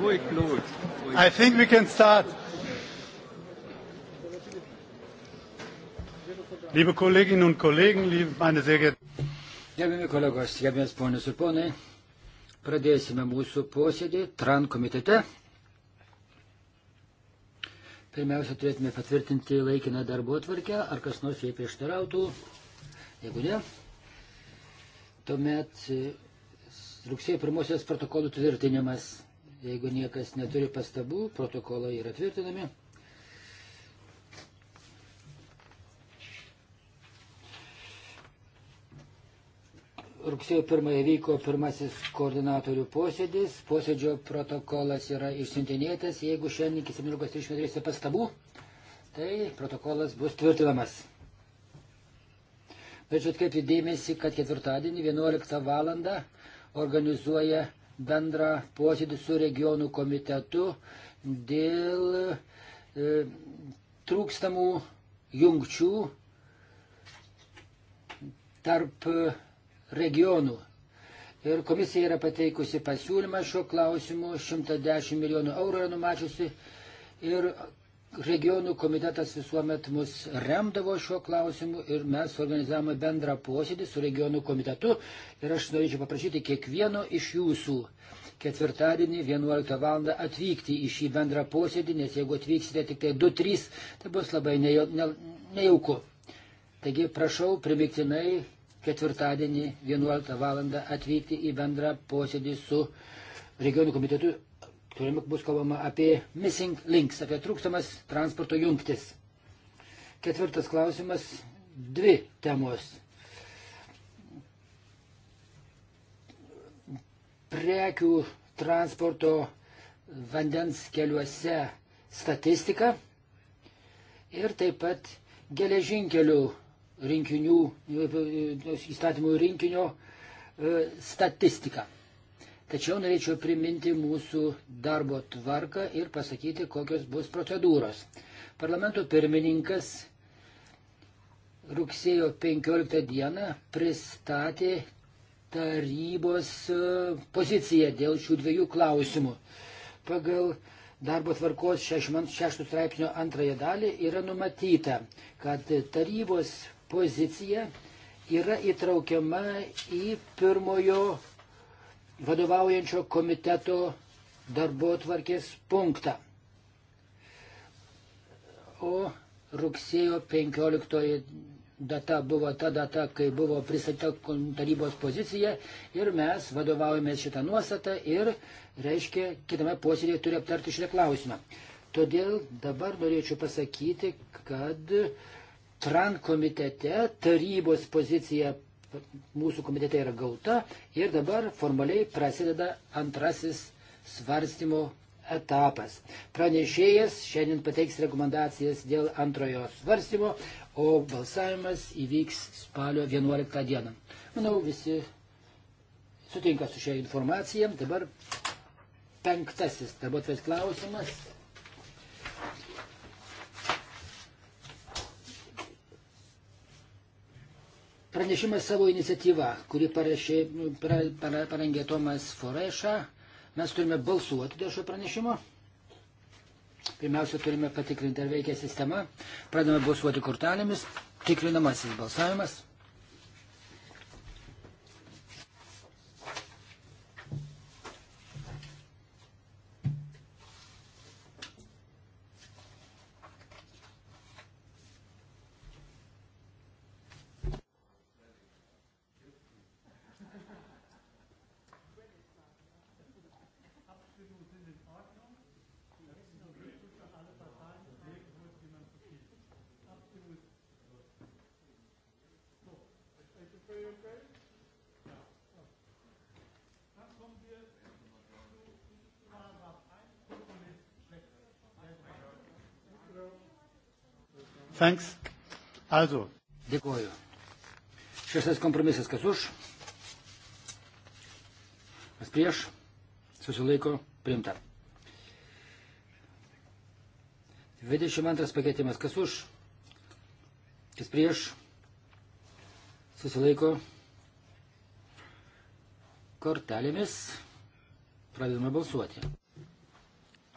Ruhig Blut. I think we can start. Liebe Kolleginnen und Kollegen, liebe meine sehr geehrten. Gerbiami kolegos, gerbiamas ponės ir ponai, pradėsime mūsų posėdį TRAN komitete. Pirmiausia, turėtume patvirtinti laikiną darbo atvarkę, ar kas nors jai prieštarautų. Jeigu ne, tuomet e, rugsėjo pirmosios protokolų tvirtinimas Jeigu niekas neturi pastabų, protokolai yra tvirtinami. Rugsėjo 1 vyko pirmasis koordinatorių posėdis. Posėdžio protokolas yra išsintinėtas. Jeigu šiandien iki 17.30 turėsite pastabų, tai protokolas bus tvirtinamas. Norėčiau atkreipti dėmesį, kad ketvirtadienį 11 val. organizuoja bendrą posėdį su regionų komitetu dėl e, trūkstamų jungčių tarp regionų. Ir komisija yra pateikusi pasiūlymą šiuo klausimu, 110 milijonų eurų yra numačiusi ir regionų komitetas visuomet mus remdavo šiuo klausimu ir mes organizavome bendrą posėdį su regionų komitetu. Ir aš norėčiau paprašyti kiekvieno iš jūsų ketvirtadienį 11 val. atvykti į šį bendrą posėdį, nes jeigu atvyksite tik tai 2-3, tai bus labai nejau, ne, nejauku. Taigi prašau primiktinai ketvirtadienį 11 val. atvykti į bendrą posėdį su regionų komitetu kuriame bus kalbama apie missing links, apie trūkstamas transporto jungtis. Ketvirtas klausimas - dvi temos. Prekių transporto vandens keliuose statistika ir taip pat geležinkelių rinkinių, įstatymų rinkinio e, statistika. Tačiau norėčiau priminti mūsų darbo tvarką ir pasakyti, kokios bus procedūros. Parlamento pirmininkas rugsėjo 15 dieną pristatė tarybos e, poziciją dėl šių dviejų klausimų. Pagal darbo tvarkos 66 straipsnio antrąją dalį yra numatyta, kad tarybos pozicija yra įtraukiama į pirmojo vadovaujančio komiteto darbo tvarkės punktą. O rugsėjo 15 data buvo ta data, kai buvo pristatyta tarybos pozicija ir mes vadovaujamės šitą nuostatą ir, reiškia, kitame posėdėje turi aptarti šitą klausimą. Todėl dabar norėčiau pasakyti, kad TRAN komitete tarybos pozicija mūsų komitete yra gauta ir dabar formaliai prasideda antrasis svarstymo etapas. Pranešėjas šiandien pateiks rekomendacijas dėl antrojo svarstymo, o balsavimas įvyks spalio 11 dieną. Manau, visi sutinka su šia informacija. Dabar penktasis darbuotojas klausimas. Pranešimas savo iniciatyva, kurį parašė, pra, pra, parengė Tomas Foreša, mes turime balsuoti dėl šio pranešimo. Pirmiausia, turime patikrinti, ar veikia sistema. Pradame balsuoti kortelėmis. Tikrinamasis balsavimas. Thanks. Also. Dėkuoju. Šeštas kompromisas, kas už, kas prieš, susilaiko primta. 22 pakeitimas, kas už, kas prieš, susilaiko kortelėmis, pradedame balsuoti.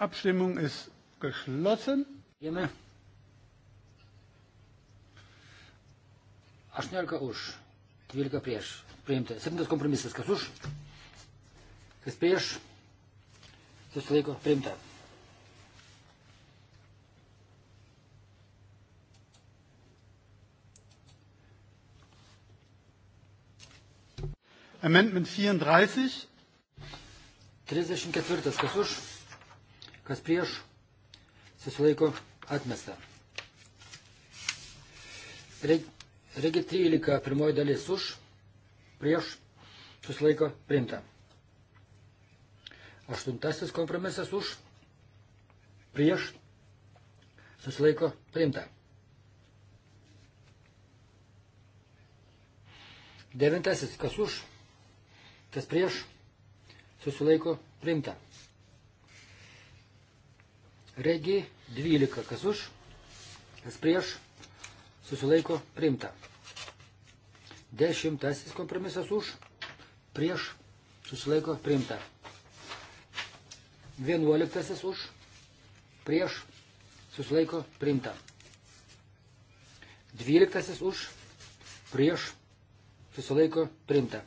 Abstimmung ist geschlossen. Jame. 18 už, 12 prieš. Priimta. 7 kompromisas. Kas už? Kas prieš? Susilaiko. Priimta. Amendment 34. 34. Kas už, kas prieš, susilaiko atmesta. Reikia Regi 13, pirmoji dalis už, prieš, susilaiko, priimta. Aštuntasis kompromisas už, prieš, susilaiko, priimta. Devintasis, kas už, kas prieš, susilaiko, priimta. Regi 12, kas už, kas prieš, susilaiko priimta. Dešimtasis kompromisas už, prieš, susilaiko priimta. Vienuoliktasis už, prieš, susilaiko priimta. Dvyliktasis už, prieš, susilaiko priimta.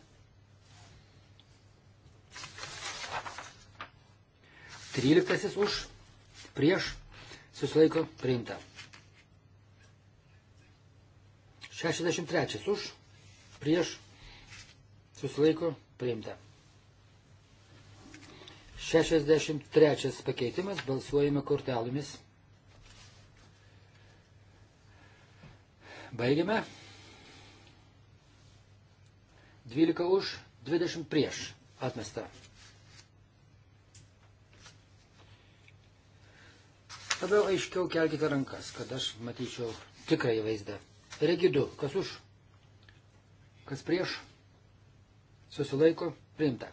Tryliktasis už, prieš, susilaiko priimta. 63 už, prieš, susilaiko, priimta. 63 pakeitimas, balsuojame kortelėmis. Baigiame. 12 už, 20 prieš, atmesta. Labiau aiškiau kelkite rankas, kad aš matyčiau tikrąjį vaizdą. Regidu, kas už, kas prieš, susilaiko, priimta.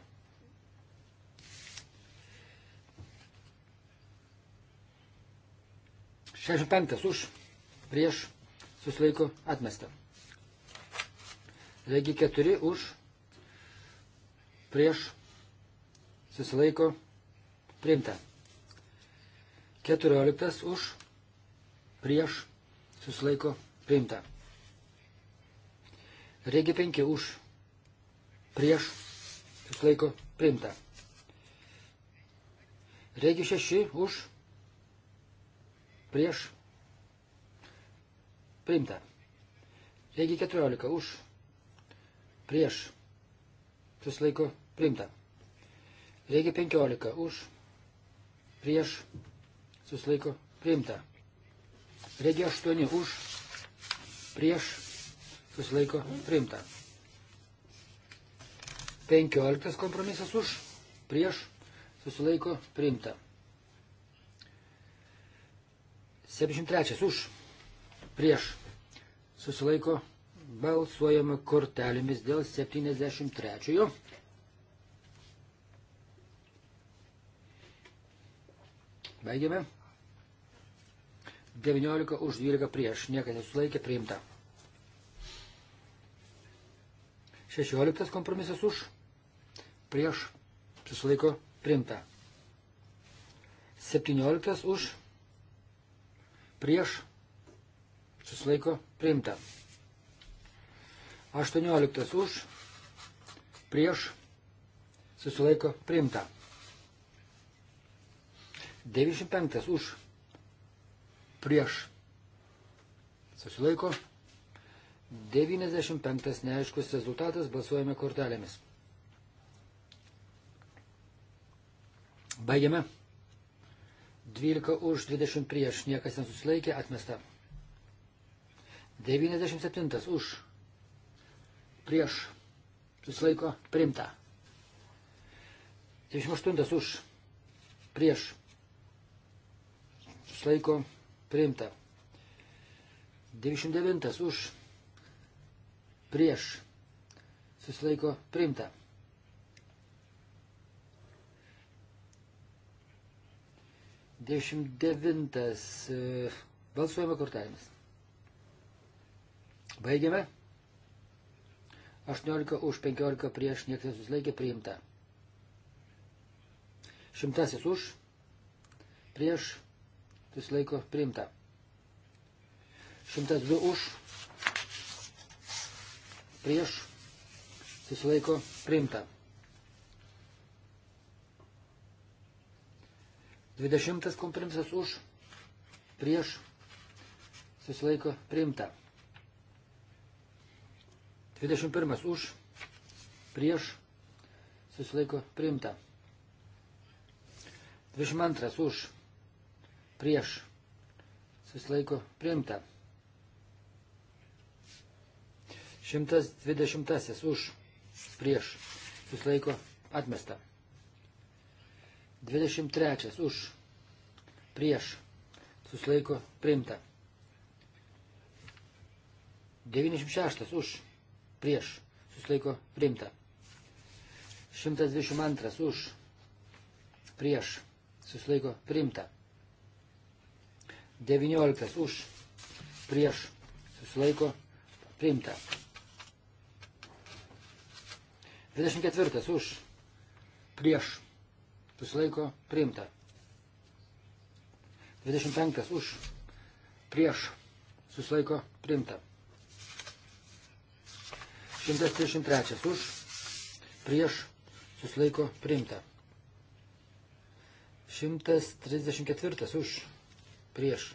Šešim penktas už, prieš, susilaiko, atmesta. Regi keturi už, prieš, susilaiko, priimta. Keturioliktas už, prieš, susilaiko, priimta. Regi 5 už. Prieš. Išlaiko priimta. Regi 6 už. Prieš. Priimta. Regi 14 už. Prieš. Susilaiko priimta. Regi 15 už. Prieš. Susilaiko priimta. Regi 8 už. Prieš susilaiko priimta. 15 kompromisas už, prieš, susilaiko priimta. 73 už, prieš, susilaiko balsuojama kortelėmis dėl 73. Baigiame. 19 už 12 prieš, niekas nesulaikė priimta. 16 kompromisas už, prieš, susilaiko primta. 17 už, prieš, susilaiko primta. 18 už, prieš, susilaiko primta. 95 už, prieš, susilaiko primta 95 neaiškus rezultatas, balsuojame kortelėmis. Baigiame. 12 už 20 prieš, niekas nesusilaikė, atmesta. 97 už prieš, susilaiko, primta. 98 už prieš, susilaiko, primta. 99 už prieš prieš susilaiko priimta. Dešimt devintas e, balsuojame kortelėmis. Baigiame. 18 už 15 prieš niekas susilaikė priimta. Šimtasis už prieš susilaiko priimta. Šimtas du už prieš, susilaiko priimta. 20 kompromisas už, prieš, susilaiko priimta. 21 už, prieš, susilaiko priimta. 22 už, prieš, susilaiko priimta. 120 už prieš susilaiko atmesta. 23 už prieš susilaiko priimta. 96 už prieš susilaiko priimta. 122 už prieš susilaiko priimta. 19 už prieš susilaiko priimta. 24 už, prieš, susilaiko, priimta. 25 už, prieš, susilaiko, priimta. 133 už, prieš, susilaiko, priimta. 134 už, prieš,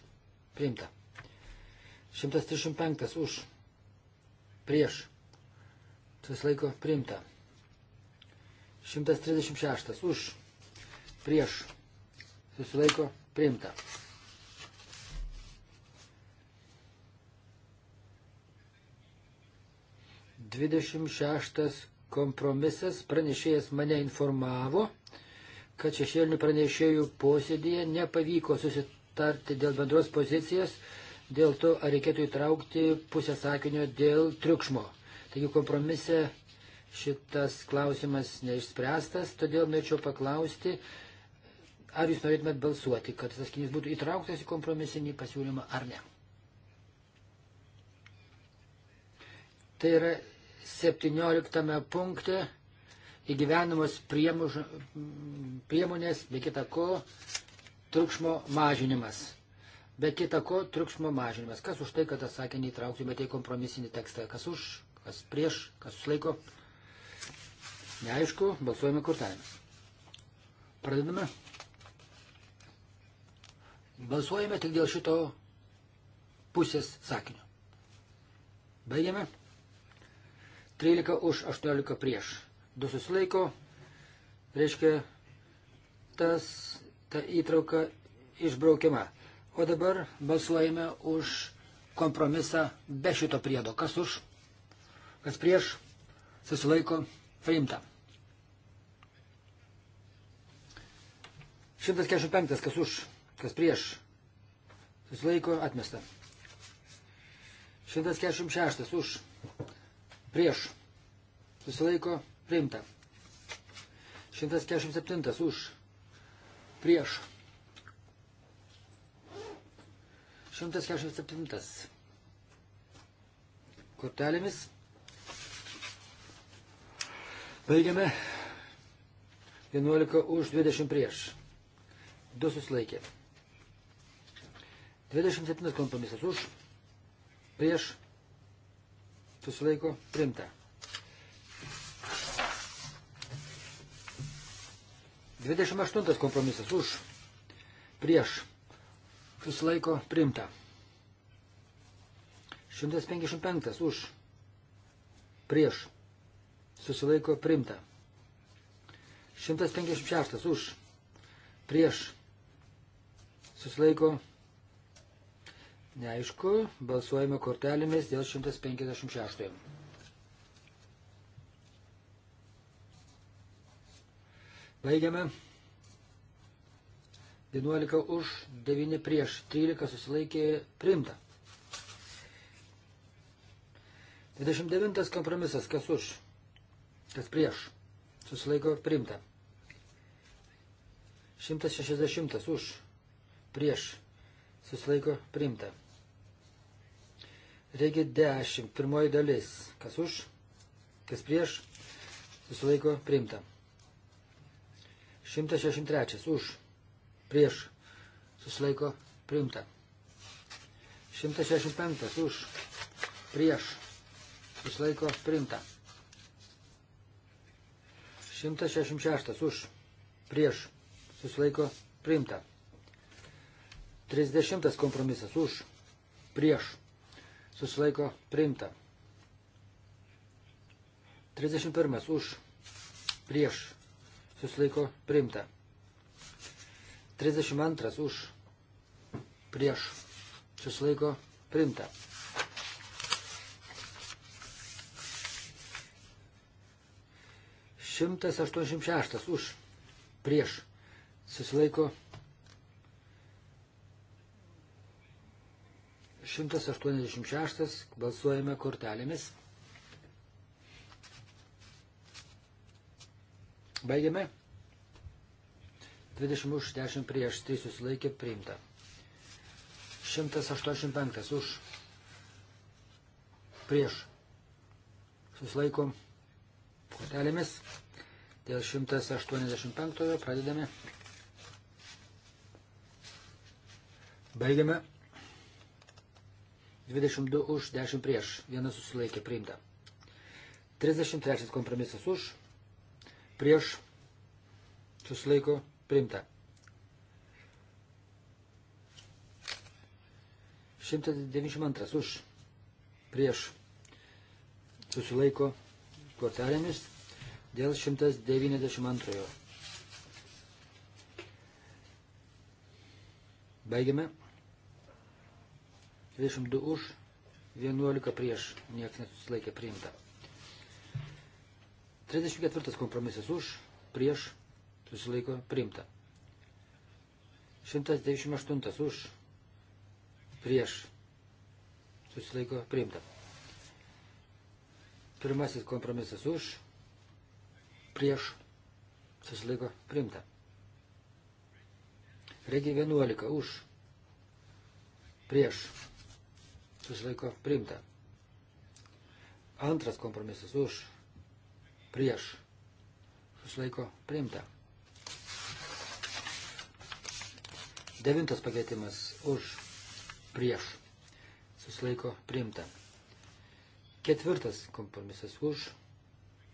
priimta. 135 už, prieš, susilaiko, priimta. 136 už, prieš, susilaiko, priimta. Dvidešimt šeštas kompromisas pranešėjas mane informavo, kad šešėlinių pranešėjų posėdėje nepavyko susitarti dėl bendros pozicijos, dėl to ar reikėtų įtraukti pusę sakinio dėl triukšmo. Taigi kompromise šitas klausimas neišspręstas, todėl norėčiau paklausti, ar jūs norėtumėt balsuoti, kad tas kinys būtų įtrauktas į kompromisinį pasiūlymą ar ne. Tai yra 17 punkte įgyvenamos priemuž... priemonės, be kita ko, triukšmo mažinimas. Be kita ko, triukšmo mažinimas. Kas už tai, kad tą sakinį įtrauktumėte į kompromisinį tekstą? Kas už, kas prieš, kas sulaiko? laiko? Neaišku, balsuojame kortelėmis. Pradedame. Balsuojame tik dėl šito pusės sakinio. Baigiame. 13 už 18 prieš. Du susilaiko. Reiškia, tas, ta įtrauka išbraukiama. O dabar balsuojame už kompromisą be šito priedo. Kas už, kas prieš, susilaiko, priimta. 145, kas už, kas prieš, susilaiko atmesta. 146 už, prieš, susilaiko priimta. 147 už, prieš. 147 kortelėmis. Baigiame 11 už 20 prieš. 2 susilaikė. 27 kompromisas už, prieš, susilaiko, primta. 28 kompromisas už, prieš, susilaiko, primta. 155 už, prieš, susilaiko, primta. 156 už, prieš, susilaiko. Neaišku, balsuojame kortelėmis dėl 156. Baigiame. 11 už, 9 prieš, 13 susilaikė primta. 29 kompromisas, kas už, kas prieš, susilaiko primta. 160 už, prieš susilaiko priimta. Reikia 10, pirmoji dalis, kas už, kas prieš susilaiko priimta. 163 už, prieš susilaiko priimta. 165 už, prieš susilaiko priimta. 166 už, prieš susilaiko priimta. 30 kompromisas už, prieš, susilaiko priimta. 31 už, prieš, susilaiko priimta. 32 už, prieš, susilaiko priimta. Šimtas aštuoniasdešimt šeštas už, prieš, susilaiko priimta. 186 balsuojame kortelėmis. Baigiame. 20 už 10 prieš 3 susilaikė priimta. 185 už prieš susilaiko kortelėmis. Dėl 185 pradedame. Baigiame. 22 už, 10 prieš, vienas susilaikė priimta. 33 kompromisas už, prieš, susilaiko priimta. 192 už, prieš, susilaiko kortelėmis dėl 192. Baigiame. 22 už, 11 prieš, niekas nesusilaikė priimta. 34 kompromisas už, prieš, susilaiko priimta. 198 už, prieš, susilaiko priimta. Pirmasis kompromisas už, prieš, susilaiko priimta. Reikia 11 už, prieš, susilaiko priimta. Antras kompromisas už, prieš, susilaiko priimta. Devintas pakeitimas už, prieš, susilaiko priimta. Ketvirtas kompromisas už,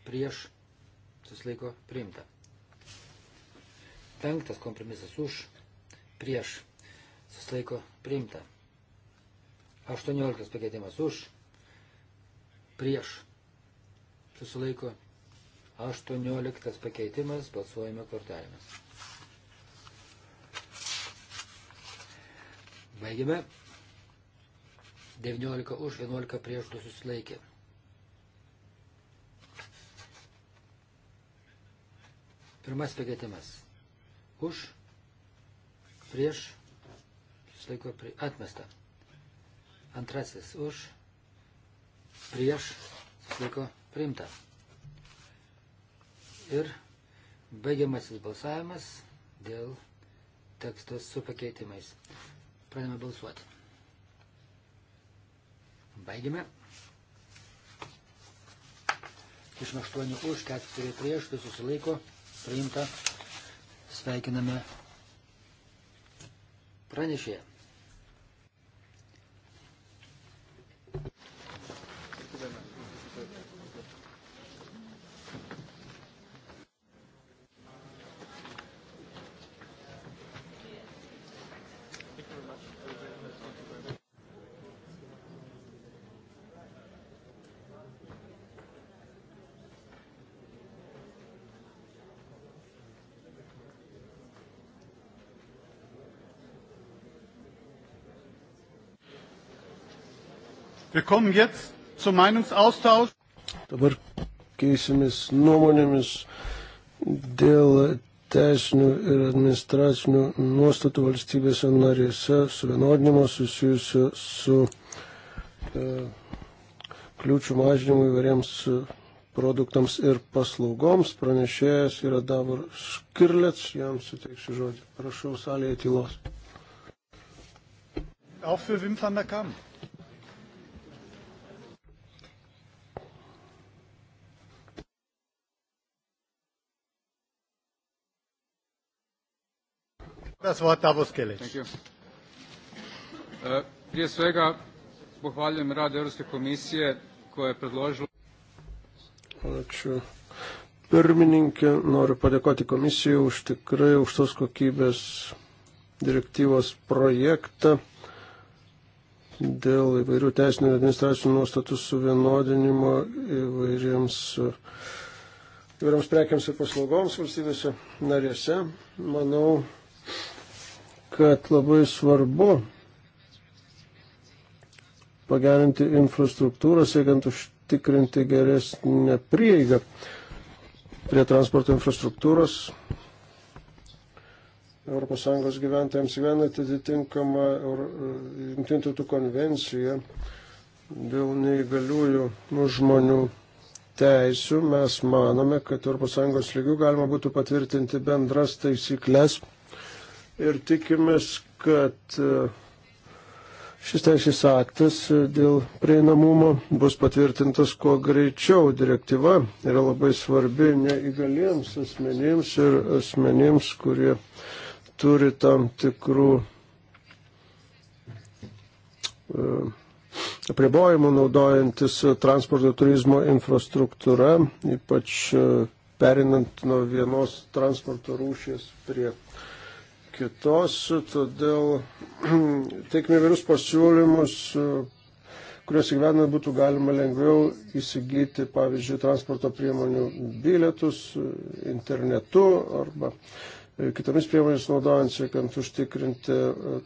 prieš, susilaiko priimta. Penktas kompromisas už, prieš, susilaiko priimta. 18 pakeitimas už, prieš, susilaiko, 18 pakeitimas, balsuojame kortelėmis. Baigime. 19 už, 11 prieš, 2 susilaikė. Pirmas pakeitimas. Už, prieš, susilaiko, atmesta. Antrasis už, prieš, laiko priimta. Ir baigiamasis balsavimas dėl teksto su pakeitimais. Pradėme balsuoti. Baigime. 28 už, 4 prieš, visus susilaiko, priimta. Sveikiname pranešėją. Dabar keisimės nuomonėmis dėl teisinių ir administracinių nuostatų valstybėse narėse suvienodinimo susijusio su e, kliūčių mažinimu įvairiems produktams ir paslaugoms. Pranešėjas yra Davor Skirlets, jam suteiksiu žodį. Prašau salėje tylos. Auch für Wim van der Kamp. Das Wort Davos Kelic. Thank you. Uh, prije svega pohvaljujem rad Europske komisije koja je predložila. Ačiū. Pirmininkė, noriu padėkoti komisijai už tikrai aukštos kokybės direktyvos projektą dėl įvairių teisinių ir administracinių nuostatų suvienodinimo įvairiems, įvairiams prekiams ir paslaugoms valstybėse narėse. Manau, kad labai svarbu pagerinti infrastruktūrą, siekiant užtikrinti geresnę prieigą prie transporto infrastruktūros. ES gyventojams gyvena atitinkama Junktinių tautų konvencija dėl neįgaliųjų nu, žmonių teisių. Mes manome, kad ES lygių galima būtų patvirtinti bendras taisyklės ir tikimės, kad e, šis teisės aktas e, dėl prieinamumo bus patvirtintas kuo greičiau. Direktyva yra labai svarbi neįgaliems asmenims ir asmenims, kurie turi tam tikrų e, apribojimų naudojantis transporto turizmo infrastruktūra, ypač perinant nuo vienos transporto rūšės prie kitos, todėl teikime įvairius pasiūlymus, kuriuos įgyvenant būtų galima lengviau įsigyti, pavyzdžiui, transporto priemonių bilietus internetu arba e, kitomis priemonėmis naudojant, siekiant užtikrinti e,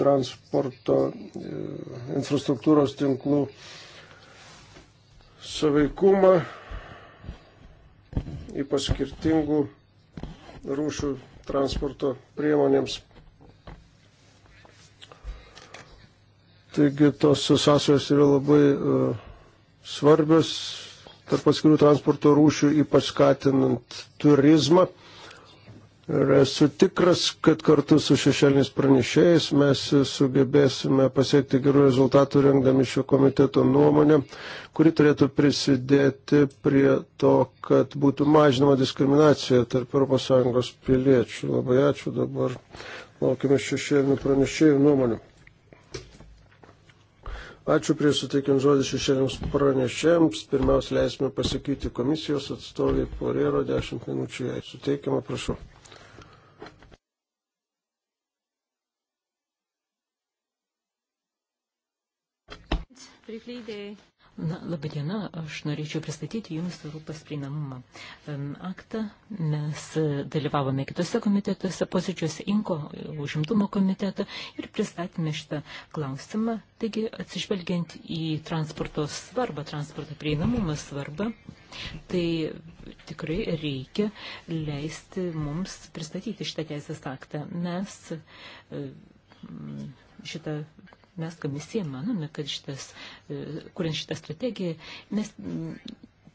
transporto e, infrastruktūros tinklų saveikumą ypač skirtingų rūšių transporto priemonėms. Taigi tos sąsajos yra labai uh, svarbios tarp atskirų transporto rūšių, ypač skatinant turizmą. Ir esu tikras, kad kartu su šešėliniais pranešėjais mes sugebėsime pasiekti gerų rezultatų rengdami šio komiteto nuomonę, kuri turėtų prisidėti prie to, kad būtų mažinama diskriminacija tarp ES piliečių. Labai ačiū dabar. Laukime šešėlinių pranešėjų nuomonių. Ačiū prie suteikiant žodį šešėliams pranešėjams. Pirmiausia, leisime pasakyti komisijos atstoviai Porero 10 minučių. Jei suteikiama, prašau. Na, labai diena, aš norėčiau pristatyti Jums Europos prieinamumą. Aktą mes dalyvavome kitose komitetuose, posėdžiuose Inko, užimtumo komiteto ir pristatėme šitą klausimą. Taigi, atsižvelgiant į transporto svarbą, transporto prieinamumą svarbą, tai tikrai reikia leisti mums pristatyti šitą teisės aktą. Mes šitą mes komisija manome, kad šitas, e, kuriant šitą strategiją, mes mm,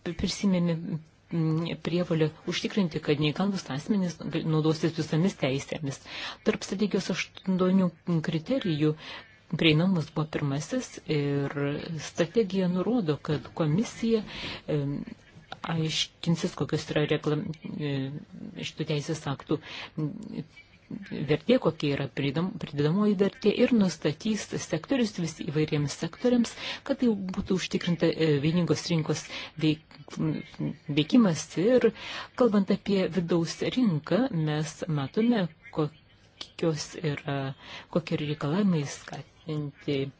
prisimėme mm, prievalė užtikrinti, kad neįkandus asmenys naudosis visomis teisėmis. Tarp strategijos aštuonių kriterijų prieinamas buvo pirmasis ir strategija nurodo, kad komisija aiškinsis, kokios yra reklam, e, šitų teisės aktų vertė, kokia yra pridedamoji vertė ir nustatys sektorius vis įvairiems sektoriams, kad tai būtų užtikrinta e, vieningos rinkos veik, veikimas. Ir kalbant apie vidaus rinką, mes matome, kokios yra, kokie reikalavimai skatinti skatinti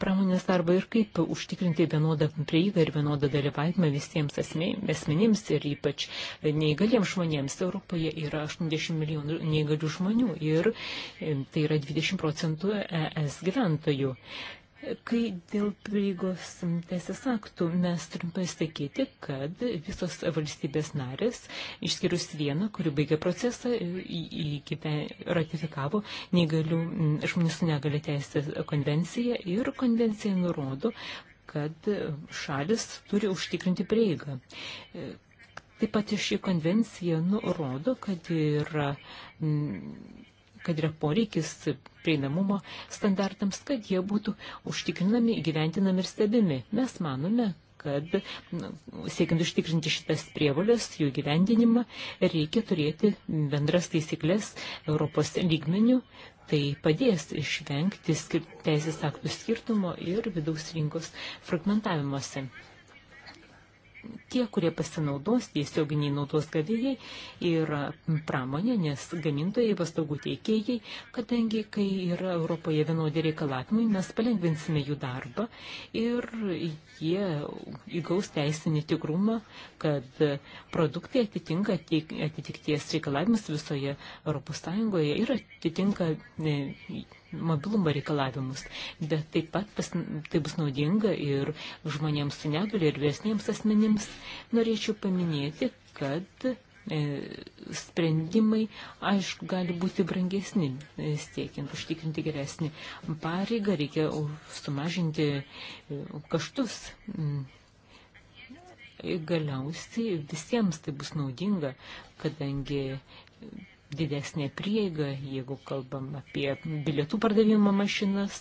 pramonės darbą ir kaip užtikrinti vienodą prieigą ir vienodą dalyvavimą visiems asmenims ir ypač neįgaliems žmonėms. Europoje yra 80 milijonų neįgalių žmonių ir tai yra 20 procentų ES gyventojų. Kai dėl prieigos teisės aktų mes turim pasakyti, kad visos valstybės narės, išskyrus vieną, kuri baigė procesą, ratifikavo neįgalių žmonių su negalė teisės konvenciją ir konvencija nurodo, kad šalis turi užtikrinti prieigą. Taip pat ši konvencija nurodo, kad yra kad yra poreikis prieinamumo standartams, kad jie būtų užtikrinami, gyventinami ir stebimi. Mes manome, kad na, siekiant užtikrinti šitas prievalės, jų gyvendinimą, reikia turėti bendras taisyklės Europos lygmenių. Tai padės išvengti teisės aktų skirtumo ir vidaus rinkos fragmentavimuose tie, kurie pasinaudos, tiesioginiai naudos gavėjai ir pramonė, nes gamintojai, paslaugų teikėjai, kadangi kai yra Europoje vienodi reikalavimai, mes palengvinsime jų darbą ir jie įgaus teisinį tikrumą, kad produktai atitinka atitikties reikalavimus visoje Europos Sąjungoje ir atitinka e, mobilumo reikalavimus, bet taip pat pas, tai bus naudinga ir žmonėms su negaliu ir vėsniems asmenims. Norėčiau paminėti, kad e, sprendimai, aišku, gali būti brangesni, e, siekiant užtikrinti geresnį pareigą, reikia sumažinti e, kaštus. Galiausiai visiems tai bus naudinga, kadangi didesnė prieiga, jeigu kalbam apie bilietų pardavimo mašinas,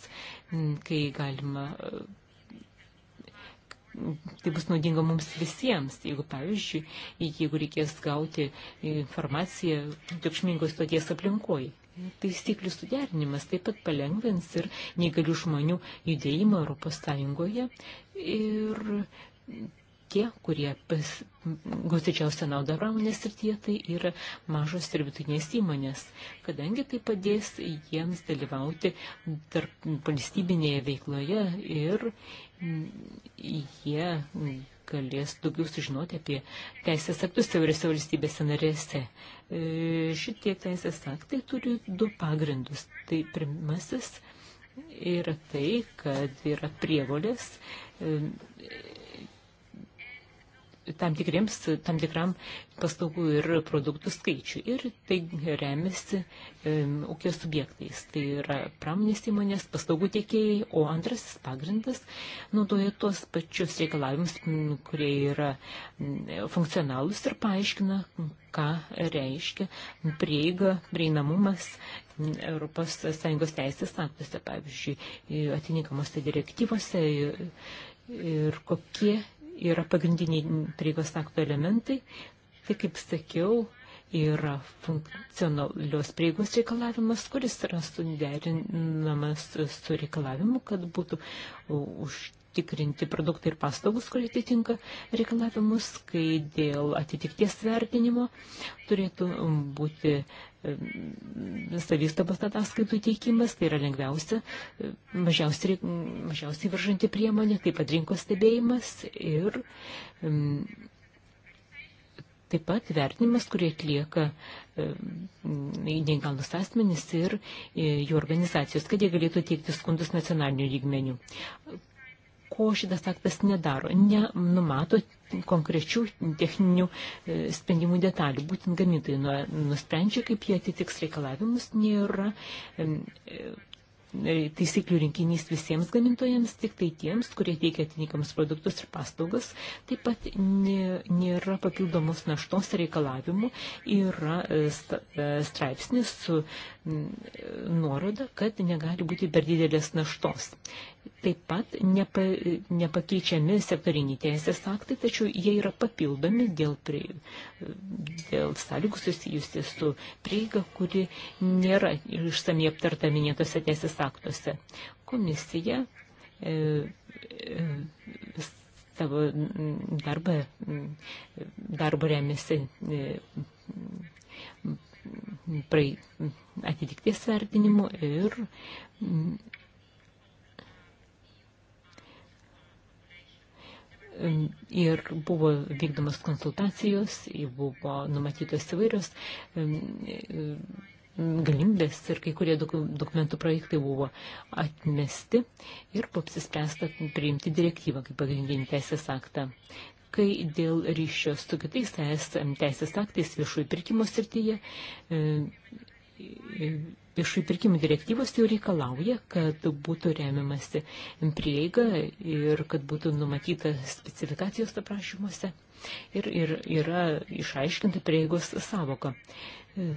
kai galima, e, tai bus naudinga mums visiems. Jeigu, pavyzdžiui, jeigu reikės gauti informaciją triukšmingos stoties aplinkoj. Taisyklių suderinimas taip pat palengvins ir neįgalių žmonių judėjimą Europos Sąjungoje ir tie, kurie gaus didžiausią naudą pramonės srityje, tai yra mažos ir vidutinės įmonės, kadangi tai padės jiems dalyvauti tarp valstybinėje veikloje ir jie galės daugiau sužinoti apie teisės aktus įvairiose valstybėse narėse. E, šitie teisės aktai turi du pagrindus. Tai pirmasis yra tai, kad yra prievolės e, tam, tikrims, tam tikram paslaugų ir produktų skaičių. Ir tai remiasi um, ūkio subjektais. Tai yra pramonės įmonės, paslaugų tiekėjai, o antrasis pagrindas naudoja tuos pačius reikalavimus, kurie yra funkcionalūs ir paaiškina, ką reiškia prieiga, prieinamumas Europos Sąjungos teisės aktuose, pavyzdžiui, atininkamose tai direktyvose ir, ir kokie yra pagrindiniai prieigos akto elementai. Tai kaip sakiau, yra funkcionalios prieigos reikalavimas, kuris yra suderinamas su reikalavimu, kad būtų už užtikrinti produktai ir paslaugus, kurie atitinka reikalavimus, kai dėl atitikties vertinimo turėtų būti savistabas ataskaitų teikimas, tai yra lengviausia, mažiausiai, mažiausiai viržanti priemonė, taip pat rinkos stebėjimas ir taip pat vertinimas, kurį atlieka neįgalus asmenys ir e, jų organizacijos, kad jie galėtų teikti skundus nacionaliniu lygmeniu ko šitas aktas nedaro, nenumato konkrečių techninių e, sprendimų detalių. Būtent gamintojai nusprendžia, kaip jie atitiks reikalavimus, nėra e, taisyklių rinkinys visiems gamintojams, tik tai tiems, kurie teikia atitinkamus produktus ir paslaugas. Taip pat nėra papildomos naštos reikalavimų, yra e, straipsnis su Mm, nuoroda, kad negali būti per didelės naštos. Taip pat nepa, nepakeičiami sektoriniai teisės aktai, tačiau jie yra papildomi dėl, prie, dėl sąlygų susijusi su prieiga, kuri nėra išsamei aptarta minėtose teisės aktuose. Komisija e, e, savo darbą, darbą remiasi e, praei atitikties vertinimu ir ir buvo vykdomas konsultacijos, buvo numatytos įvairios galimybės ir kai kurie dokumentų projektai buvo atmesti ir buvo apsispręsta priimti direktyvą kaip pagrindinį teisės aktą kai dėl ryšio su kitais teisės aktais viešųjų pirkimo srityje e, e, viešųjų pirkimų direktyvos jau reikalauja, kad būtų remiamasi prieiga ir kad būtų numatyta specifikacijos aprašymuose ir, ir yra išaiškinta prieigos savoka. E,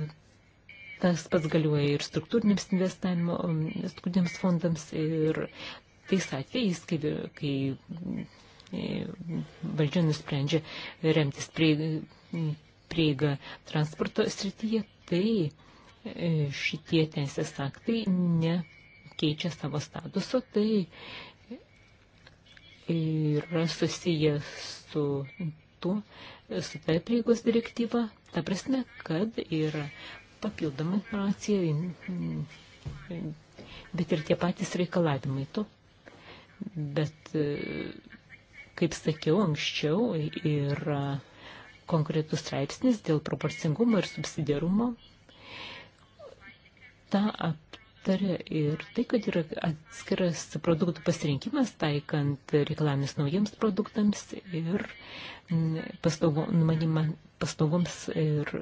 tas pats galioja ir struktūriniams investavimo um, studijams fondams ir tais atvejais, kai, kai valdžia nusprendžia remtis prieigą transporto srityje, tai e, šitie teisės aktai nekeičia savo statuso, tai yra susijęs su tuo, su ta prieigos direktyva, ta prasme, kad yra papildoma informacija, bet ir tie patys reikalavimai to. Bet e, Kaip sakiau anksčiau, yra konkretus straipsnis dėl proporcingumo ir subsidiarumo. Ta aptarė ir tai, kad yra atskiras produktų pasirinkimas, taikant reikalavimus naujiems produktams ir paslaugo, numanimą paslaugoms ir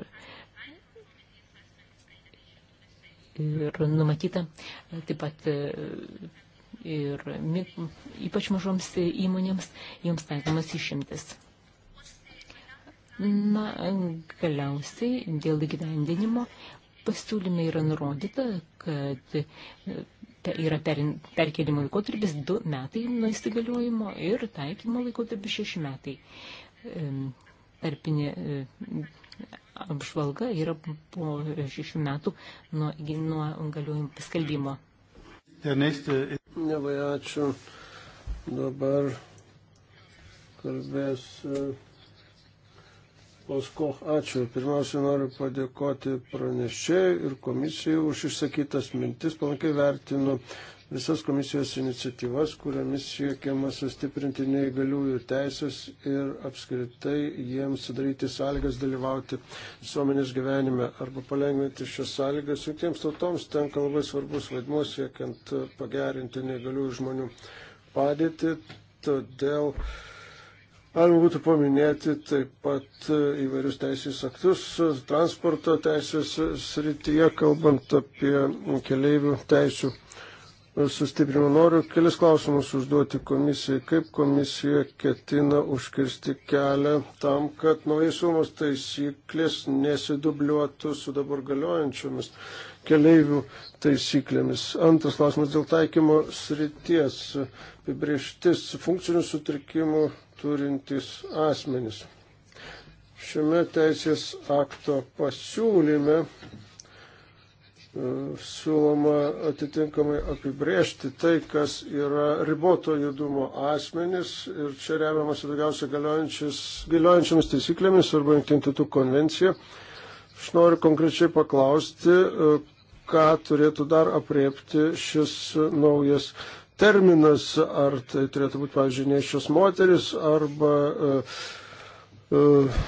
ir numatyta taip pat ir ypač mažoms įmonėms joms taikomas išimtis. Na, galiausiai dėl įgyvendinimo pasiūlyme yra nurodyta, kad yra per, perkelimo laikotarpis 2 metai nuo įsigaliojimo ir taikymo laikotarpis 6 metai. Tarpinė e, apžvalga yra po 6 metų nuo, nuo galiojimo paskelbimo. Labai ačiū. Dabar kalbės e, Osko. Ačiū. Pirmiausia, noriu padėkoti pranešėjai ir komisijai už išsakytas mintis. Palankiai vertinu visas komisijos iniciatyvas, kuriamis siekiama sustiprinti neįgaliųjų teisės ir apskritai jiems sudaryti sąlygas dalyvauti visuomenės gyvenime arba palengvinti šias sąlygas. Jungtiems tautoms tenka labai svarbus vaidmuo siekiant pagerinti neįgaliųjų žmonių padėtį. Todėl Galima būtų paminėti taip pat įvairius teisės aktus transporto teisės srityje, kalbant apie keleivių teisų sustiprino. Noriu kelis klausimus užduoti komisijai. Kaip komisija ketina užkirsti kelią tam, kad naujai siūlomos taisyklės nesidubliuotų su dabar galiojančiomis keleivių taisyklėmis. Antras klausimas dėl taikymo srities. Apibrieštis funkcinių sutrikimų turintys asmenys. Šiame teisės akto pasiūlyme E, siūloma atitinkamai apibrėžti tai, kas yra riboto judumo asmenis ir čia remiamasi daugiausiai galiojančiamis taisyklėmis arba jungtinių tautų konvencija. Aš noriu konkrečiai paklausti, e, ką turėtų dar apriepti šis naujas terminas, ar tai turėtų būti, pavyzdžiui, neiščios moteris arba uh, uh,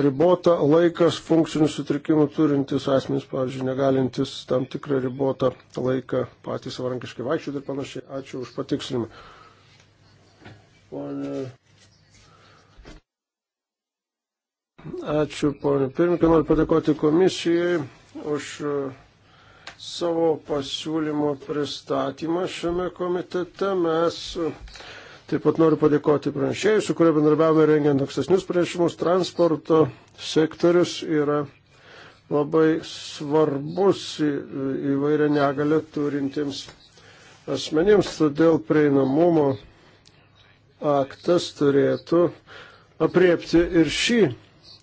ribotą laikas funkcinių sutrikimų turintis asmenys, pavyzdžiui, negalintis tam tikrą ribotą laiką patys savarankiškai vaikščioti ir panašiai. Ačiū už patikslinimą. Pone... Ačiū, ponė pirmininkė, noriu padėkoti komisijai už uh, savo pasiūlymo pristatymą šiame komitete. Mes uh, Taip pat noriu padėkoti pranešėjai, su kuria bendarbiavome rengiant ankstesnius pranešimus. Transporto sektorius yra labai svarbus įvairią negalę turintiems asmenims, todėl prieinamumo aktas turėtų apriepti ir šį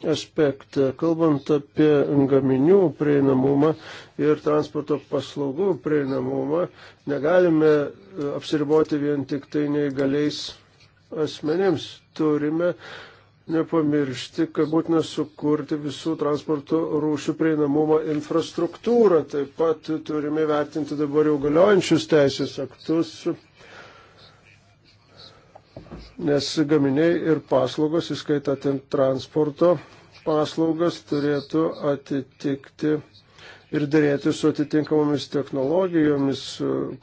aspektą. Kalbant apie gaminių prieinamumą ir transporto paslaugų prieinamumą, negalime e, apsiriboti vien tik tai neįgaliais asmenėms. Turime nepamiršti, kad būtina sukurti visų transporto rūšių prieinamumo infrastruktūrą. Taip pat turime vertinti dabar jau galiojančius teisės aktus nes gaminiai ir paslaugos, įskaitant transporto paslaugas, turėtų atitikti ir dėrėti su atitinkamomis technologijomis,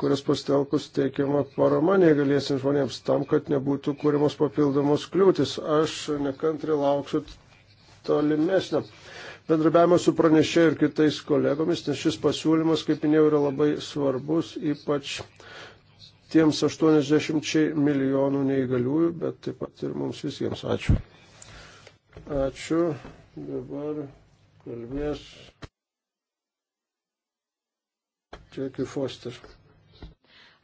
kurias pastelkus teikiama parama negalėsim žmonėms tam, kad nebūtų kūrimos papildomos kliūtis. Aš nekantri lauksiu tolimesnio bendrabiavimo su pranešė ir kitais kolegomis, nes šis pasiūlymas, kaip minėjau, yra labai svarbus, ypač tiems 80 milijonų neįgaliųjų, bet taip pat ir mums visiems. Ačiū. Ačiū. Dabar kalbės Čekį Foster.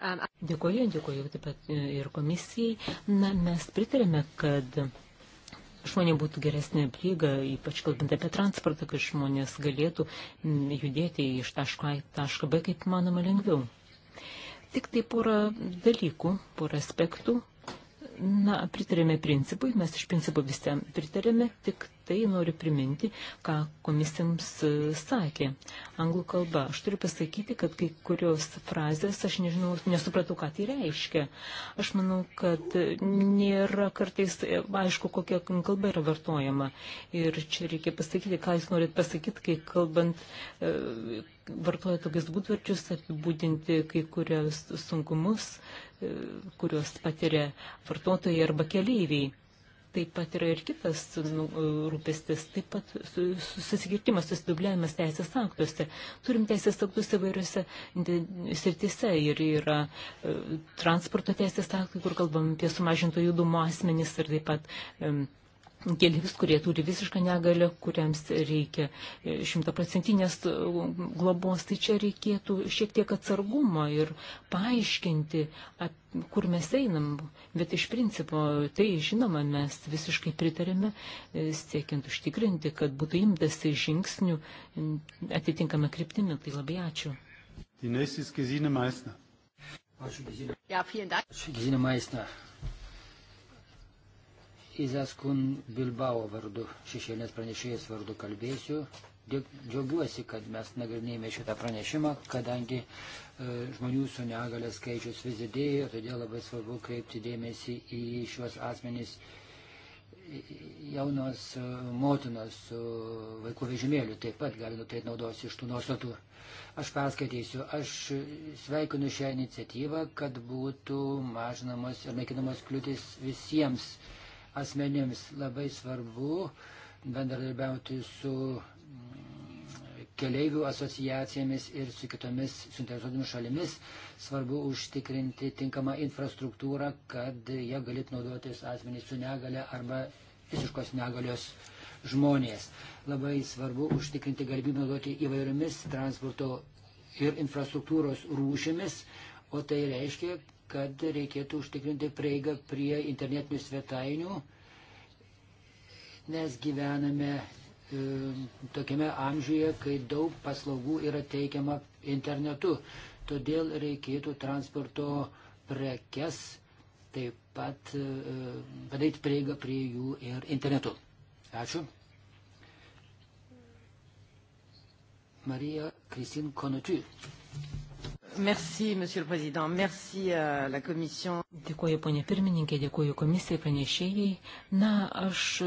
Um, dėkuoju, dėkuoju taip pat e, ir komisijai. Na, mes pritarėme, kad žmonėm būtų geresnė prieiga, ypač kalbant apie transportą, kad žmonės galėtų judėti iš taško A į tašką B kaip manoma lengviau. Tik tai porą dalykų, porą aspektų. Na, pritarėme principui, mes iš principo visiems pritarėme, tik tai noriu priminti, ką komisijams e, sakė. Anglų kalba. Aš turiu pasakyti, kad kai kurios frazės, aš nežinau, nesupratau, ką tai reiškia. Aš manau, kad nėra kartais e, aišku, kokia kalba yra vartojama. Ir čia reikia pasakyti, ką jūs norit pasakyti, kai kalbant e, vartoja tokius būdvarčius, apibūdinti kai kurios sunkumus, kuriuos patiria vartotojai arba keleiviai. Taip pat yra ir kitas nu, rūpestis, taip pat susikirtimas, susidubliavimas teisės aktuose. Turim teisės aktus įvairiose sritise ir yra e, transporto teisės aktai, kur kalbam apie sumažinto judumo asmenys ir taip pat keliais, kurie turi visišką negalę, kuriems reikia e, šimtaprocentinės e, globos, tai čia reikėtų šiek tiek atsargumo ir paaiškinti, kur mes einam. Bet iš principo tai, žinoma, mes visiškai pritarėme, e, siekiant užtikrinti, kad būtų imtasi žingsnių atitinkame kryptimi. Tai labai ačiū. Die nächste ist Gesine Meissner. Ačiū, Gesine. Ja, vielen Dank. Ačiū, Gesine Meissner. Izaskun Bilbao vardu, šešėlės pranešėjas vardu kalbėsiu. Džiaugiuosi, kad mes nagrinėjame šitą pranešimą, kadangi e, žmonių su negalė skaičius vis didėjo, todėl labai svarbu kreipti dėmesį į šiuos asmenys jaunos e, motinos su e, vaikų vežimėliu taip pat gali nuturėti naudos iš tų nuostatų. Aš perskaitysiu, aš sveikinu šią iniciatyvą, kad būtų mažinamos ir naikinamos kliūtis visiems uh, asmenims. Labai svarbu bendradarbiauti su mm, keleivių asociacijomis ir su kitomis suinteresuotomis šalimis. Svarbu užtikrinti tinkamą infrastruktūrą, kad jie galėtų naudotis asmenys su negale arba visiškos negalios žmonės. Labai svarbu užtikrinti galimybę naudoti įvairiomis transporto ir infrastruktūros rūšimis, o tai reiškia, kad reikėtų užtikrinti prieigą prie internetinių svetainių, nes gyvename e, tokiame amžiuje, kai daug paslaugų yra teikiama internetu. Todėl reikėtų transporto prekes taip pat e, padaryti prieigą prie jų ir internetu. Ačiū. Marija Kristin Konočiui. Merci, Monsieur le Président. Merci à euh, la Commission. Dėkuoju, ponė pirmininkė, dėkuoju komisijai pranešėjai. Na, aš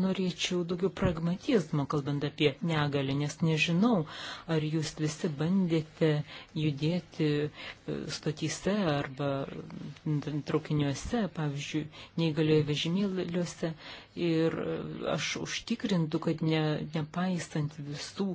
norėčiau daugiau pragmatizmo, kalbant apie negalę, nes nežinau, ar jūs visi bandėte judėti e, stotyse arba traukiniuose, pavyzdžiui, neįgalioje vežimėliuose. Ir e, aš užtikrintų, kad ne, nepaisant visų,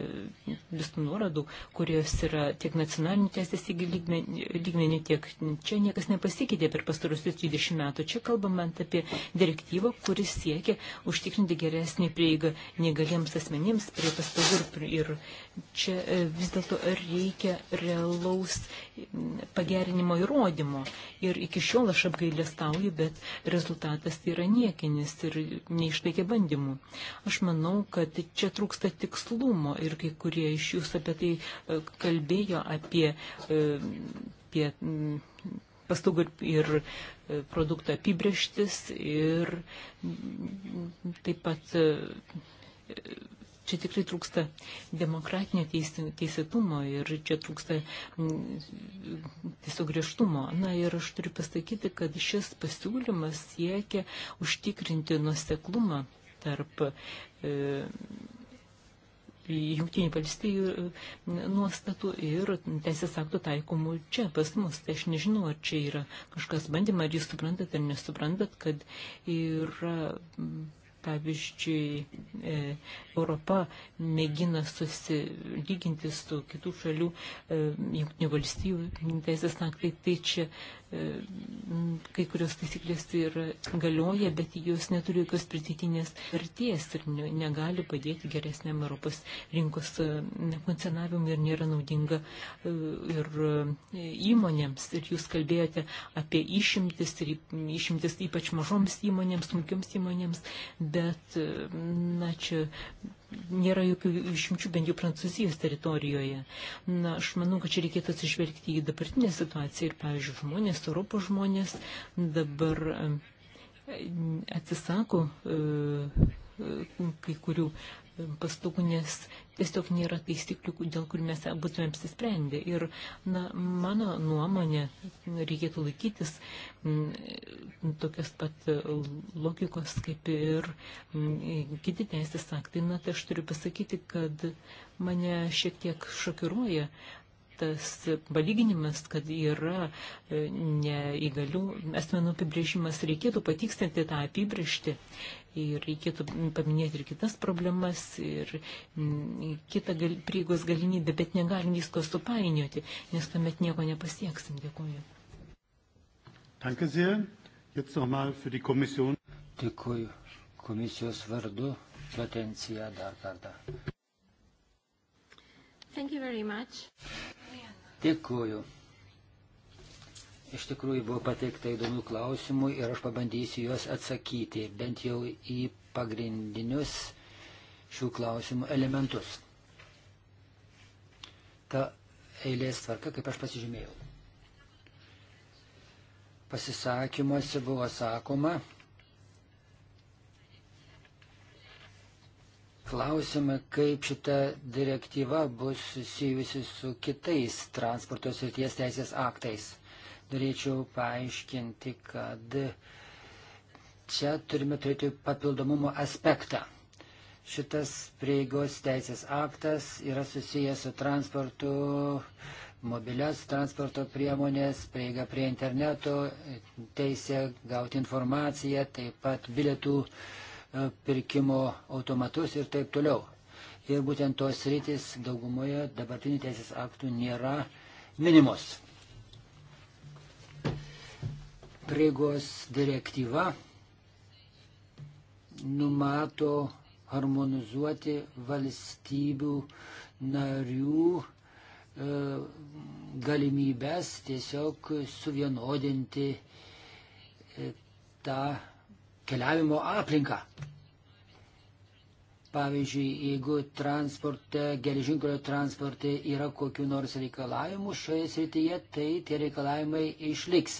e, visų nuorodų, kurios yra tiek nacionalinė, teisės lygmenį tiek. Čia niekas nepasikeitė per pastarusius 20 metų. Čia kalbame apie direktyvą, kuris siekia užtikrinti geresnį prieigą negaliems asmenims prie paslaugų ir, ir čia e, vis dėlto reikia realaus pagerinimo įrodymo. Ir iki šiol aš apgailestauju, bet rezultatas yra niekinis ir neišlaikė bandymų. Aš manau, kad čia trūksta tikslumo ir kai kurie iš jūs apie tai e, kalbėjo, apie, e, apie paslaugų ir produktų apibrieštis ir taip pat čia tikrai trūksta demokratinio teisėtumo ir čia trūksta tiesiog griežtumo. Na ir aš turiu pasakyti, kad šis pasiūlymas siekia užtikrinti nuseklumą tarp e, jungtinių valstybių e, nuostatų ir teisės aktų taikomų čia pas mus. Tai aš nežinau, ar čia yra kažkas bandymą, ar jūs suprantat ar nesuprantat, kad yra. Mm, Pavyzdžiui, e, Europa mėgina susilyginti su kitų šalių, e, jungtinių valstybių teisės aktai, tai čia E, kai kurios taisyklės tai ir galioja, bet jos neturi jokios pridėtinės vertės ir negali padėti geresniam Europos rinkos e, funkcionavimui ir nėra naudinga e, ir įmonėms. Ir jūs kalbėjote apie išimtis ir išimtis ypač mažoms įmonėms, smulkioms įmonėms, bet, na, čia nėra jokių išimčių bent jau Prancūzijos teritorijoje. Na, aš manau, kad čia reikėtų atsižvelgti į dabartinę situaciją ir, pavyzdžiui, žmonės, Europos žmonės dabar e, atsisako e, e, kai kurių paslaugų, nes tiesiog nėra taisyklių, dėl kur mes būtume apsisprendę. Ir na, mano nuomonė, reikėtų laikytis m, tokios pat e, logikos kaip ir m, kiti teisės aktai. Na, tai aš turiu pasakyti, kad mane šiek tiek šokiruoja tas palyginimas, kad yra e, neįgalių asmenų apibrėžimas, reikėtų patikstinti tą apibrėžti ir reikėtų paminėti ir kitas problemas, ir mm, kitą gal, prieigos galimybę, bet negalim visko supainioti, nes tuomet nieko nepasieksim. Dėkuoju. Danke sehr. Jetzt nochmal für die Kommission. Dėkuoju. Komisijos vardu potenciją dar kartą. Thank you very much. Dėkuoju. Iš tikrųjų buvo pateikta įdomių klausimų ir aš pabandysiu juos atsakyti, bent jau į pagrindinius šių klausimų elementus. Ta eilės tvarka, kaip aš pasižymėjau. Pasisakymuose buvo sakoma, Klausime, kaip šita direktyva bus susijusi su kitais transporto srities teisės aktais norėčiau paaiškinti, kad čia turime turėti papildomumo aspektą. Šitas prieigos teisės aktas yra susijęs su transportu, mobilias transporto priemonės, prieiga prie interneto, teisė gauti informaciją, taip pat bilietų e, pirkimo automatus ir taip toliau. Ir būtent tos rytis daugumoje dabartinių teisės aktų nėra minimos prieigos direktyva numato harmonizuoti valstybių narių e, galimybės tiesiog suvienodinti e, tą keliavimo aplinką. Pavyzdžiui, jeigu transporte, geležinkelio transporte yra kokiu nors reikalavimu šioje srityje, tai tie reikalavimai išliks.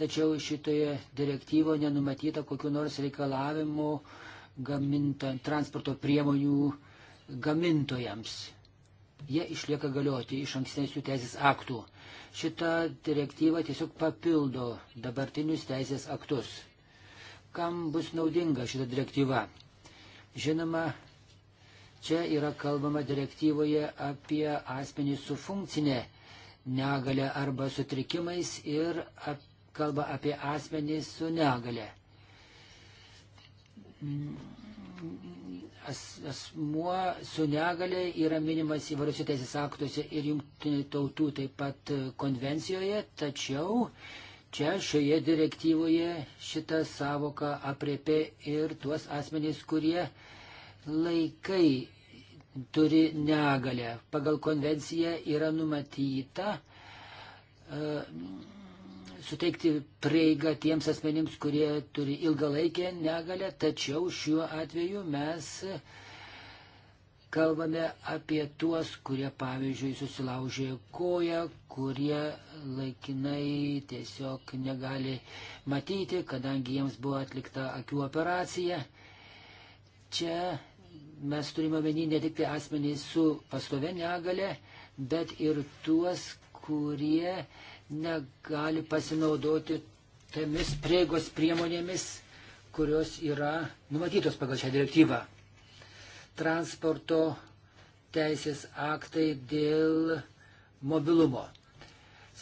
Tačiau šitoje direktyvoje nenumatyta kokiu nors reikalavimu gaminta, transporto priemonių gamintojams. Jie išlieka galioti iš ankstesnių teisės aktų. Šita direktyva tiesiog papildo dabartinius teisės aktus. Kam bus naudinga šita direktyva? Žinoma, Čia yra kalbama direktyvoje apie asmenį su funkcinė negalė arba sutrikimais ir ap, kalba apie asmenį su negalė. As, asmuo su negalė yra minimas įvairiuose teisės aktuose ir jungtinių tautų taip pat konvencijoje, tačiau Čia šioje direktyvoje šitą savoką apriepė ir tuos asmenys, kurie uh, laikai turi negalę. Pagal konvenciją yra numatyta e, suteikti prieigą tiems asmenims, kurie turi ilgalaikę negalę, tačiau šiuo atveju mes kalbame apie tuos, kurie pavyzdžiui susilaužė koją, kurie laikinai tiesiog negali matyti, kadangi jiems buvo atlikta akių operacija. Čia mes turime omeny ne tik tai asmenys su pastovė negale, bet ir tuos, kurie negali pasinaudoti tomis prieigos priemonėmis, kurios yra numatytos pagal šią direktyvą. Transporto teisės aktai dėl mobilumo.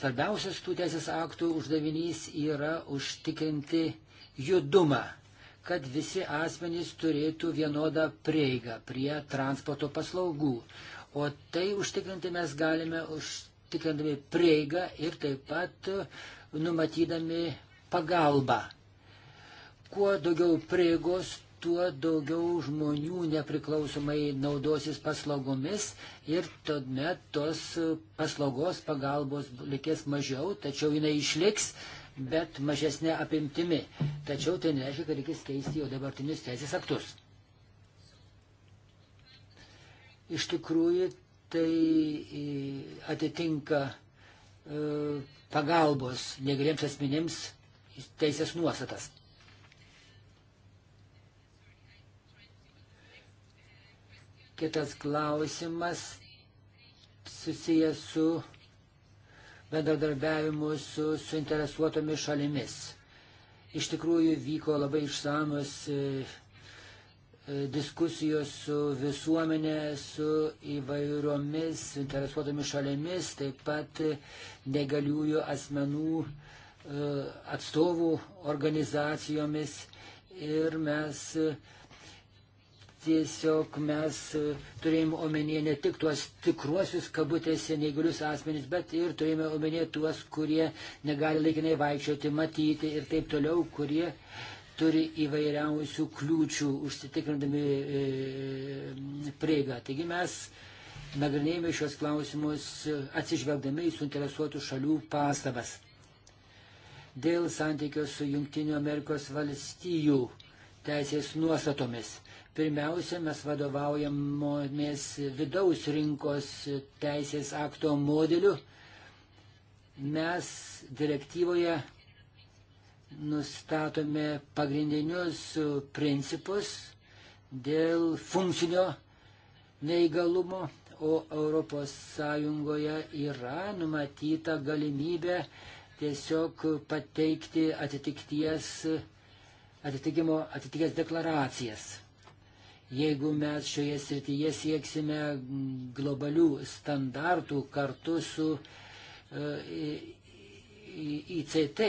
Svarbiausias tų teisės aktų uždavinys yra užtikrinti judumą kad visi asmenys turėtų vienodą prieigą prie transporto paslaugų. O tai užtikrinti mes galime užtikrindami prieigą ir taip pat e, numatydami pagalbą. Kuo daugiau prieigos, tuo daugiau žmonių nepriklausomai naudosis paslaugomis ir tuomet tos e, paslaugos pagalbos likės mažiau, tačiau jinai išliks, bet mažesnė apimtimi. Tačiau tai nereiškia, kad reikės keisti jo dabartinius teisės aktus. Iš tikrųjų, tai e, atitinka e, pagalbos negaliems asmenims teisės nuostatas. Kitas klausimas susijęs su bendradarbiavimu su suinteresuotomis šalimis Iš tikrųjų vyko labai išsamios e, e, diskusijos su visuomenė, su įvairiomis interesuotomis šalėmis, taip pat negaliųjų asmenų e, atstovų organizacijomis ir mes uh, tiesiog mes e, turėjome omenyje ne tik tuos tikruosius kabutėse neįgalius asmenys, bet ir turėjome omenyje tuos, kurie negali laikinai vaikščioti, matyti ir taip toliau, kurie turi įvairiausių kliūčių užsitikrindami e, e prieigą. Taigi mes nagrinėjame šios klausimus e, atsižvelgdami į suinteresuotų šalių pastabas. Dėl santykio su Junktinių Amerikos valstijų teisės nuostatomis. Pirmiausia, mes vadovaujamės vidaus rinkos teisės akto modeliu. Mes direktyvoje nustatome pagrindinius principus dėl funkcinio neįgalumo, o ES yra numatyta galimybė tiesiog pateikti atitikties, atitikimo, atitikties deklaracijas. Jeigu mes šioje srityje sieksime globalių standartų kartu su e, ICT,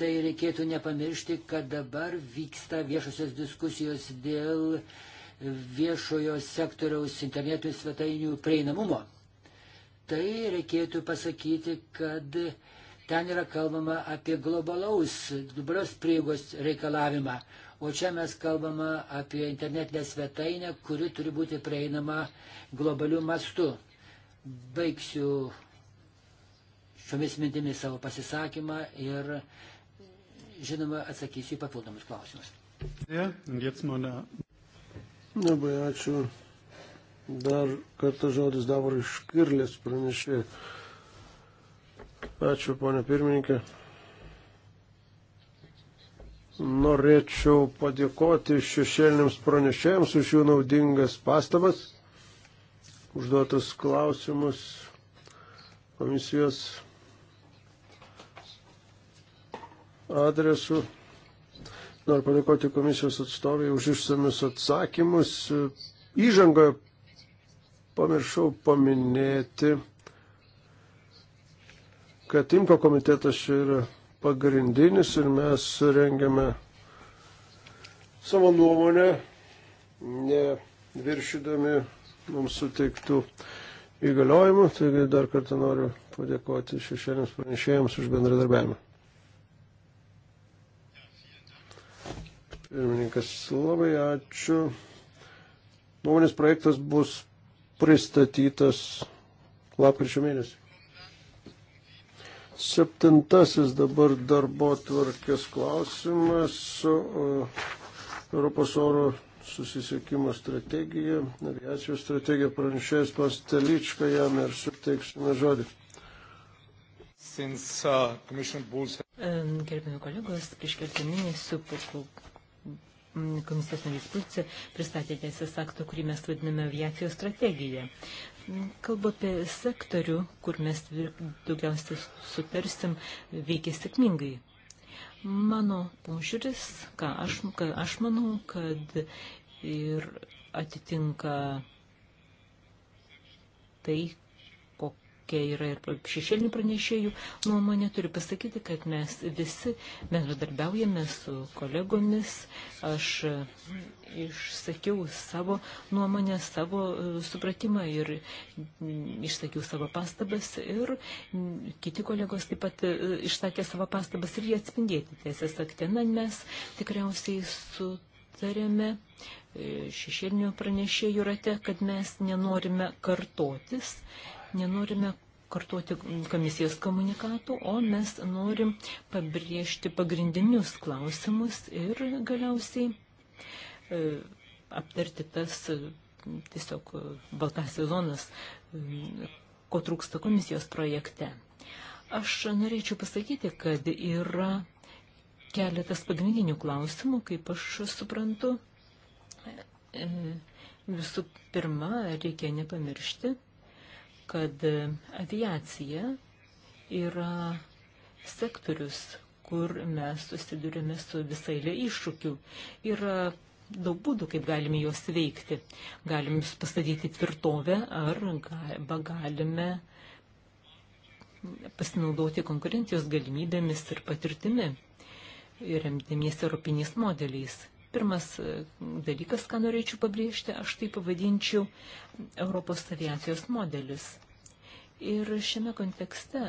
tai reikėtų nepamiršti, kad dabar vyksta viešosios diskusijos dėl viešojo sektoriaus internetų svetainių prieinamumo. Tai reikėtų pasakyti, kad ten yra kalbama apie globalaus, globalios prieigos reikalavimą. O čia mes kalbame apie internetinę svetainę, kuri turi būti prieinama globalių mastų. Baigsiu šiomis mintimis savo pasisakymą ir, žinoma, atsakysiu į papildomus klausimus. Ja, Labai ačiū. Dar kartą žodis dabar iš Kirlės pranešė. Ačiū, ponia pirmininkė. Norėčiau padėkoti šešėliniams pranešėjams už jų naudingas pastabas, užduotus klausimus komisijos adresu. Noriu padėkoti komisijos atstoviai už išsamius atsakymus. Įžangoje pamiršau paminėti, kad Imko komitetas čia yra pagrindinis ir mes rengiame savo nuomonę, neviršydami mums suteiktų įgaliojimų. Taigi dar kartą noriu padėkoti šešėliams pranešėjams už bendradarbiavimą. Pirmininkas, labai ačiū. Nuomonės projektas bus pristatytas lapkričio mėnesį. Septintasis dabar darbo tvarkės klausimas. Europos oro susisiekimo strategija, aviacijos strategija pranešėjas pas Teličką jam ir suteiksime žodį. Since, uh, Bulls... Gerbimi kolegos, prieš keletą mėnesių komisijos narys Pulcė pristatė teisės akto, kurį mes vadiname aviacijos strategiją. Kalbu apie sektorių, kur mes daugiausiai sutarsim, veikia sėkmingai. Mano požiūris, ką aš, ką aš manau, kad ir atitinka tai, kokia yra ir šešėlinių pranešėjų nuomonė, turiu pasakyti, kad mes visi bendradarbiaujame su kolegomis. Aš e, išsakiau savo nuomonę, savo e, supratimą ir mm, išsakiau savo pastabas ir mm, kiti kolegos taip pat e, išsakė savo pastabas ir jie atspindėti. Tiesą sakant, mes tikriausiai su aptarėme šešėlinio pranešėjų rate, kad mes nenorime kartotis nenorime kartuoti komisijos komunikatų, o mes norim pabrėžti pagrindinius klausimus ir galiausiai e, aptarti tas e, tiesiog e, baltas zonas, e, ko trūksta komisijos projekte. Aš norėčiau pasakyti, kad yra keletas pagrindinių klausimų, kaip aš suprantu. E, visų pirma, reikia nepamiršti kad aviacija yra sektorius, kur mes susidurime su visai lė iššūkių. Yra daug būdų, kaip galime juos veikti. Galim pastatyti tvirtovę arba galime pasinaudoti konkurencijos galimybėmis ir patirtimi, remdamiesi europiniais modeliais. Pirmas e, dalykas, ką norėčiau pabrėžti, aš tai pavadinčiau Europos aviacijos modelis. Ir šiame kontekste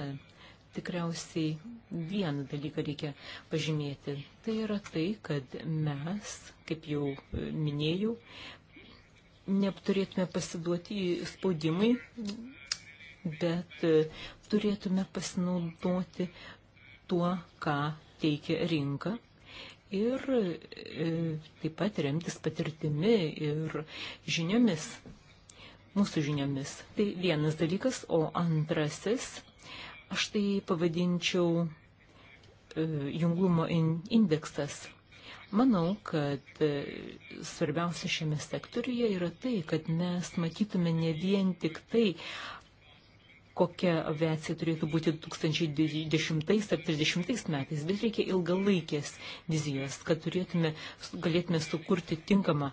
tikriausiai vieną dalyką reikia pažymėti. Tai yra tai, kad mes, kaip jau e, minėjau, neturėtume pasiduoti spaudimui, bet e, turėtume pasinaudoti tuo, ką teikia rinka ir e, taip pat remtis patirtimi ir žiniomis, mūsų žiniomis. Tai vienas dalykas, o antrasis, aš tai pavadinčiau e, junglumo indeksas. Manau, kad e, svarbiausia šiame sektoriuje yra tai, kad mes matytume ne vien tik tai, kokia aviacija turėtų būti 2010 ar 30 metais, bet reikia ilgalaikės vizijos, kad turėtume, galėtume sukurti tinkamą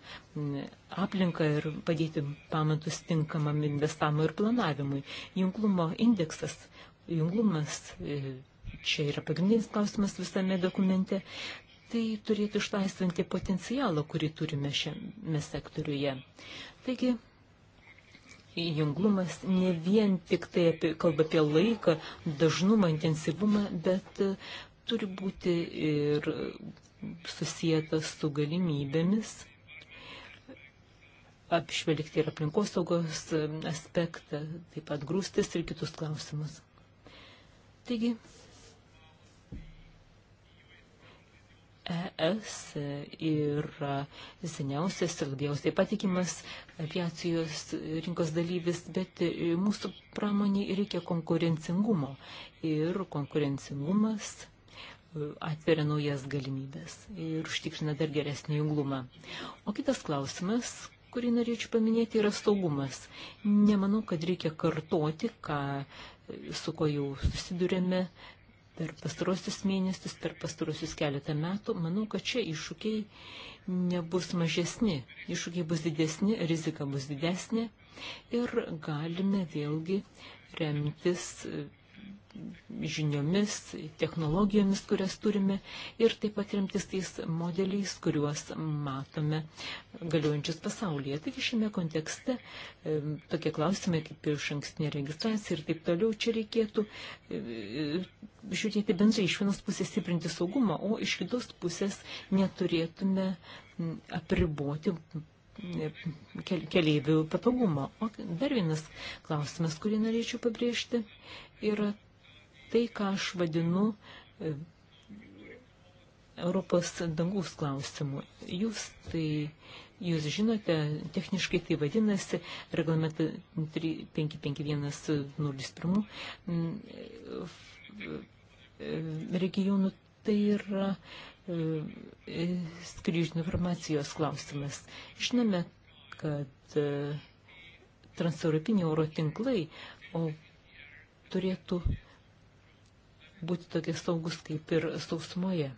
aplinką ir padėti pamatus tinkamam investavimui ir planavimui. Junglumo indeksas, junglumas, e, čia yra pagrindinis klausimas visame dokumente, tai turėtų išlaisvinti potencialą, kurį turime šiame sektoriuje. Taigi, junglumas ne vien tik tai apie, kalba apie laiką, dažnumą, intensyvumą, bet e, turi būti ir susijęs su galimybėmis apžvelgti ir aplinkosaugos e, aspektą, taip pat grūstis ir kitus klausimus. Taigi, ES yra seniausias ir labiausiai patikimas aviacijos rinkos dalyvis, bet mūsų pramoniai reikia konkurencingumo. Ir konkurencingumas atveria naujas galimybės ir užtikrina dar geresnį junglumą. O kitas klausimas, kurį norėčiau paminėti, yra saugumas. Nemanau, kad reikia kartoti, ką, su ko jau susidurėme per pastarosius mėnesius, per pastarosius keletą metų, manau, kad čia iššūkiai nebus mažesni, iššūkiai bus didesni, rizika bus didesnė ir galime vėlgi remtis žiniomis, technologijomis, kurias turime ir taip pat remtis tais modeliais, kuriuos matome galiojančius pasaulyje. Taigi šiame kontekste e, tokie klausimai kaip iš ankstinė registracija ir taip toliau, čia reikėtų e, e, žiūrėti bendrai iš vienos pusės stiprinti saugumą, o iš kitos pusės neturėtume apriboti keleivių patogumą. O dar vienas klausimas, kurį norėčiau pabrėžti, yra tai, ką aš vadinu e, Europos dangaus klausimų. Jūs tai, jūs žinote, techniškai tai vadinasi, reglamentą 55101 mm, e, e, regionų tai yra e, skrydžių informacijos klausimas. Žinome, kad e, transeuropiniai oro tinklai, o turėtų būti tokie saugus kaip ir sausmoje.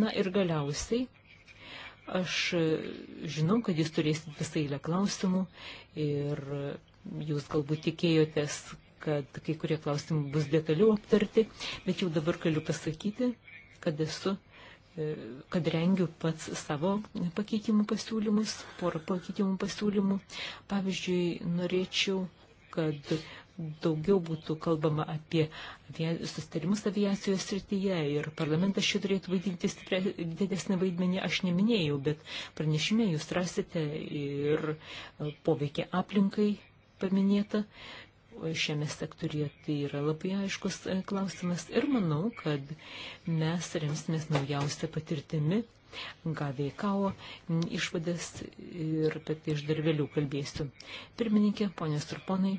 Na ir galiausiai, aš žinau, kad jūs turėsit visą eilę klausimų ir jūs galbūt tikėjotės, kad kai kurie klausimai bus detaliau aptarti, bet jau dabar galiu pasakyti, kad esu E, kad rengiu pats savo pakeitimų pasiūlymus, porą pakeitimų pasiūlymų. Pavyzdžiui, norėčiau, kad daugiau būtų kalbama apie sustarimus aviacijos srityje ir parlamentas čia turėtų vaidinti didesnį vaidmenį, aš neminėjau, bet pranešime jūs rasite ir poveikia aplinkai paminėta. E, šiame sektorije. Tai yra labai aiškus e, klausimas ir manau, kad mes remsimės naujausią patirtimi, gavę į kavo išvadas ir apie tai aš dar vėliau kalbėsiu. Pirmininkė, ponės ir ponai,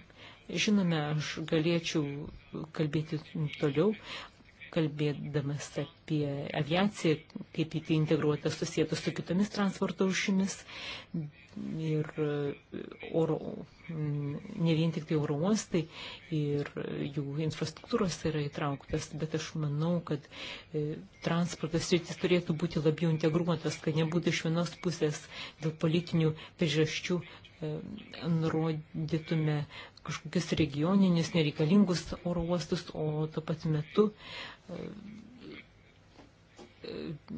žinome, aš galėčiau kalbėti toliau, kalbėdamas apie aviaciją, kaip jį integruota susijęta su kitomis transporto rušimis ir e, oro, mm, ne vien tik tai oro uostai ir jų infrastruktūros yra įtrauktas, bet aš manau, kad e, transportas rytis turėtų būti labiau integruotas, kad nebūtų iš vienos pusės dėl politinių priežasčių e, nurodytume kažkokius regioninius nereikalingus oro uostus, o tuo pat metu,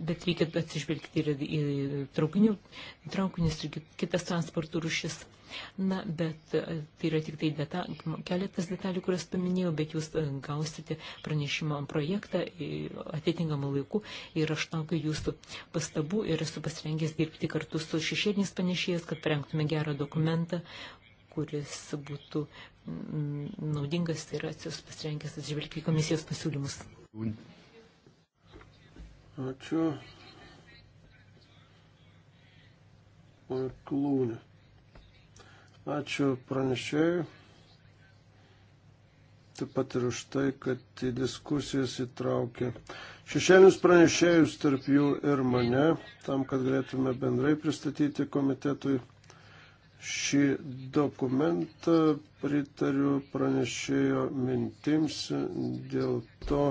bet reikia atsižvelgti ir į traukinių, traukinius ir kitas transporto rušis. Na, bet tai yra tik tai deta, keletas detalių, kurias paminėjau, bet jūs e, gausite pranešimą projektą e, atitinkamą laiku ir aš laukiu jūsų pastabų ir esu pasirengęs dirbti kartu su šešėliniais panešėjais, kad prengtume gerą dokumentą, kuris būtų mm, naudingas ir atsius pasirengęs atsižvelgti į komisijos pasiūlymus. Ačiū. Klūnė. Ačiū pranešėjui. Taip pat ir už tai, kad į diskusijas įtraukė šešėlius pranešėjus tarp jų ir mane, tam, kad galėtume bendrai pristatyti komitetui šį dokumentą, pritariu pranešėjo mintims dėl to,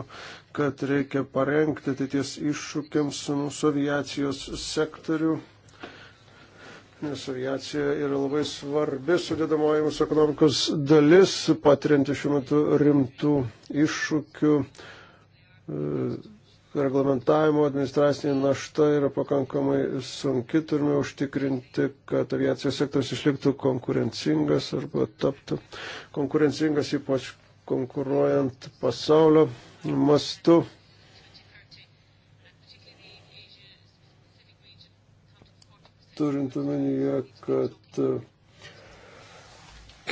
kad reikia parengti ateities iššūkiams mūsų aviacijos sektorių, nes aviacija yra labai svarbi sudėdamoji mūsų ekonomikos dalis, patirinti šiuo metu rimtų iššūkių reglamentavimo administracinė našta yra pakankamai sunki, turime užtikrinti, kad aviacijos sektorius išliktų konkurencingas arba taptų konkurencingas, ypač konkuruojant pasaulio mastu. Turint omenyje, kad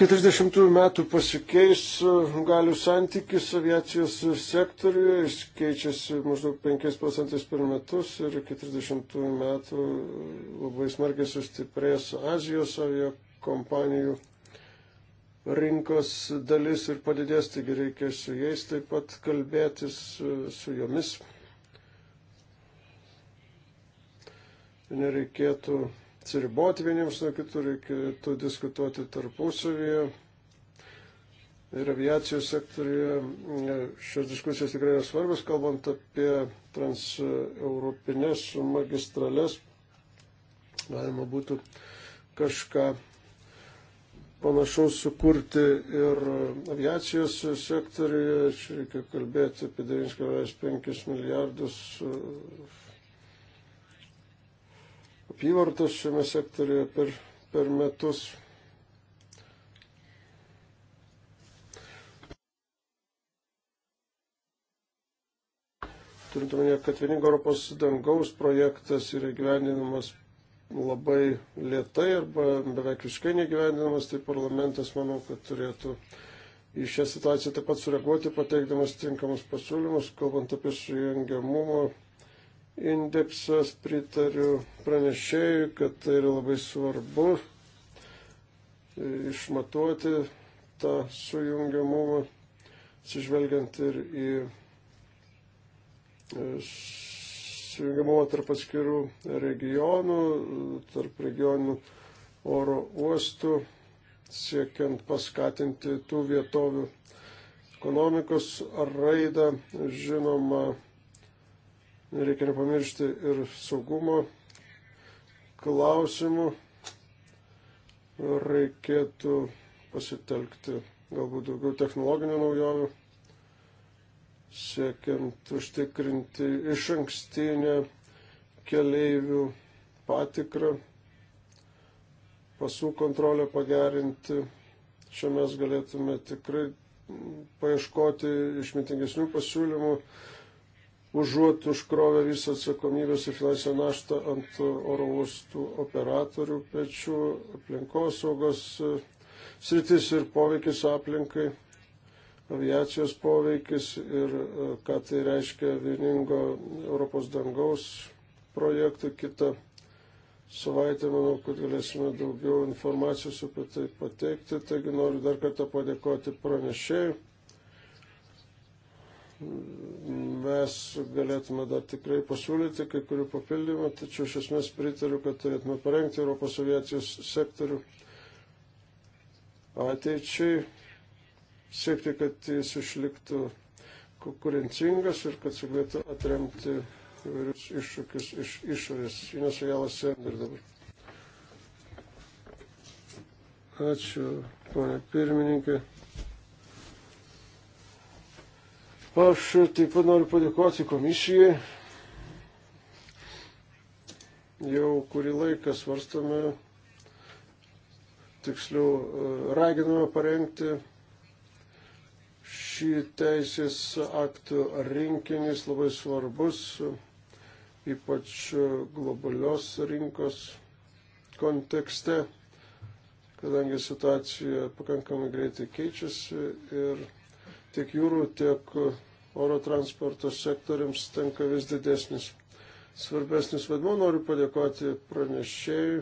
40 metų pasikeis e, galių santykis aviacijos sektoriuje, jis keičiasi maždaug 5 procentais per metus ir iki 30 metų labai smarkiai sustiprės Azijos avia kompanijų rinkos dalis ir padidės, taigi reikia su jais taip pat kalbėtis, e, su jomis. Nereikėtų atsiriboti vieniems nuo kitų, reikėtų diskutuoti tarpusavyje. Ir aviacijos sektoriuje e, šios diskusijos tikrai yra svarbus, kalbant apie transeuropinės magistrales. Galima būtų kažką panašaus sukurti ir aviacijos sektoriuje. Čia reikia kalbėti apie 9,5 milijardus apyvartos šiame sektorėje per, per metus. Turint omenyje, kad vieningo Europos dangaus projektas yra gyveninamas labai lietai arba beveik visiškai negyvendinamas, tai parlamentas, manau, kad turėtų į šią situaciją taip pat sureaguoti, pateikdamas tinkamus pasiūlymus, kalbant apie sujungiamumo indeksas, pritariu pranešėjui, kad tai yra labai svarbu išmatuoti tą sujungiamumą, atsižvelgiant ir į e, sujungiamumą tarp atskirų regionų, tarp regionų oro uostų, siekiant paskatinti tų vietovių ekonomikos raidą, žinoma, Reikia nepamiršti ir saugumo klausimų. Reikėtų pasitelkti galbūt daugiau technologinių naujovių, siekiant užtikrinti iš ankstinę keleivių patikrą, pasų kontrolę pagerinti. Čia mes galėtume tikrai paieškoti išmintingesnių pasiūlymų, užuot užkrovę visą atsakomybės ir finansinę naštą ant oro uostų operatorių pečių, aplinkosaugos e, sritis ir poveikis aplinkai, aviacijos poveikis ir e, ką tai reiškia vieningo Europos dangaus projektą kitą. Savaitę manau, kad galėsime daugiau informacijos apie tai pateikti, taigi noriu dar kartą padėkoti pranešėjui mes galėtume dar tikrai pasiūlyti kai kurių papildymų, tačiau iš esmės pritariu, kad turėtume parengti Europos aviacijos sektorių ateičiai, siekti, kad jis išliktų konkurencingas ir kad sugebėtų atremti įvairius iššūkius iš išorės. Inas Ajalas Sender dabar. Ačiū, ponė pirmininkė. Aš taip pat noriu padėkoti komisijai. Jau kurį laiką svarstame, tiksliau e, raginame parengti šį teisės aktų rinkinys labai svarbus, ypač globalios rinkos kontekste, kadangi situacija pakankamai greitai keičiasi ir tiek jūrų, tiek oro transporto sektoriams tenka vis didesnis, svarbesnis vaidmo. Noriu padėkoti pranešėjui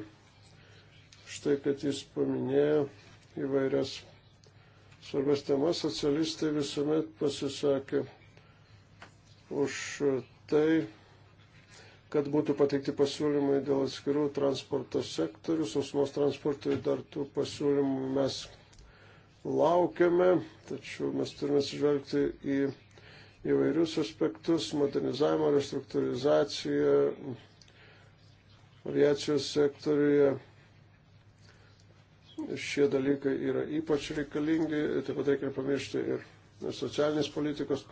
štai, kad jis paminėjo įvairias svarbias temas. Socialistai visuomet pasisakė už tai, kad būtų pateikti pasiūlymai dėl atskirų transporto sektorių. Sausumos transportui dar tų pasiūlymų mes laukiame, tačiau mes turime sužvelgti į įvairius aspektus - modernizavimo, restruktūrizaciją, aviacijos sektoriuje. Šie dalykai yra ypač reikalingi, taip pat reikia pamiršti ir socialinės politikos.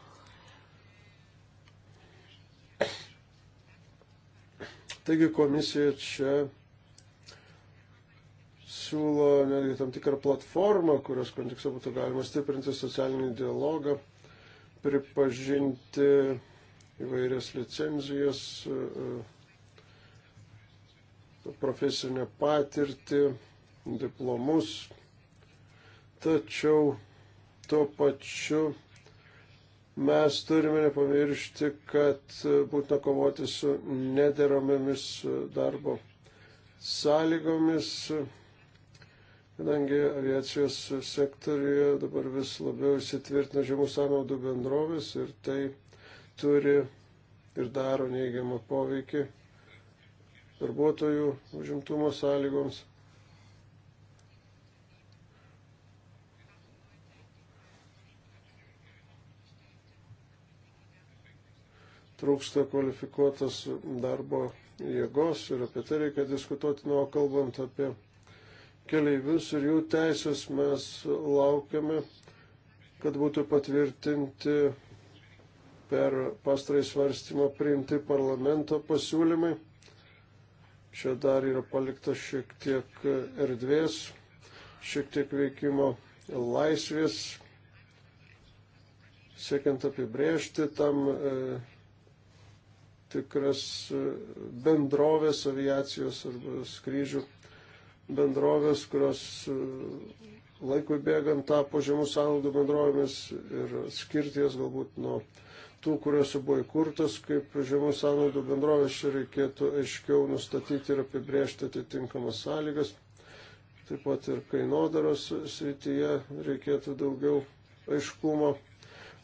Taigi komisija čia siūlo netgi tam tikrą platformą, kurios kontekste būtų galima stiprinti socialinį dialogą, pripažinti įvairias licenzijas, e, e, profesinę patirtį, diplomus. Tačiau tuo pačiu mes turime nepamiršti, kad būtina kovoti su nederomomis darbo sąlygomis kadangi aviacijos sektoriuje dabar vis labiau įsitvirtina žemų sąnaudų bendrovės ir tai turi ir daro neigiamą poveikį darbuotojų užimtumo sąlygoms. Trūksta kvalifikuotas darbo jėgos ir apie tai reikia diskutuoti, nuo kalbant apie keleivius ir jų teisės mes laukiame, kad būtų patvirtinti per pastarai svarstymą priimti parlamento pasiūlymai. Čia dar yra palikta šiek tiek erdvės, šiek tiek veikimo laisvės, siekiant apibrėžti tam e, tikras e, bendrovės aviacijos arba skrydžių bendrovės, kurios e, laikui bėgant tapo žemų sąnaudų bendrovėmis ir skirti jas galbūt nuo tų, kuriuose buvo įkurtas, kaip žemų sąnaudų bendrovės, čia reikėtų aiškiau nustatyti ir apibriežti atitinkamas sąlygas. Taip pat ir kainodaros srityje reikėtų daugiau aiškumo.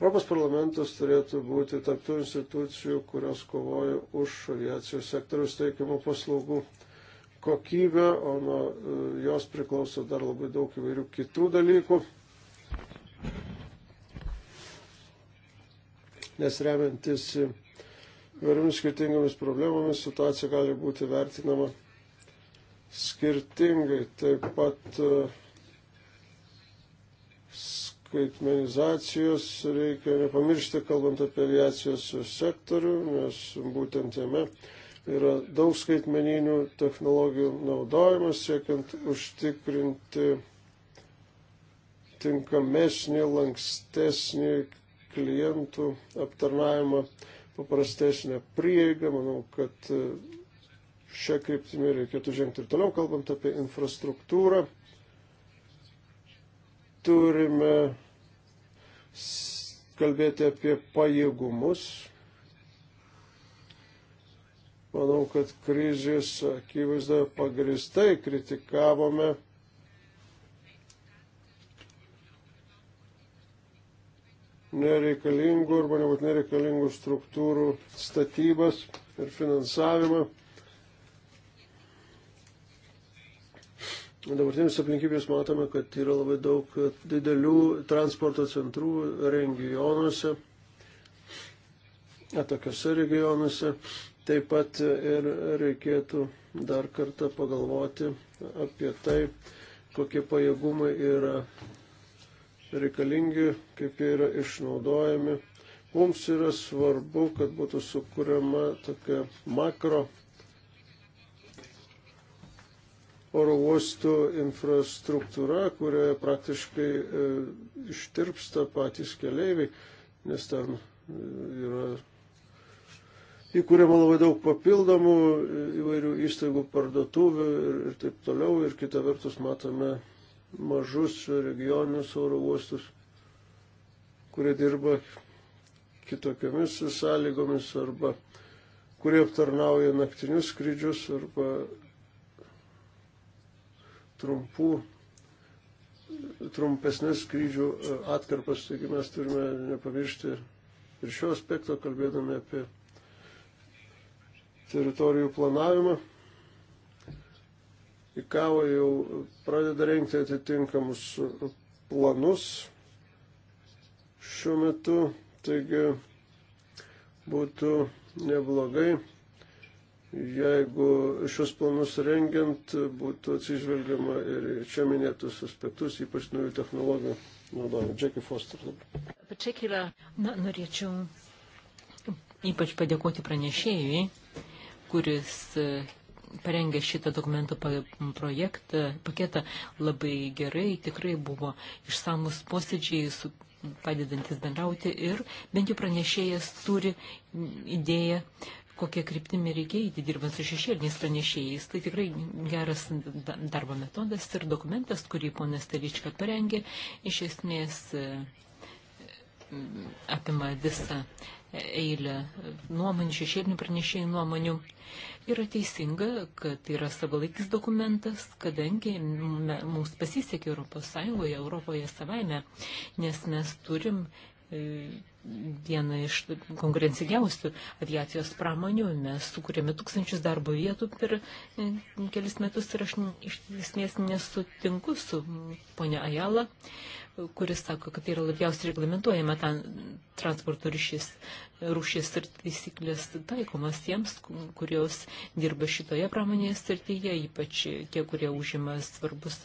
Europos parlamentas turėtų būti tarptų institucijų, kurios kovoja už aviacijos sektoriaus teikimų paslaugų kokybę, o nuo e, jos priklauso dar labai daug įvairių kitų dalykų. Nes remiantis įvairiomis skirtingomis problemomis situacija gali būti vertinama skirtingai. Taip pat e, skaitmenizacijos reikia nepamiršti, kalbant apie aviacijos sektorių, nes būtent jame Tai yra daug skaitmeninių technologijų naudojimas, siekiant užtikrinti tinkamesnį, lankstesnį klientų aptarnavimą, paprastesnę prieigą. Manau, kad šią kryptimį reikėtų žengti ir toliau, kalbant apie infrastruktūrą. Turime kalbėti apie pajėgumus, Manau, kad krizės akivaizdoje pagristai kritikavome nereikalingų arba nebūt nereikalingų struktūrų statybas ir finansavimą. Dabartinės aplinkybės matome, kad yra labai daug didelių transporto centrų regionuose, atokiose regionuose. Taip pat ir reikėtų dar kartą pagalvoti apie tai, kokie pajėgumai yra reikalingi, kaip jie yra išnaudojami. Mums yra svarbu, kad būtų sukūriama tokia makro oro uostų infrastruktūra, kurioje praktiškai e, ištirpsta patys keleiviai, nes ten e, yra įkūrėme labai daug papildomų e, įvairių įstaigų, parduotuvių ir, ir taip toliau. Ir kita vertus matome mažus regioninius oro uostus, kurie dirba kitokiamis sąlygomis arba kurie aptarnauja naktinius skrydžius arba trumpų trumpesnės skrydžių e, atkarpas, taigi mes turime nepamiršti ir šio aspekto, kalbėdami apie teritorijų planavimą. Ikavo jau pradeda renkti atitinkamus planus šiuo metu, taigi būtų neblogai, jeigu šios planus rengiant būtų atsižvelgiama ir čia minėtus aspektus, ypač naujų technologijų naudojant. Jackie Foster dabar. Na, norėčiau ypač padėkoti pranešėjui kuris e, parengė šitą dokumento projektą, paketą labai gerai, tikrai buvo išsamus posėdžiai su padedantis bendrauti ir bent jau pranešėjas turi idėją, kokie kryptimi reikia įti dirbant su šešėliniais pranešėjais. Tai tikrai geras darbo metodas ir dokumentas, kurį ponas Telička parengė, iš esmės e, apima visą eilę nuomonių, šešėlinių pranešėjų nuomonių. Yra teisinga, kad yra savalaikis dokumentas, kadangi mums pasisekė Europos Sąjungoje, Europoje savaime, nes mes turim e, viena iš konkurencingiausių aviacijos pramonių. Mes sukūrėme tūkstančius darbo vietų per e, kelis metus ir aš iš esmės nesutinku su ponia Ajala, kuris sako, kad tai yra labiausiai reglamentuojama ten transporto ryšys, rūšis ir taisyklės taikomas tiems, kurios dirba šitoje pramonėje srityje, ypač tie, kurie užima svarbus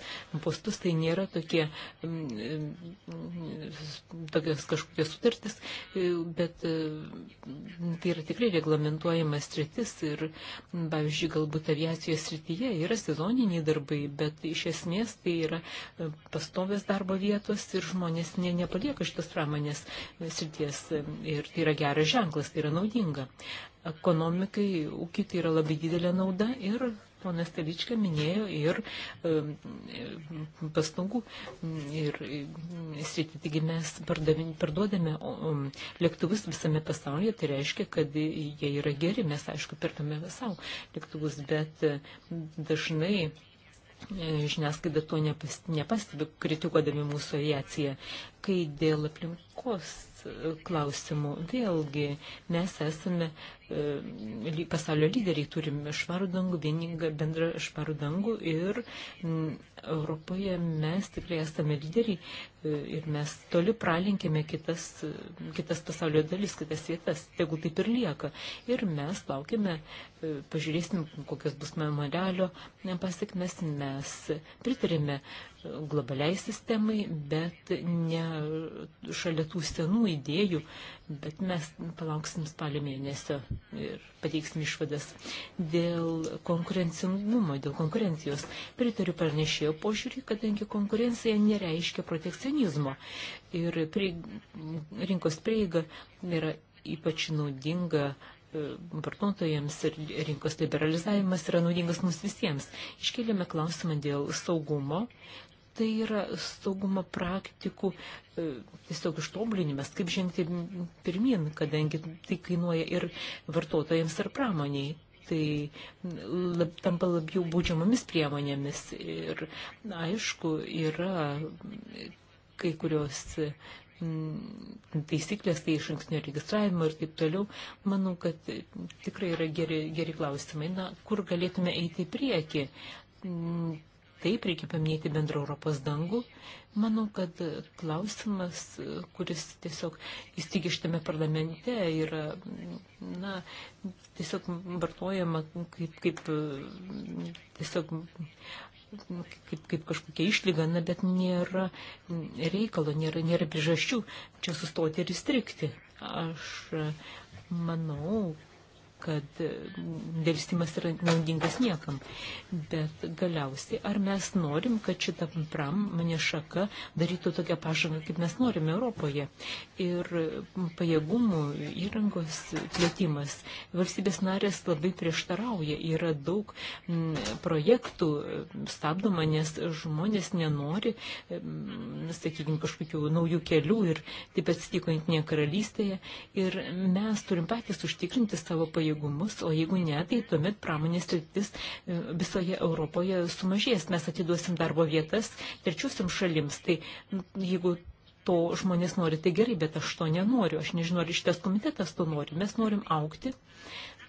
postus, tai nėra tokie, mm, mm, tokios kažkokios sutartis, bet e, tai yra tikrai reglamentuojamas sritis ir, pavyzdžiui, galbūt aviacijos srityje yra sezoniniai darbai, bet iš esmės tai yra e, pastovės darbo vietos ir žmonės ne, nepalieka šitas pramonės e, srities ir tai yra geras ženklas, tai yra naudinga ekonomikai, ūkiai tai yra labai didelė nauda ir ponas Telička minėjo ir pastangų ir sritį. Taigi mes parduodame lėktuvus visame pasaulyje, tai reiškia, kad jie yra geri, mes aišku perkame savo lėktuvus, bet dažnai e, žiniasklaida to nepastebi, kritikuodami mūsų aviaciją. Kai dėl aplinkos e, klausimų, vėlgi mes esame uh, E, pasaulio lyderiai turime švarų dangų, vieningą bendrą švarų dangų ir Europoje mes tikrai esame lyderiai e, ir mes toli pralinkėme kitas, kitas pasaulio dalis, kitas vietas, jeigu taip ir lieka. Ir mes laukime, e, pažiūrėsim, kokios bus memorialio pasiekmes, mes pritarėme globaliai sistemai, bet ne šalia tų senų idėjų, bet mes palauksim spalio mėnesio ir pateiksim išvadas. Dėl konkurencingumo, dėl konkurencijos pritariu pranešėjo požiūrį, kadangi konkurencija nereiškia protekcionizmo ir prie, rinkos prieiga yra ypač naudinga e, vartotojams ir rinkos liberalizavimas yra naudingas mums visiems. Iškėlėme klausimą dėl saugumo, tai yra saugumo praktikų e, tiesiog ištobulinimas, kaip žengti pirmin, kadangi tai kainuoja ir vartotojams, ir pramoniai. Tai lab, tampa labiau būdžiamomis priemonėmis. Ir na, aišku, yra kai kurios taisyklės, tai iš ankstinio registravimo ir taip toliau, manau, kad tikrai yra geri, geri klausimai. Na, kur galėtume eiti į priekį? Taip, reikia paminėti bendrą Europos dangų. Manau, kad klausimas, kuris tiesiog įstygė šitame parlamente, yra, na, tiesiog vartojama kaip, kaip tiesiog kaip, kaip kažkokia išlyga, na, bet nėra reikalo, nėra, nėra priežasčių čia sustoti ir įstrikti. Aš manau, kad e, dėlstimas yra naudingas niekam. Bet galiausiai, ar mes norim, kad šita pramonė šaka darytų tokią pažangą, kaip mes norime Europoje. Ir pajėgumų įrangos plėtimas. Valstybės narės labai prieštarauja. Yra daug projektų e, stabdoma, nes žmonės nenori, e, sakykime, kažkokių naujų kelių ir taip atsitiko Jungtinėje karalystėje. Ir mes turim patys užtikrinti savo pajėgumą pajėgumus, o jeigu ne, tai tuomet pramonės rytis e, visoje Europoje sumažės. Mes atiduosim darbo vietas trečiusim šalims. Tai jeigu to žmonės nori, tai gerai, bet aš to nenoriu. Aš nežinau, ar šitas komitetas to nori. Mes norim aukti.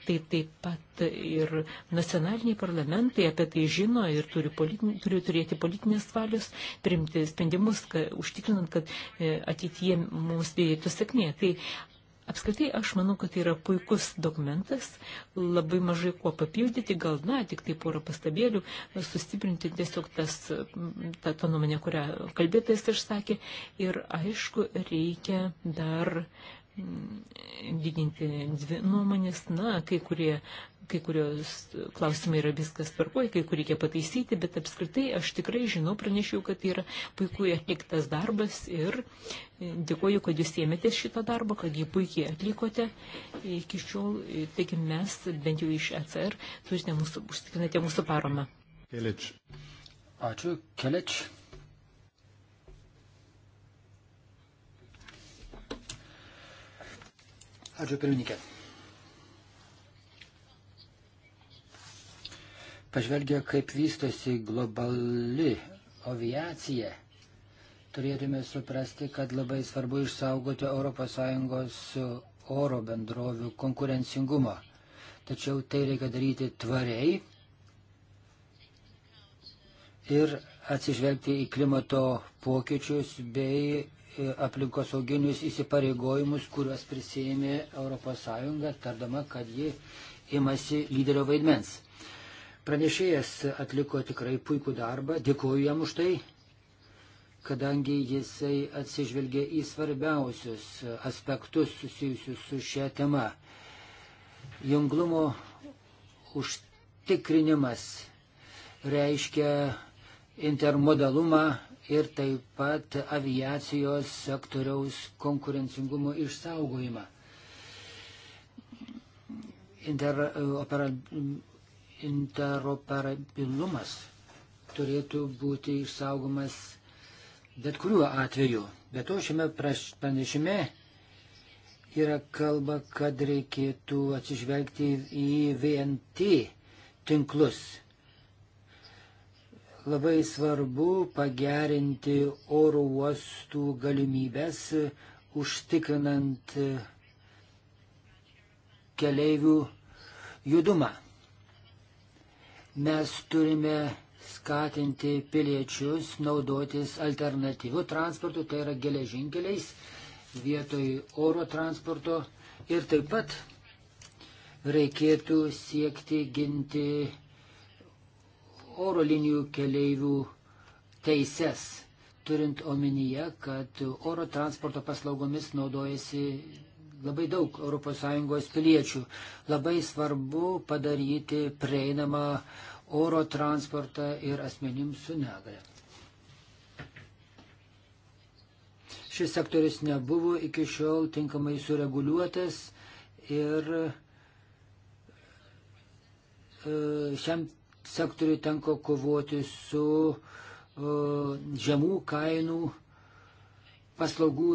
Tai taip pat ir nacionaliniai parlamentai apie tai žino ir turi, politin, turi turėti politinės valios, primti sprendimus, ka, užtikrinant, kad e, ateityje mums dėjotų sėkmė. Tai Apskritai, aš manau, kad tai yra puikus dokumentas, labai mažai kuo papildyti, gal, na, tik tai porą pastabėlių, sustiprinti tiesiog tas, tą, tą nuomonę, kurią kalbėtais išsakė. Ir aišku, reikia dar uh, lyginti dvi nuomonės. Na, kai, kurie, kai kurios klausimai yra viskas tvarkoj, kai kur reikia pataisyti, bet apskritai aš tikrai žinau, pranešiau, kad tai yra puikiai atliktas darbas ir dėkoju, kad jūs ėmėtės šito darbo, kad jį puikiai atlikote. Iki šiol, taigi mes, bent jau iš ECR, turite mūsų, užtikrinate mūsų paromą. Kelič. Ačiū, Kelič. Ačiū pirmininkė. Pažvelgia, kaip vystosi globali aviacija turėtume suprasti, kad labai svarbu išsaugoti ES oro bendrovių konkurencingumą. Tačiau tai reikia daryti tvariai ir atsižvelgti į klimato pokyčius bei aplinkosauginius įsipareigojimus, kuriuos prisėmė ES, tardama, kad ji imasi lyderio vaidmens. Pranešėjas atliko tikrai puikų darbą, dėkuoju jam už tai, kadangi jisai atsižvelgė į svarbiausius aspektus susijusius su šia tema. Junglumo užtikrinimas reiškia intermodalumą, ir taip pat aviacijos sektoriaus konkurencingumo išsaugojimą. Interopera, interoperabilumas turėtų būti išsaugomas bet kuriuo atveju. Bet to šiame pranešime yra kalba, kad reikėtų atsižvelgti į VNT tinklus Labai svarbu pagerinti oro uostų galimybės, užtikrinant keleivių judumą. Mes turime skatinti piliečius naudotis alternatyvių transportų, tai yra geležinkeliais vietoj oro transporto ir taip pat reikėtų siekti ginti oro linijų keleivių teises, turint omenyje, kad oro transporto paslaugomis naudojasi labai daug ES piliečių. Labai svarbu padaryti prieinamą oro transportą ir asmenims su negale. Šis sektorius nebuvo iki šiol tinkamai sureguliuotas ir e, šiam sektoriui tenka kovoti su e, žemų kainų paslaugų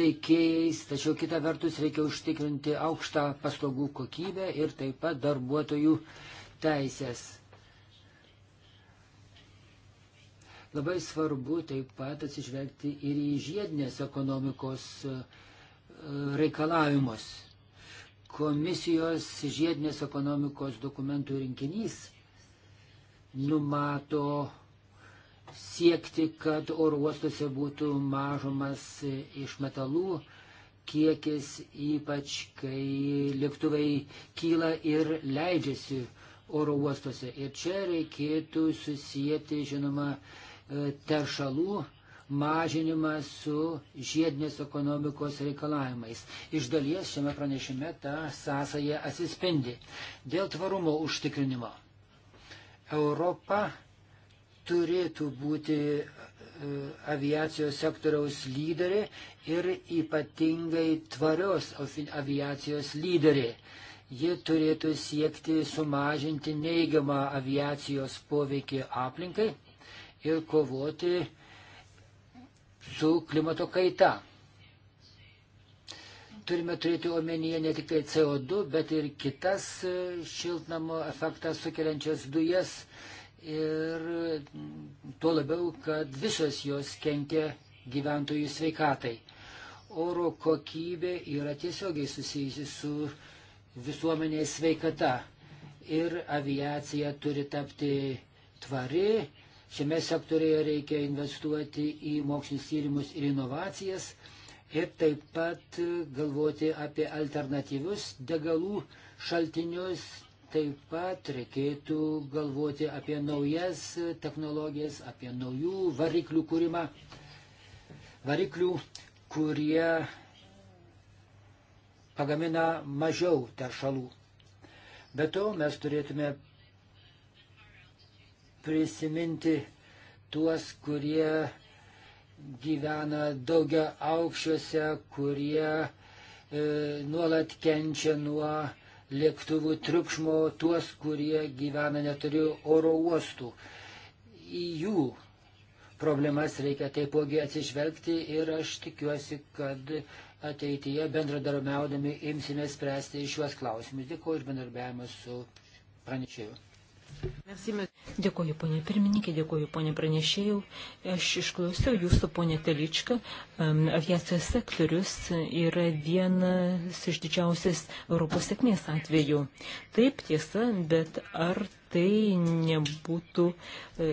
teikėjais, tačiau kita vertus reikia užtikrinti aukštą paslaugų kokybę ir taip pat darbuotojų teisės. Labai svarbu taip pat atsižvelgti ir į žiedinės ekonomikos e, reikalavimus. Komisijos žiedinės ekonomikos dokumentų rinkinys numato siekti, kad oro uostuose būtų mažomas iš metalų kiekis, ypač kai lėktuvai kyla ir leidžiasi oro uostuose. Ir čia reikėtų susijęti, žinoma, e, teršalų mažinimą su žiedinės ekonomikos reikalavimais. Iš dalies šiame pranešime ta sąsaja atsispindi. Dėl tvarumo užtikrinimo. Europa turėtų būti e, aviacijos sektoriaus lyderė ir ypatingai tvarios aviacijos lyderė. Ji turėtų siekti sumažinti neigiamą aviacijos poveikį aplinkai ir kovoti su klimato kaita. Turime turėti omenyje ne tik tai CO2, bet ir kitas e, šiltnamo efektą sukeliančias dujas. Ir tuo labiau, kad visos jos kenkia gyventojų sveikatai. Oro kokybė yra tiesiogiai susijusi su visuomenės sveikata. Ir aviacija turi tapti tvari, Šiame sektorėje reikia investuoti į mokslinius tyrimus ir inovacijas ir taip pat galvoti apie alternatyvius degalų šaltinius, taip pat reikėtų galvoti apie naujas technologijas, apie naujų variklių kūrimą, variklių, kurie pagamina mažiau teršalų. Be to mes turėtume prisiminti tuos, kurie gyvena daugia aukščiuose, kurie e, nuolat kenčia nuo lėktuvų triukšmo, tuos, kurie gyvena neturi oro uostų. Į jų problemas reikia taipogi atsižvelgti ir aš tikiuosi, kad ateityje bendradarbiaudami imsime spręsti šiuos klausimus. Dėkuoju ir bendradarbiavimą su pranešėju. Dėkuoju, ponė pirmininkė, dėkuoju, ponė pranešėjau. Aš išklausiau jūsų, ponė Teličką. Aviacijos sektorius yra vienas iš didžiausias Europos sėkmės atvejų. Taip tiesa, bet ar tai nebūtų, e,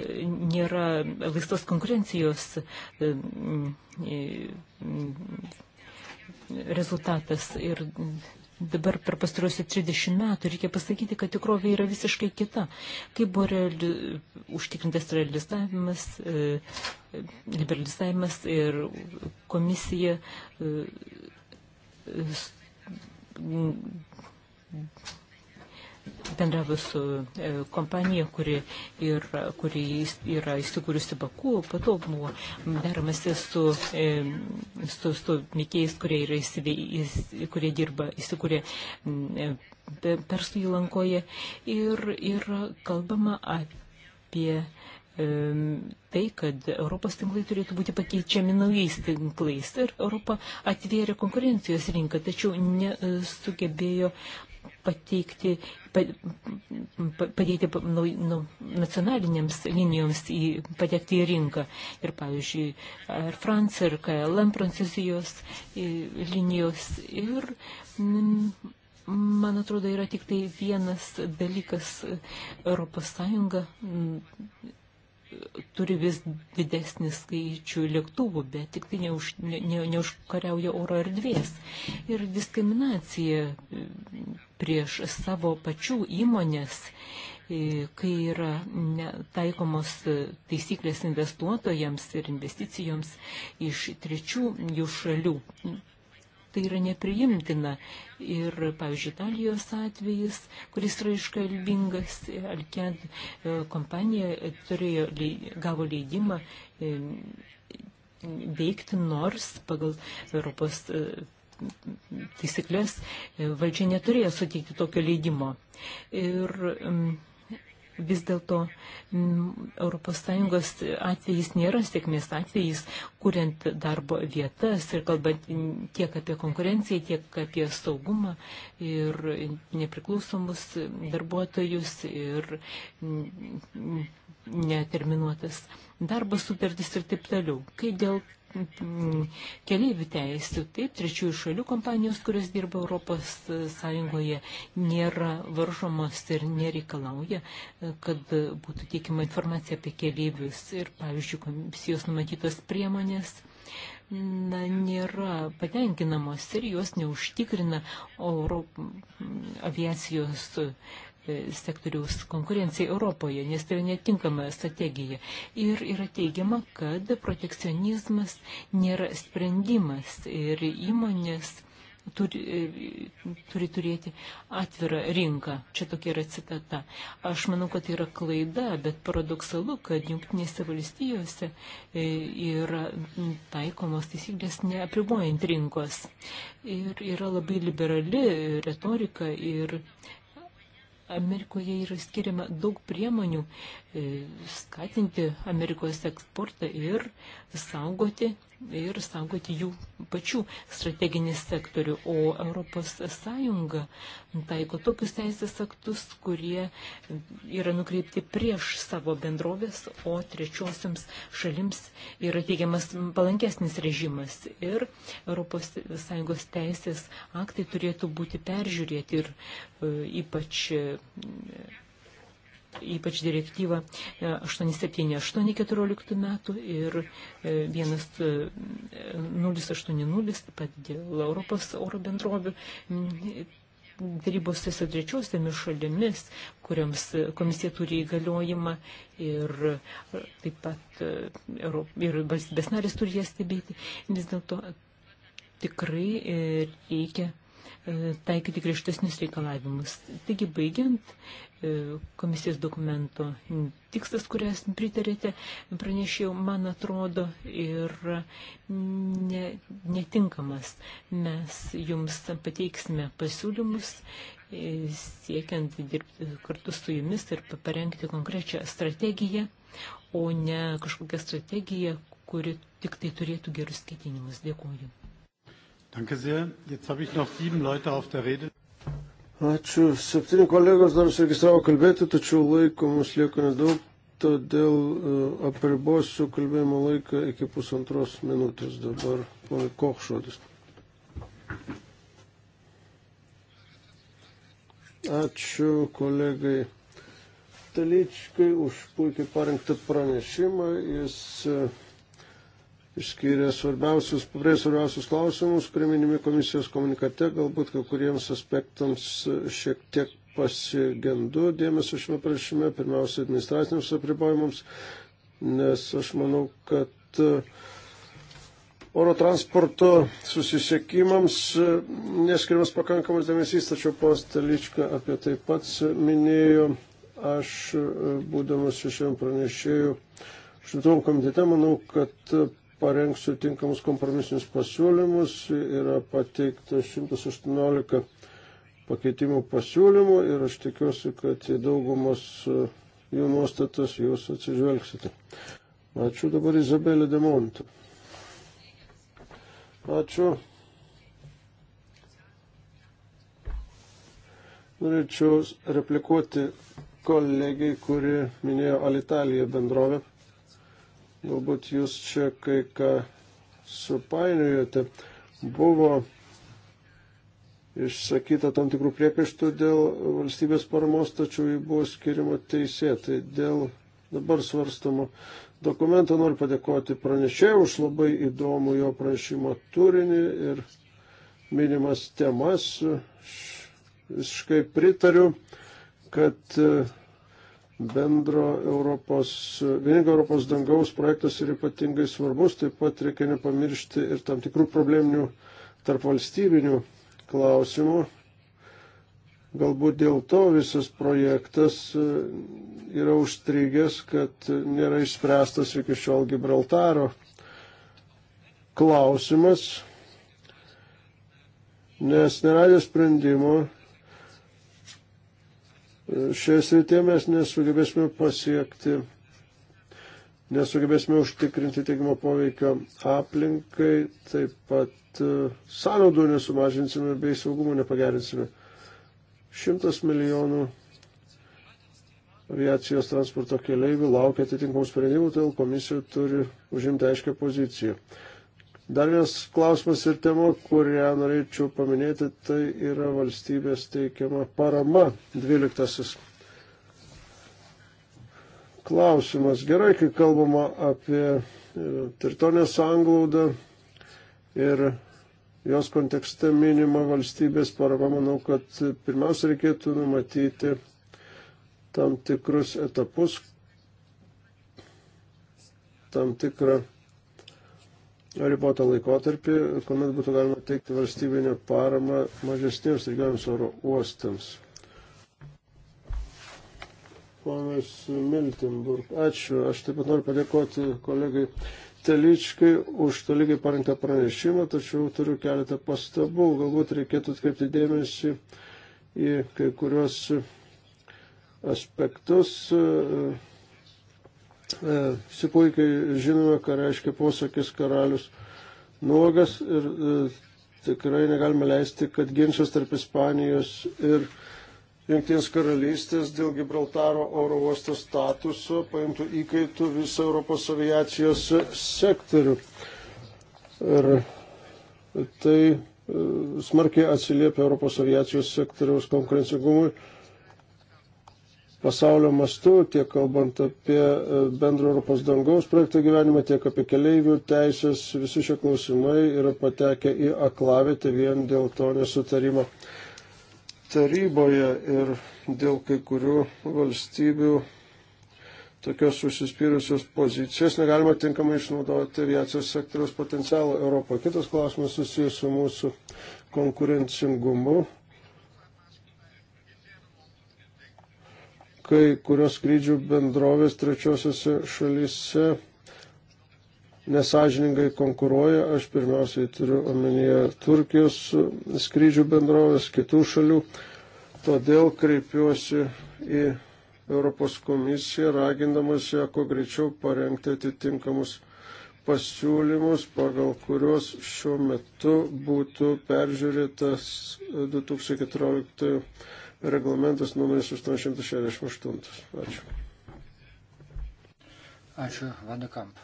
nėra laisvos konkurencijos e, e, rezultatas ir dabar per pastaruosius 30 metų. Reikia pasakyti, kad tikrovė yra visiškai kita. Kaip buvo reali, užtikrintas realizavimas, e, liberalizavimas ir komisija e, e, bendravau su e, kompanija, kuri, ir, kuri yra įsikūrusi Baku, po to buvo deramasi su, e, su, su mėgėjais, kurie, yra, įsivė, kurie dirba, įsikūrė e, Persų įlankoje ir, ir kalbama apie tai, kad Europos tinklai turėtų būti pakeičiami naujais tinklais. Ir Europa atvėrė konkurencijos rinką, tačiau nesugebėjo pateikti, padėti nu, nu, nacionalinėms linijoms į, patekti į rinką. Ir, pavyzdžiui, Air France ir KLM prancūzijos linijos. Ir, man atrodo, yra tik tai vienas dalykas Europos Sąjunga turi vis didesnį skaičių lėktuvų, bet tik tai neuž, ne, ne, neužkariauja oro erdvės. Ir diskriminacija prieš savo pačių įmonės, kai yra taikomos taisyklės investuotojams ir investicijoms iš trečių jų šalių tai yra nepriimtina. Ir, pavyzdžiui, Italijos atvejis, kuris yra iškalbingas, Alkent e, kompanija turėjo, gavo leidimą e, veikti nors pagal Europos e, taisyklės valdžia neturėjo suteikti tokio leidimo. Ir vis dėlto ES atvejais nėra sėkmės atvejais, kuriant darbo vietas ir kalbant tiek apie konkurenciją, tiek apie saugumą ir nepriklausomus darbuotojus ir neterminuotas darbo sutartis ir taip toliau. Kai dėl mm, keliaivių teisų. Taip, trečiųjų šalių kompanijos, kurios dirba Europos Sąjungoje, nėra varžomos ir nereikalauja, kad būtų teikiami patikimą informaciją apie keleivius ir, pavyzdžiui, komisijos numatytos priemonės na, nėra patenkinamos ir jos neužtikrina Euro, aviacijos e, sektoriaus konkurencijai Europoje, nes tai yra netinkama strategija. Ir yra teigiama, kad protekcionizmas nėra sprendimas ir įmonės turi, turi turėti atvirą rinką. Čia tokia yra citata. Aš manau, kad tai yra klaida, bet paradoksalu, kad jungtinėse valstijose e, yra taikomos taisyklės neapribojant rinkos. Ir yra labai liberali retorika ir Amerikoje yra skiriama daug priemonių e, skatinti Amerikos eksportą ir saugoti ir saugoti jų pačių strateginį sektorių. O Europos Sąjunga taiko tokius teisės aktus, kurie yra nukreipti prieš savo bendrovės, o trečiosiams šalims yra teigiamas palankesnis režimas. Ir Europos Sąjungos teisės aktai turėtų būti peržiūrėti ir e, ypač ypač direktyva 878-14 e, metų ir 1080 e, e, taip pat dėl Europos oro bendrovių darybose su trečiosiamis šalimis, kuriams komisija turi įgaliojimą ir taip pat ir valstybės narės turi jas stebėti. Vis dėlto tikrai reikia E, taikyti griežtesnius reikalavimus. Taigi, baigiant, e, komisijos dokumento tikslas, kurias pritarėte, pranešėjau, man atrodo, ir ne, netinkamas. Mes jums pateiksime pasiūlymus e, siekiant dirbti kartu su jumis ir parengti konkrečią strategiją, o ne kažkokią strategiją, kuri tik tai turėtų gerus ketinimus. Dėkuoju. Danke sehr. Jetzt habe ich noch sieben Leute auf der Rede. Ačiū. Septyni kolegos dar užsiregistravo kalbėti, tačiau laiko mums lieka nedaug, todėl uh, apribosiu kalbėjimo laiką iki pusantros minutės. Dabar ponai Koch žodis. Ačiū kolegai Taličkai už puikiai parengtą pranešimą. Jis uh, išskyrė svarbiausius, pabrėž svarbiausius klausimus, kurie minimi komisijos komunikate, galbūt kai kuriems aspektams šiek tiek pasigendu dėmesio šiame prašyme, pirmiausia, administraciniams apribojimams, nes aš manau, kad e, oro transporto susisiekimams e, neskiriamas pakankamas dėmesys, tačiau pas Teličką apie tai pats minėjo, aš e, būdamas šešiam pranešėjų. Švietimo komitete manau, kad parengsiu tinkamus kompromisinius pasiūlymus. Yra pateikta 118 pakeitimų pasiūlymų ir aš tikiuosi, kad į daugumas e, jų nuostatas jūs atsižvelgsite. Ačiū dabar Izabelė Demontą. Ačiū. Norėčiau replikuoti kolegiai, kuri minėjo Alitalija bendrovę. Galbūt jūs čia kai ką supainiojote. Buvo išsakyta tam tikrų priekaištų dėl valstybės paramos, tačiau jį buvo skirima teisėtai. Dėl dabar svarstamo dokumento noriu padėkoti pranešėjui už labai įdomų jo pranešimo turinį ir minimas temas. Visiškai pritariu, kad bendro Europos, vieningo Europos dangaus projektas yra ypatingai svarbus, taip pat reikia nepamiršti ir tam tikrų probleminių tarp valstybinių klausimų. Galbūt dėl to visas projektas e, yra užstrigęs, kad nėra išspręstas iki šiol Gibraltaro klausimas, nes neradė sprendimo Šioje srityje mes nesugebėsime pasiekti, nesugebėsime užtikrinti teigiamo poveikio aplinkai, taip pat e, sąnaudų nesumažinsime bei saugumo nepagerinsime. Šimtas milijonų aviacijos transporto keliaivių laukia atitinkamų sprendimų, todėl komisija turi užimti aiškę poziciją. Dar vienas klausimas ir tema, kurią norėčiau paminėti, tai yra valstybės teikiama parama 12. Klausimas. Gerai, kai kalbama apie e, teritorinę sąnglaudą ir jos kontekste minima valstybės parama, manau, kad pirmiausia reikėtų numatyti tam tikrus etapus, tam tikrą ribotą laikotarpį, kuomet būtų galima teikti valstybinę paramą mažesniems regioniams oro uostams. Ponas Miltenburg, ačiū. Aš taip pat noriu padėkoti kolegai Teličkai už tolygiai parengtą pranešimą, tačiau turiu keletą pastabų. Galbūt reikėtų atkreipti dėmesį į kai kurios aspektus. Uh, E, visi puikiai žinome, ką reiškia posakis karalius nuogas ir e, tikrai negalime leisti, kad ginčas tarp Ispanijos ir Junktinės karalystės dėl Gibraltaro oro uosto statuso paimtų įkaitų visą Europos aviacijos sektorių. Ir tai e, smarkiai atsiliepia Europos aviacijos sektoriaus konkurencingumui pasaulio mastu, tiek kalbant apie e, bendro Europos dangaus projekto gyvenimą, tiek apie keleivių teisės, visi šie klausimai yra patekę į aklavitę vien dėl to nesutarimo taryboje ir dėl kai kurių valstybių tokios susispyrusios pozicijos negalima tinkamai išnaudoti aviacijos sektoriaus potencialą Europoje. Kitas klausimas susijęs su mūsų konkurencingumu kai kurios skrydžių bendrovės trečiosiose šalyse nesažiningai konkuruoja. Aš pirmiausiai turiu omenyje Turkijos skrydžių bendrovės, kitų šalių. Todėl kreipiuosi į Europos komisiją, ragindamas ją kuo greičiau parengti atitinkamus pasiūlymus, pagal kuriuos šiuo metu būtų peržiūrėtas 2014 reglamentas numeris 868. Ačiū. Ačiū, Vandekamp.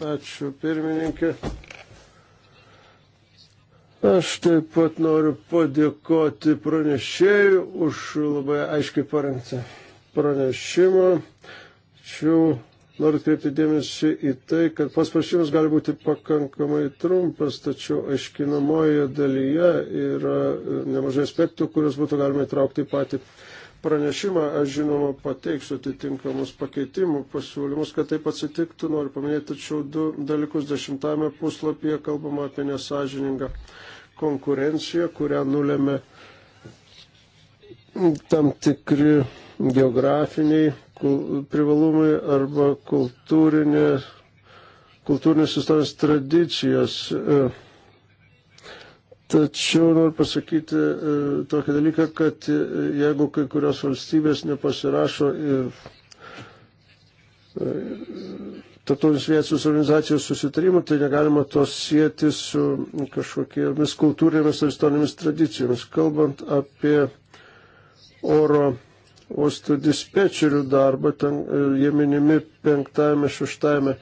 Ačiū, pirmininkė. Aš taip pat noriu padėkoti pranešėjui už labai aiškiai parengtą pranešimą. Ačiū Noriu atkreipti dėmesį į tai, kad pats prašymas gali būti pakankamai trumpas, tačiau aiškinamoje dalyje yra e, nemažai aspektų, kuriuos būtų galima įtraukti į patį pranešimą. Aš žinoma pateiksiu atitinkamus pakeitimų pasiūlymus, kad taip atsitiktų. Noriu paminėti tačiau du dalykus. Dešimtame puslapyje kalbama apie nesažiningą konkurenciją, kurią nulėmė tam tikri geografiniai privalumai arba kultūrinė, kultūrinės istorijos tradicijos. E, tačiau noriu pasakyti e, tokį dalyką, kad e, jeigu kai kurios valstybės nepasirašo tarptautinius vietos organizacijos susitarimų, tai negalima to sieti su kažkokiamis kultūrinėmis ar istorinėmis tradicijomis. Kalbant apie oro uostų dispečerių darbą, ten e, jie minimi penktame, šeštame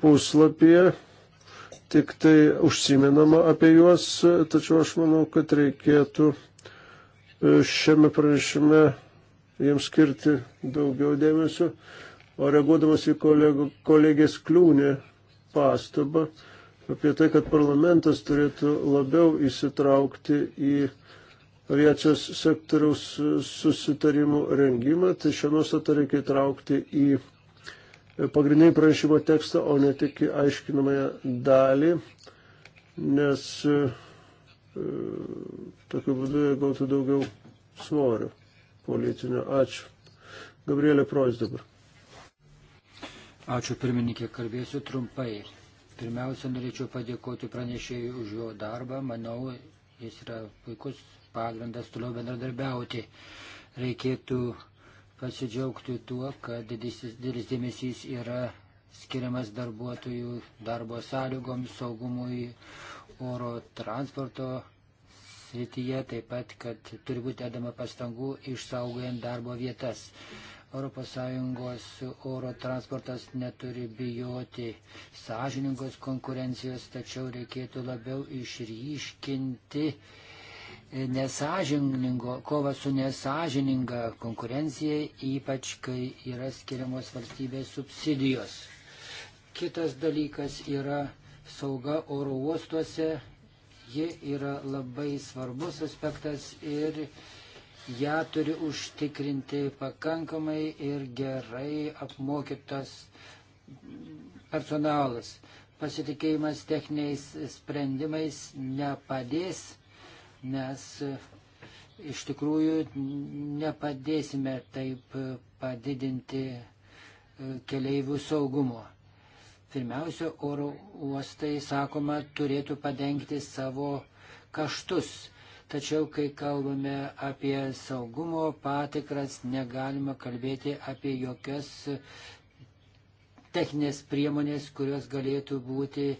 puslapyje, tik tai užsiminama apie juos, tačiau aš manau, kad reikėtų e, šiame pranešime jiems skirti daugiau dėmesio. O reaguodamas į kolegų, kolegės kliūnį pastabą apie tai, kad parlamentas turėtų labiau įsitraukti į aviacijos sektoriaus susitarimų rengimą, tai šią nuostatą reikia įtraukti į pagrindinį pranešimo tekstą, o ne tik į aiškinamąją dalį, nes e, tokiu būdu jie gautų daugiau svorio politinio. Ačiū. Gabrielė Prois dabar. Ačiū pirmininkė, kalbėsiu trumpai. Pirmiausia, norėčiau padėkoti pranešėjui už jo darbą. Manau, jis yra puikus pagrindas toliau bendradarbiauti. Reikėtų pasidžiaugti tuo, kad didelis dėmesys yra skiriamas darbuotojų darbo sąlygoms, saugumui, oro transporto srityje, taip pat, kad turi būti dedama pastangų išsaugojant darbo vietas. ES oro transportas neturi bijoti sąžiningos konkurencijos, tačiau reikėtų labiau išryškinti nesažiningo, kova su nesažininga konkurencija, ypač kai yra skiriamos valstybės subsidijos. Kitas dalykas yra sauga oro uostuose. Ji yra labai svarbus aspektas ir ją turi užtikrinti pakankamai ir gerai apmokytas personalas. Pasitikėjimas techniniais sprendimais nepadės mes e, iš tikrųjų nepadėsime taip padidinti e, keleivių saugumo. Pirmiausia, oro uostai, sakoma, turėtų padengti savo kaštus. Tačiau, kai kalbame apie saugumo patikras, negalima kalbėti apie jokias techninės priemonės, kurios galėtų būti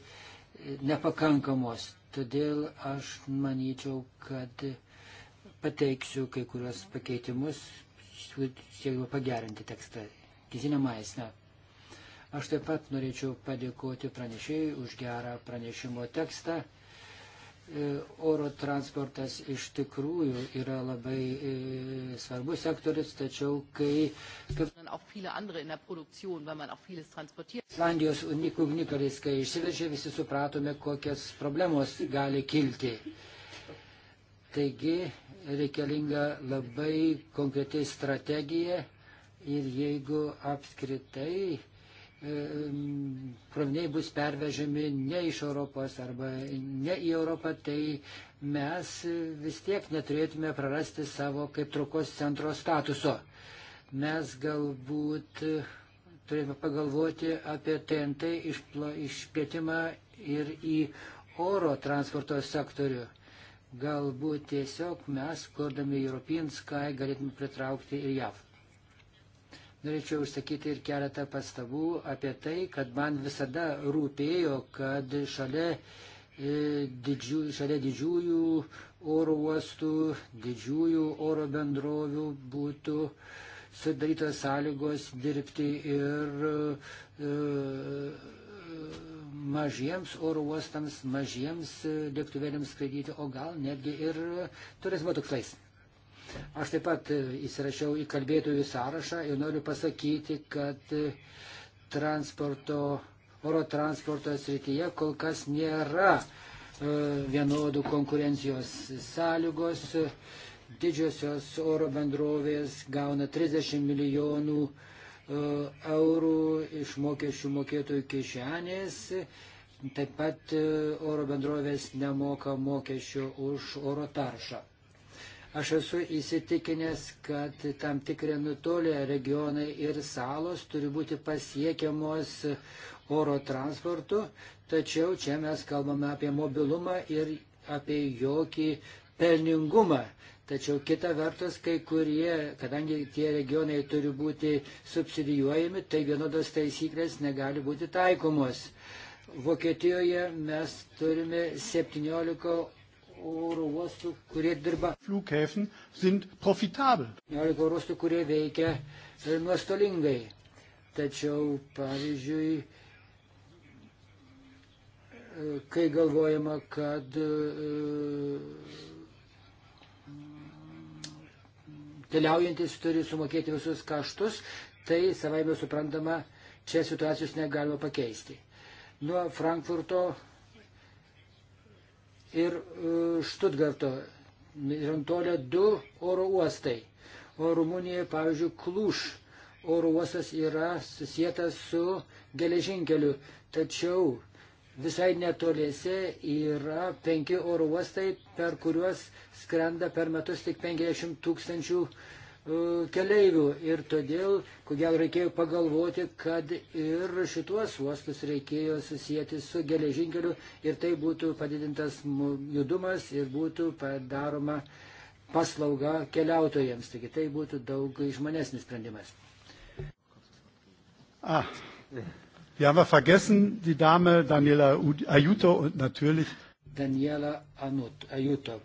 nepakankamos. Todėl aš manyčiau, kad pateiksiu kai kurios pakeitimus, siekdama pagerinti tekstą. Gizinė maisne. Aš taip pat norėčiau padėkoti pranešėjai už gerą pranešimo tekstą. E, oro transportas iš tikrųjų yra labai e, svarbus sektorius, tačiau kai... Islandijos ugnikalis, kai išsiveržė, visi supratome, kokias problemos gali kilti. Taigi reikalinga labai konkretiai strategija ir jeigu apskritai kroviniai bus pervežami ne iš Europos arba ne į Europą, tai mes vis tiek neturėtume prarasti savo kaip traukos centro statuso. Mes galbūt turime pagalvoti apie TNT išplėtimą ir į oro transporto sektorių. Galbūt tiesiog mes, kurdami European Sky, galėtume pritraukti ir JAV. Norėčiau užsakyti ir keletą pastabų apie tai, kad man visada rūpėjo, kad šalia, e, didžių, šalia didžiųjų oro uostų, didžiųjų oro bendrovių būtų sudarytos sąlygos dirbti ir e, e, mažiems oro uostams, mažiems lėktuvėliams skraidyti, o gal netgi ir turizmo tikslais. Aš taip pat e, įsirašiau į kalbėtojų sąrašą ir noriu pasakyti, kad e, transporto, oro transporto srityje kol kas nėra e, vienodų konkurencijos sąlygos. Didžiosios oro bendrovės gauna 30 milijonų eurų iš mokesčių mokėtojų kišenės. Taip pat oro bendrovės nemoka mokesčių už oro taršą. Aš esu įsitikinęs, kad tam tikri nutolę regionai ir salos turi būti pasiekiamos oro transportu, tačiau čia mes kalbame apie mobilumą ir apie jokį pelningumą. Tačiau kita vertus, kai kurie, kadangi tie regionai turi būti subsidijuojami, tai vienodos taisyklės negali būti taikomos. Vokietijoje mes turime 17 oro uostų, kurie dirba. Flughäfen sind profitabel. 11 oro uostų, kurie veikia e, nuostolingai. Tačiau, pavyzdžiui, e, kai galvojama, kad e, keliaujantis turi sumokėti visus kaštus, tai savaime suprantama, čia situacijos negalima pakeisti. Nuo Frankfurto ir e, Štutgarto. Ir antolė du oro uostai. O Rumunijoje, pavyzdžiui, Kluš oro uostas yra susijęs su geležinkeliu. Tačiau visai netoliese yra penki oro uostai, per kuriuos skrenda per metus tik 50 tūkstančių 000 E, keleivių ir todėl, ko gero, reikėjo pagalvoti, kad ir šituos uostus reikėjo susijęti su geležinkeliu ir tai būtų padidintas judumas ir būtų padaroma paslauga keliautojams. Taigi tai būtų daug išmanesnis sprendimas. Ah. Wir haben vergessen, die Dame Daniela Ayuto und natürlich Daniela Anut, Ayutov.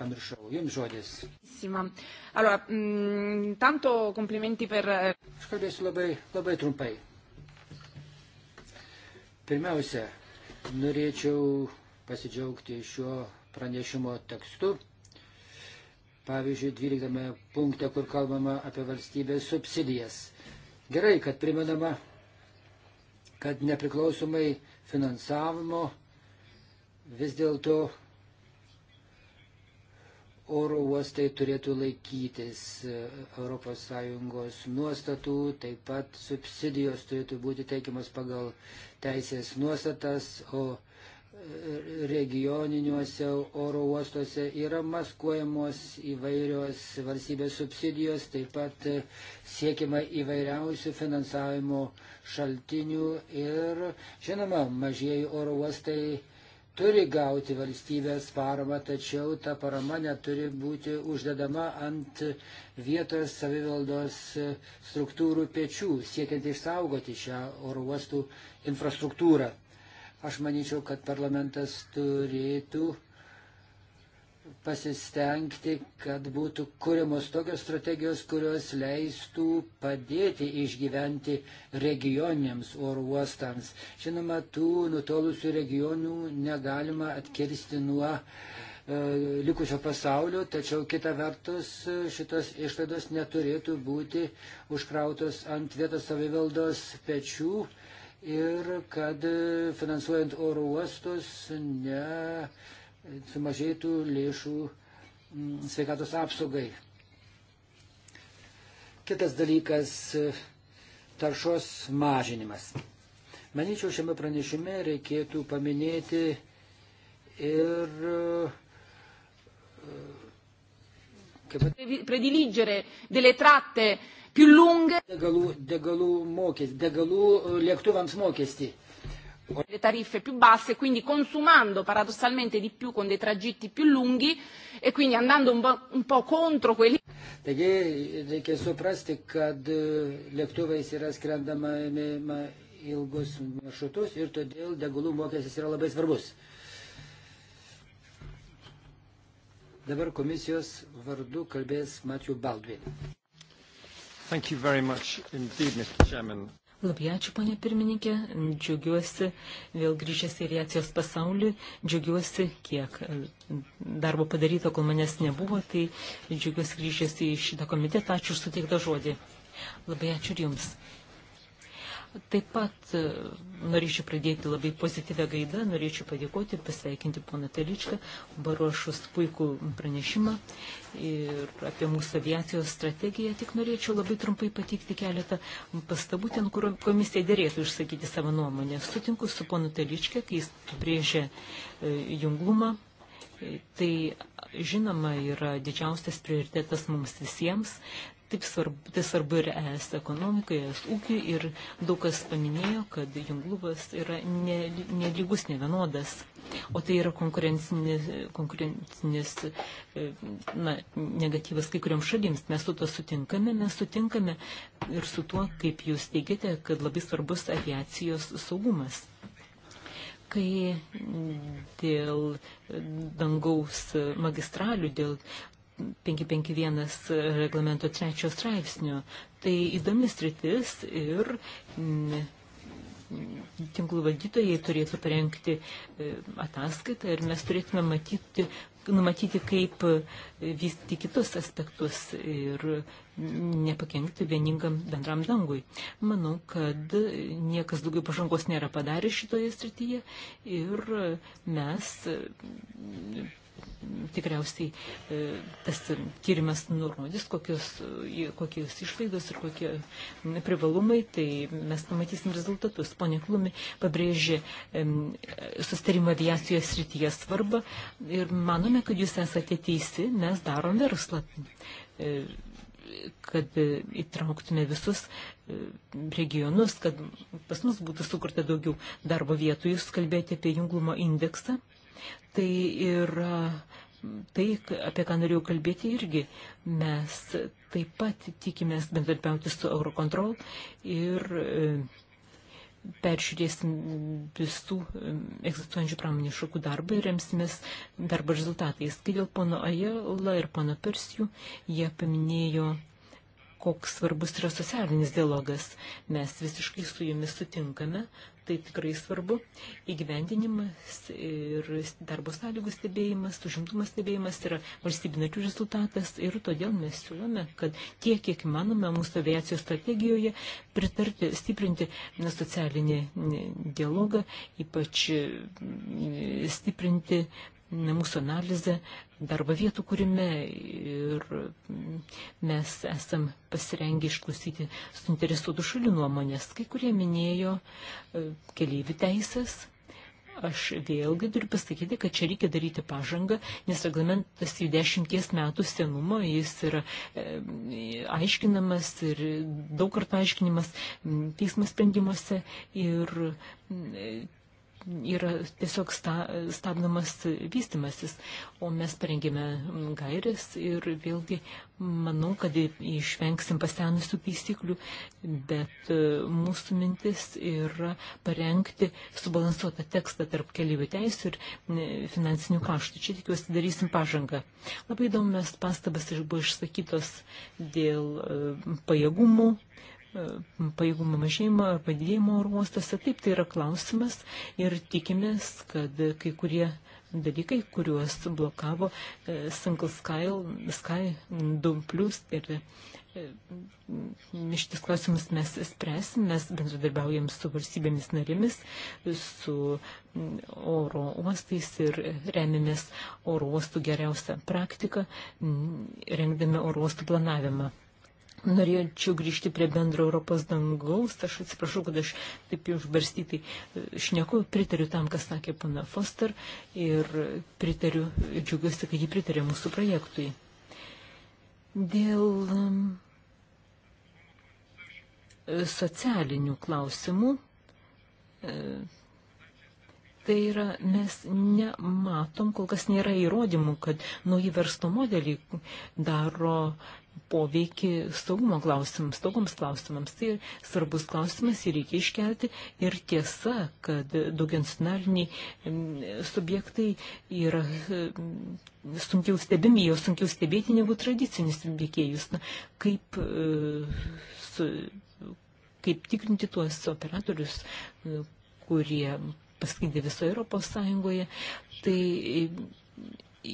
Pamiršau, jums žodis. Simam. Allora, mm, tanto komplimenti per. Eh, Aš kalbėsiu labai, labai trumpai. Pirmiausia, norėčiau pasidžiaugti šiuo pranešimo tekstu. Pavyzdžiui, 12 punkte, kur kalbama apie valstybės subsidijas. Gerai, kad primenama, kad nepriklausomai finansavimo vis dėlto oro uostai turėtų laikytis ES nuostatų, taip pat subsidijos turėtų būti teikiamas pagal teisės nuostatas, o e, regioniniuose oro uostuose yra maskuojamos įvairios valstybės subsidijos, taip pat e, siekiama įvairiausių finansavimo šaltinių ir, žinoma, mažieji oro uostai turi gauti valstybės paramą, tačiau ta parama neturi būti uždedama ant vietos savivaldos struktūrų pečių, siekiant išsaugoti šią oro uostų infrastruktūrą. Aš manyčiau, kad parlamentas turėtų pasistengti, kad būtų kuriamos tokios strategijos, kurios leistų padėti išgyventi regioniniams oro uostams. Žinoma, tų nutolusių regionų negalima atkirsti nuo e, likusio pasaulio, tačiau kita vertus e, šitos išlaidos neturėtų būti užkrautos ant vietos savivaldos pečių ir kad e, finansuojant oro uostus ne sumažėtų lėšų mm, sveikatos apsaugai. Kitas dalykas - taršos mažinimas. Manyčiau, šiame pranešime reikėtų paminėti ir e, prediligere delle tratte più lunghe. Degalų, degalų mokestį, degalų lėktuvams mokestį le tariffe più basse, quindi consumando paradossalmente di più con dei tragitti più lunghi e quindi andando un po', un po contro quelli. Taigi reikia suprasti, kad lėktuvais yra skrendama ilgus maršrutus ir todėl degalų mokestis yra labai svarbus. Dabar komisijos vardu kalbės Matthew Baldwin. Thank you very much indeed, Mr. Chairman. Labai ačiū, ponė pirmininkė. Džiaugiuosi vėl grįžęs į aviacijos pasaulį. Džiaugiuosi, kiek e, darbo padaryta, kol manęs nebuvo. Tai džiaugiuosi grįžęs į šitą komitetą. Ačiū už suteiktą žodį. Labai ačiū ir jums. Taip pat e, norėčiau pradėti labai pozityvę gaidą, norėčiau padėkoti, pasveikinti poną Teličką, baruošus puikų pranešimą ir apie mūsų aviacijos strategiją. Tik norėčiau labai trumpai pateikti keletą pastabų ten, kur komisija dėrėtų išsakyti savo nuomonę. Sutinku su ponu Teličkė, kai jis brėžia e, junglumą. E, tai žinoma yra didžiausias prioritetas mums visiems, taip svarbu, tai svarbu ir es ekonomikai, es ūkiui ir daug kas paminėjo, kad junglubas yra nelygus, ne nevienodas, o tai yra konkurencinis, konkurencinis e, na, negatyvas kai kuriam šalims. Mes su to sutinkame, mes sutinkame ir su tuo, kaip jūs teigiate, kad labai svarbus aviacijos saugumas kai dėl dangaus magistralių, dėl 551 reglamento trečio straipsnio. Tai įdomi sritis ir tinklų valdytojai turėtų parengti ataskaitą ir mes turėtume matyti, numatyti, kaip vystyti kitus aspektus ir nepakengti vieningam bendram dangui. Manau, kad niekas daugiau pažangos nėra padarę šitoje srityje ir mes tikriausiai e, tas tyrimas nurodys, kokios, e, kokios išlaidos ir kokie privalumai, tai mes pamatysim rezultatus. Pone Klumi pabrėžė sustarimo aviacijos srityje svarbą ir manome, kad jūs esate teisi, mes darom verslą e, kad įtrauktume visus regionus, kad pas mus būtų sukurta daugiau darbo vietų. Jūs kalbėjote apie junglumo indeksą Tai yra tai, apie ką norėjau kalbėti irgi. Mes taip pat tikimės bendradarbiauti su Eurocontrol ir e, peržiūrėsim visų egzistuojančių pramonės šakų darbą ir remsimės darbo rezultatais. Kai dėl pono Ajala ir pono Persijų, jie paminėjo, koks svarbus yra socialinis dialogas. Mes visiškai su jumis sutinkame, tai tikrai svarbu, įgyvendinimas ir darbo sąlygų stebėjimas, užimtumas stebėjimas yra valstybinačių rezultatas ir todėl mes siūlome, kad tiek, kiek įmanome mūsų aviacijos strategijoje pritarti, stiprinti socialinį dialogą, ypač stiprinti mūsų analizę, darbo vietų kūrime ir mes esam pasirengę išklausyti suinteresuotų šalių nuomonės. Kai kurie minėjo e, keliaivių teisės. Aš vėlgi turiu pasakyti, kad čia reikia daryti pažangą, nes reglamentas jau dešimties metų senumo, jis yra e, aiškinamas ir daug kartų aiškinimas teismo sprendimuose ir e, yra tiesiog sta, stabdomas vystimasis, o mes parengėme gairės ir vėlgi manau, kad išvengsim pasenusių taisyklių, bet e, mūsų mintis yra parengti subalansuotą tekstą tarp keliaivių teisų ir e, finansinių kaštų. Čia tikiuosi darysim pažangą. Labai įdomias pastabas buvo išsakytos dėl e, pajėgumų pajėgumo mažėjimo ar padidėjimo oro uostose. Taip, tai yra klausimas ir tikimės, kad kai kurie dalykai, kuriuos blokavo e, Single Sky, Sky 2 plus ir e, šitas klausimus mes spręsim, mes bendradarbiaujam su valstybėmis narėmis, su oro uostais ir remiamės oro uostų geriausią praktiką, rengdami oro uostų planavimą. Norėčiau grįžti prie bendro Europos dangaus. Aš atsiprašau, kad aš taip jau užbarstytai e, šneku. Pritariu tam, kas sakė pana Foster ir pritariu, džiugiuosi, kad ji pritarė mūsų projektui. Dėl socialinių klausimų. E, tai yra, mes nematom, kol kas nėra įrodymų, kad nauji verslo modeliai daro poveikį saugumo klausimams, saugoms klausimams. Tai svarbus klausimas ir reikia iškelti. Ir tiesa, kad daugiancionaliniai subjektai yra sunkiau stebimi, jo sunkiau stebėti negu tradicinis veikėjus. Na, kaip, e, su, kaip tikrinti tuos operatorius, e, kurie paskindė visoje Europos Sąjungoje, tai, e,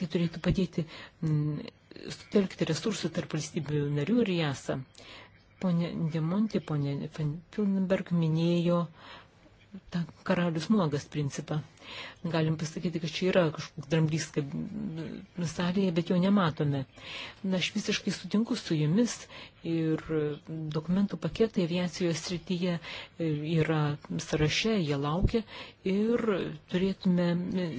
tai turėtų padėti sutelkti resursų tarp valstybių narių ir jasą. Pone Demonti, pone Fildenberg minėjo uh, tą karalius nuogas principą. Galim pasakyti, kad čia yra kažkoks dramblys nu, salėje, bet jo nematome. Na, aš visiškai sutinku su jumis ir dokumentų paketai aviacijos srityje e, yra sąraše, jie laukia ir turėtume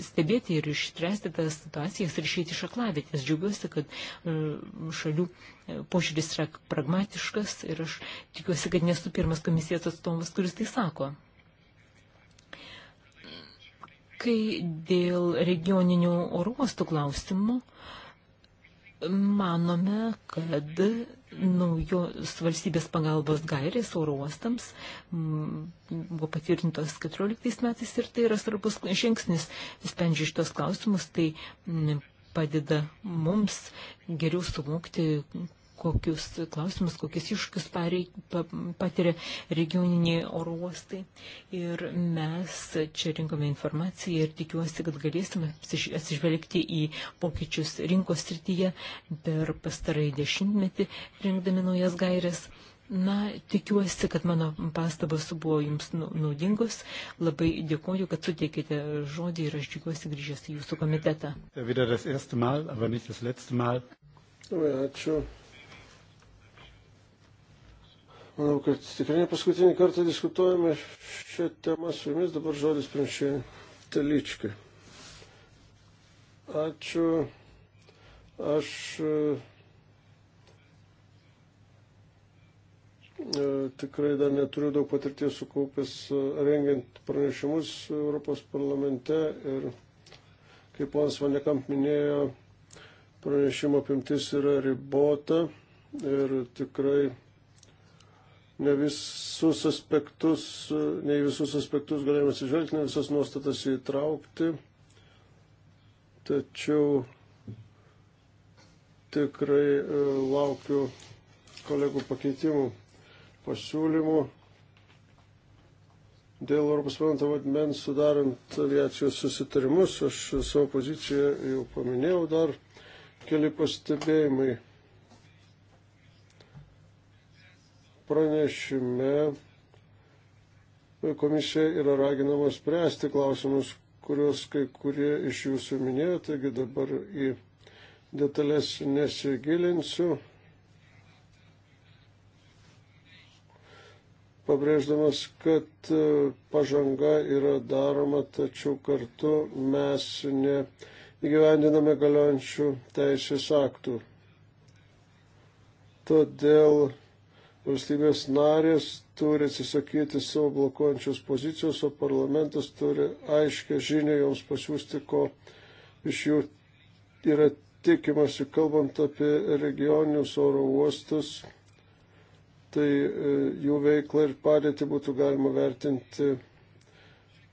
stebėti ir ištresti tas situacijas ir išėti iš aklavėtės. Džiaugiuosi, kad e, šalių e, požiūris yra pragmatiškas ir aš tikiuosi, kad nesu pirmas komisijos atstovas, kuris tai sako. Kai dėl regioninių oruostų klausimų, manome, kad naujos valstybės pagalbos gairės oruostams mm, buvo patvirtintos 14 metais ir tai yra svarbus žingsnis, sprendžia šitos klausimus, tai mm, padeda mums geriau suvokti, kokius klausimus, kokius iššūkius patiria regioniniai oro uostai. Ir mes čia rinkome informaciją ir tikiuosi, kad galėsime atsižvelgti į pokyčius rinkos srityje per pastarąjį dešimtmetį, rinkdami naujas gairias. Na, tikiuosi, kad mano pastabos buvo jums nu, naudingos. Labai dėkoju, kad suteikėte žodį ir aš džiugiuosi grįžęs į jūsų komitetą. Ačiū. Manau, kad tikrai ne paskutinį kartą diskutuojame šią temą su jumis. Dabar žodis pranešė Teličkai. Ačiū. Aš e, tikrai dar neturiu daug patirties sukaupęs e, rengiant pranešimus Europos parlamente ir kaip ponas Vanekamp minėjo, pranešimo apimtis yra ribota ir tikrai ne visus aspektus, ne visus aspektus galėjome atsižvelgti, ne visas nuostatas įtraukti. Tačiau tikrai e, laukiu kolegų pakeitimų, pasiūlymų dėl Europos Parlamento vadmens sudarant aviacijos susitarimus. Aš savo poziciją jau paminėjau dar keli pastebėjimai. Pranešime komisija yra raginama spręsti klausimus, kuriuos kai kurie iš jūsų minėjo, taigi dabar į detalės nesigilinsiu. Pabrėždamas, kad e, pažanga yra daroma, tačiau kartu mes neįgyvendiname galiojančių teisės aktų. Todėl valstybės narės turi atsisakyti savo blokuojančios pozicijos, o parlamentas turi aiškę žinę joms pasiūsti, ko iš jų yra tikimasi, kalbant apie regioninius oro uostus, tai e, jų veiklą ir padėtį būtų galima vertinti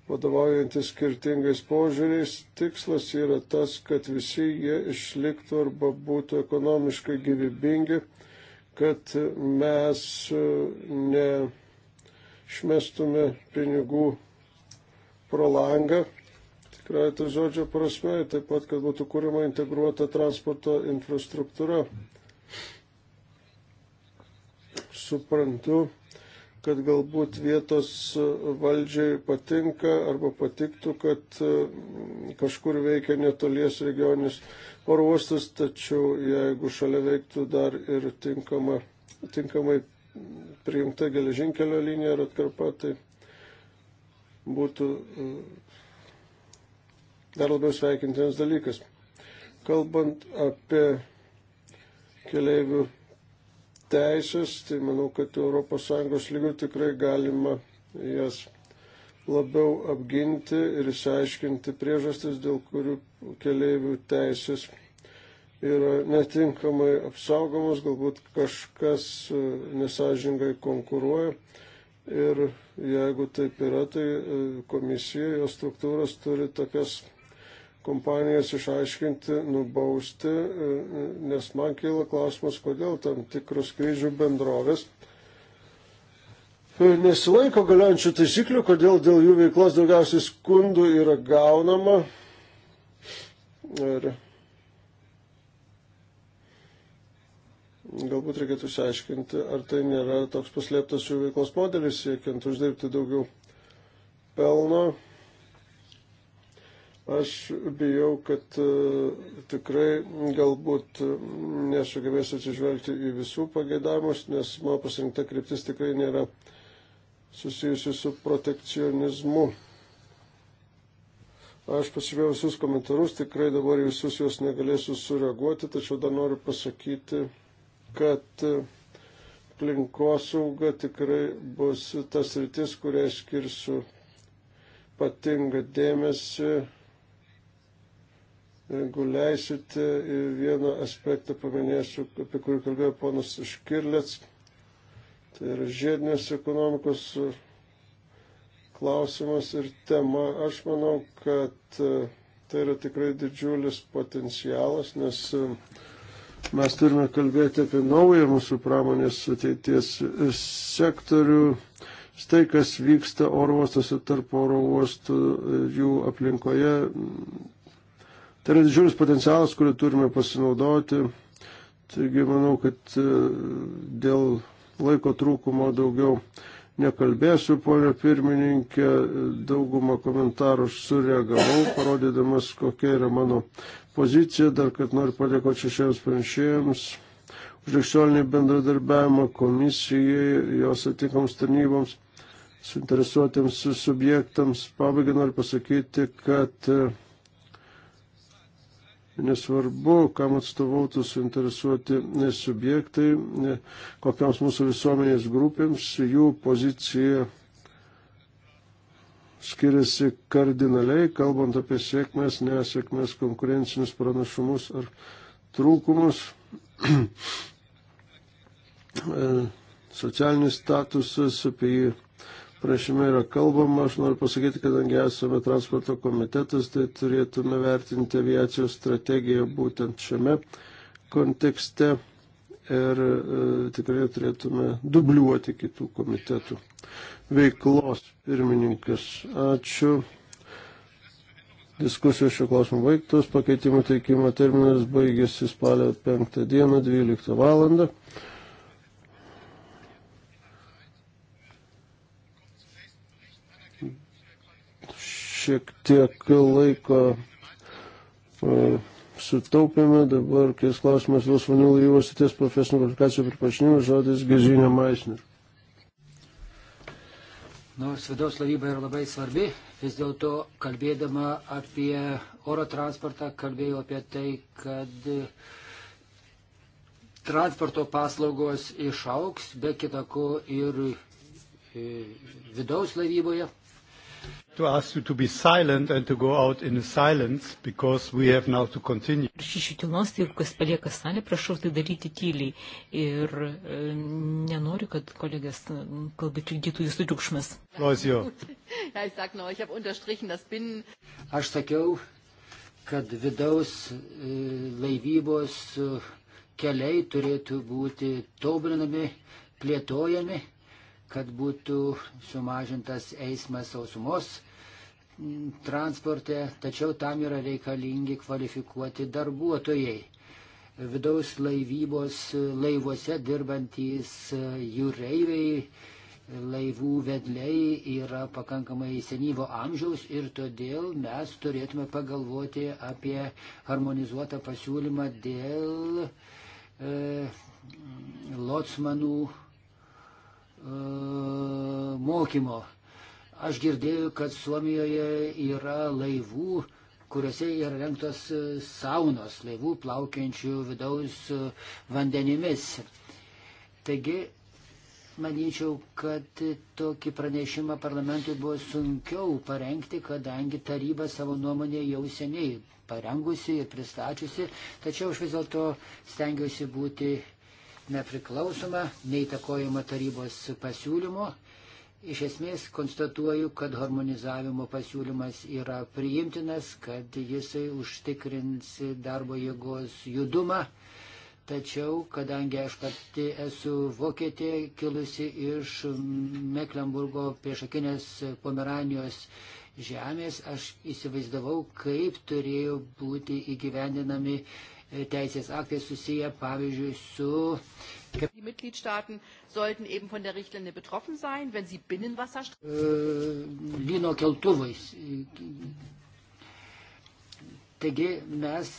vadovaujantis skirtingais požiūriais, tikslas yra tas, kad visi jie išliktų arba būtų ekonomiškai gyvybingi kad mes e, neišmestume pinigų pro langą, tikrai to žodžio prasme, taip pat, kad būtų kūrima integruota transporto infrastruktūra. Suprantu, kad galbūt vietos valdžiai patinka arba patiktų, kad mm, kažkur veikia netolies regioninis oro uostas, tačiau jeigu šalia veiktų dar ir tinkama, tinkamai prijungta geležinkelio linija ar atkarpa, tai būtų mm, dar labiau sveikintinas dalykas. Kalbant apie keliaivių teisės, tai manau, kad ES lygių tikrai galima jas labiau apginti ir išsiaiškinti priežastis, dėl kurių keliaivių teisės yra netinkamai apsaugomos, galbūt kažkas e, nesažingai konkuruoja. Ir jeigu taip yra, tai e, komisija, jos struktūros turi tokias kompanijas išaiškinti, nubausti, nes man keila klausimas, kodėl tam tikros skrydžių bendrovės nesilaiko galiojančių taisyklių, kodėl dėl jų veiklos daugiausiai skundų yra gaunama. Ir galbūt reikėtų išsiaiškinti, ar tai nėra toks paslėptas jų veiklos modelis, siekiant uždirbti daugiau pelno. Aš bijau, kad e, tikrai galbūt e, nesugebėsiu atsižvelgti į visų pageidavimus, nes mano pasirinkta kryptis tikrai nėra susijusi su protekcionizmu. Aš pasižiūrėjau visus komentarus, tikrai dabar visus juos negalėsiu sureaguoti, tačiau dar noriu pasakyti, kad e, aplinkosauga tikrai bus tas rytis, kuriai skirsiu patingą dėmesį Jeigu leisite, vieną aspektą paminėsiu, apie kurį kalbėjo ponas Škirlets. Tai yra žiedinės ekonomikos klausimas ir tema. Aš manau, kad e, tai yra tikrai didžiulis potencialas, nes e, mes turime kalbėti apie naują mūsų pramonės ateities sektorių. Tai, kas vyksta oro uostose tarp oro uostų, e, jų aplinkoje Tai yra didžiulis potencialas, kurį turime pasinaudoti. Taigi manau, kad e, dėl laiko trūkumo daugiau nekalbėsiu, ponia pirmininkė, daugumą komentarų sureagavau, parodydamas, kokia yra mano pozicija. Dar kad noriu padėkoti šešiems pranešėjams už išsiolinį bendradarbiavimą komisijai, jos atikoms tarnyboms, suinteresuotiems subjektams. Pabaigai noriu pasakyti, kad e, nesvarbu, kam atstovautų suinteresuoti subjektai, kokiams mūsų visuomenės grupėms, jų pozicija skiriasi kardinaliai, kalbant apie sėkmės, nesėkmės, konkurencinius pranašumus ar trūkumus, e, socialinis statusas, apie jį prašymė yra kalbama, aš noriu pasakyti, kadangi esame transporto komitetas, tai turėtume vertinti aviacijos strategiją būtent šiame kontekste ir e, tikrai turėtume dubliuoti kitų komitetų veiklos pirmininkas. Ačiū. Diskusijos šio klausimo baigtos, pakeitimo teikimo terminas baigėsi spalio 5 dieną 12 valandą. šiek tiek laiko e, sutaupėme. Dabar, kai klausimas Vils Vanilų universitės profesinių kvalifikacijų pripažinimo, žodis Gezinė Maisner. Nors vidaus laivyba yra labai svarbi, vis dėlto kalbėdama apie oro transportą, kalbėjau apie tai, kad transporto paslaugos išauks, be kitako ir e, vidaus laivyboje. To ask you to be silent and to go out in silence, because we have now to continue. Prašyšiu tylnos, jeigu tai kas palieka salę, prašau tai daryti tyliai. Ir e, nenoriu, kad kolegas e, kalbė trikdytų jūsų triukšmas. Aš sakiau, kad vidaus e, laivybos e, keliai turėtų būti tobulinami, plėtojami kad būtų sumažintas eismas sausumos transporte, tačiau tam yra reikalingi kvalifikuoti darbuotojai. Vidaus laivybos laivuose dirbantys jūreiviai, laivų vedliai yra pakankamai senyvo amžiaus ir todėl mes turėtume pagalvoti apie harmonizuotą pasiūlymą dėl e, lotsmanų mokymo. Aš girdėjau, kad Suomijoje yra laivų, kuriuose yra rengtos e, saunos, laivų plaukiančių vidaus e, vandenimis. Taigi, manyčiau, kad tokį pranešimą parlamentui buvo sunkiau parengti, kadangi taryba savo nuomonę jau seniai parengusi ir pristačiusi, tačiau aš vis dėlto stengiuosi būti nepriklausoma, neįtakojama tarybos pasiūlymo. Iš esmės konstatuoju, kad harmonizavimo pasiūlymas yra priimtinas, kad jisai užtikrins darbo jėgos judumą. Tačiau, kadangi aš pati esu vokietė, kilusi iš Meklenburgo priešakinės Pomeranijos žemės, aš įsivaizdavau, kaip turėjo būti įgyvendinami E, teisės aktai susiję, pavyzdžiui, su. Die Mitgliedstaaten sollten eben von der Richtlinie betroffen sein, wenn sie Binnenwasser. Lino e, keltuvais. Taigi mes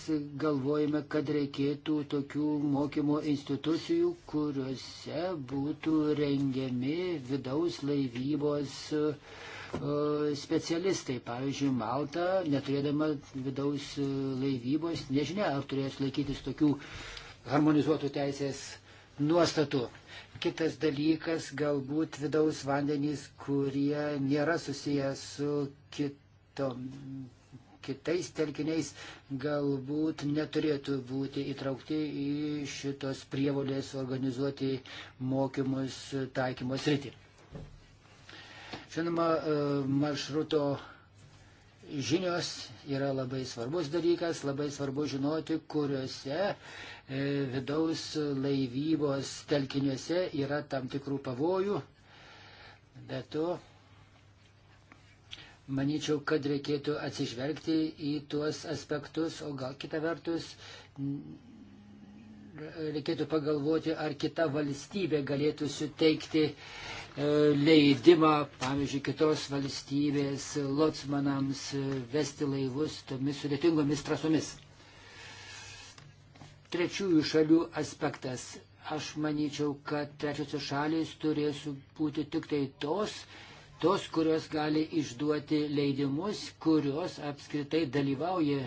galvojame, kad reikėtų tokių mokymo institucijų, kuriuose būtų rengiami vidaus laivybos uh, E, specialistai. Pavyzdžiui, Malta, neturėdama vidaus e, laivybos, nežinia, ar turės laikytis tokių harmonizuotų teisės nuostatų. Kitas dalykas, galbūt vidaus vandenys, kurie nėra susiję su kitom, kitais telkiniais, galbūt neturėtų būti įtraukti į šitos prievolės organizuoti mokymus taikymos rytį. Žinoma, e, maršruto žinios yra labai svarbus dalykas, labai svarbu žinoti, kuriuose e, vidaus laivybos telkiniuose yra tam tikrų pavojų. Bet to, manyčiau, kad reikėtų atsižvelgti į tuos aspektus, o gal kita vertus reikėtų pagalvoti, ar kita valstybė galėtų suteikti E, leidimą, pavyzdžiui, kitos valstybės lotsmanams vesti laivus tomis sudėtingomis trasomis. Trečiųjų šalių aspektas. Aš manyčiau, kad trečiosios šalys turės būti tik tai tos, tos, kurios gali išduoti leidimus, kurios apskritai dalyvauja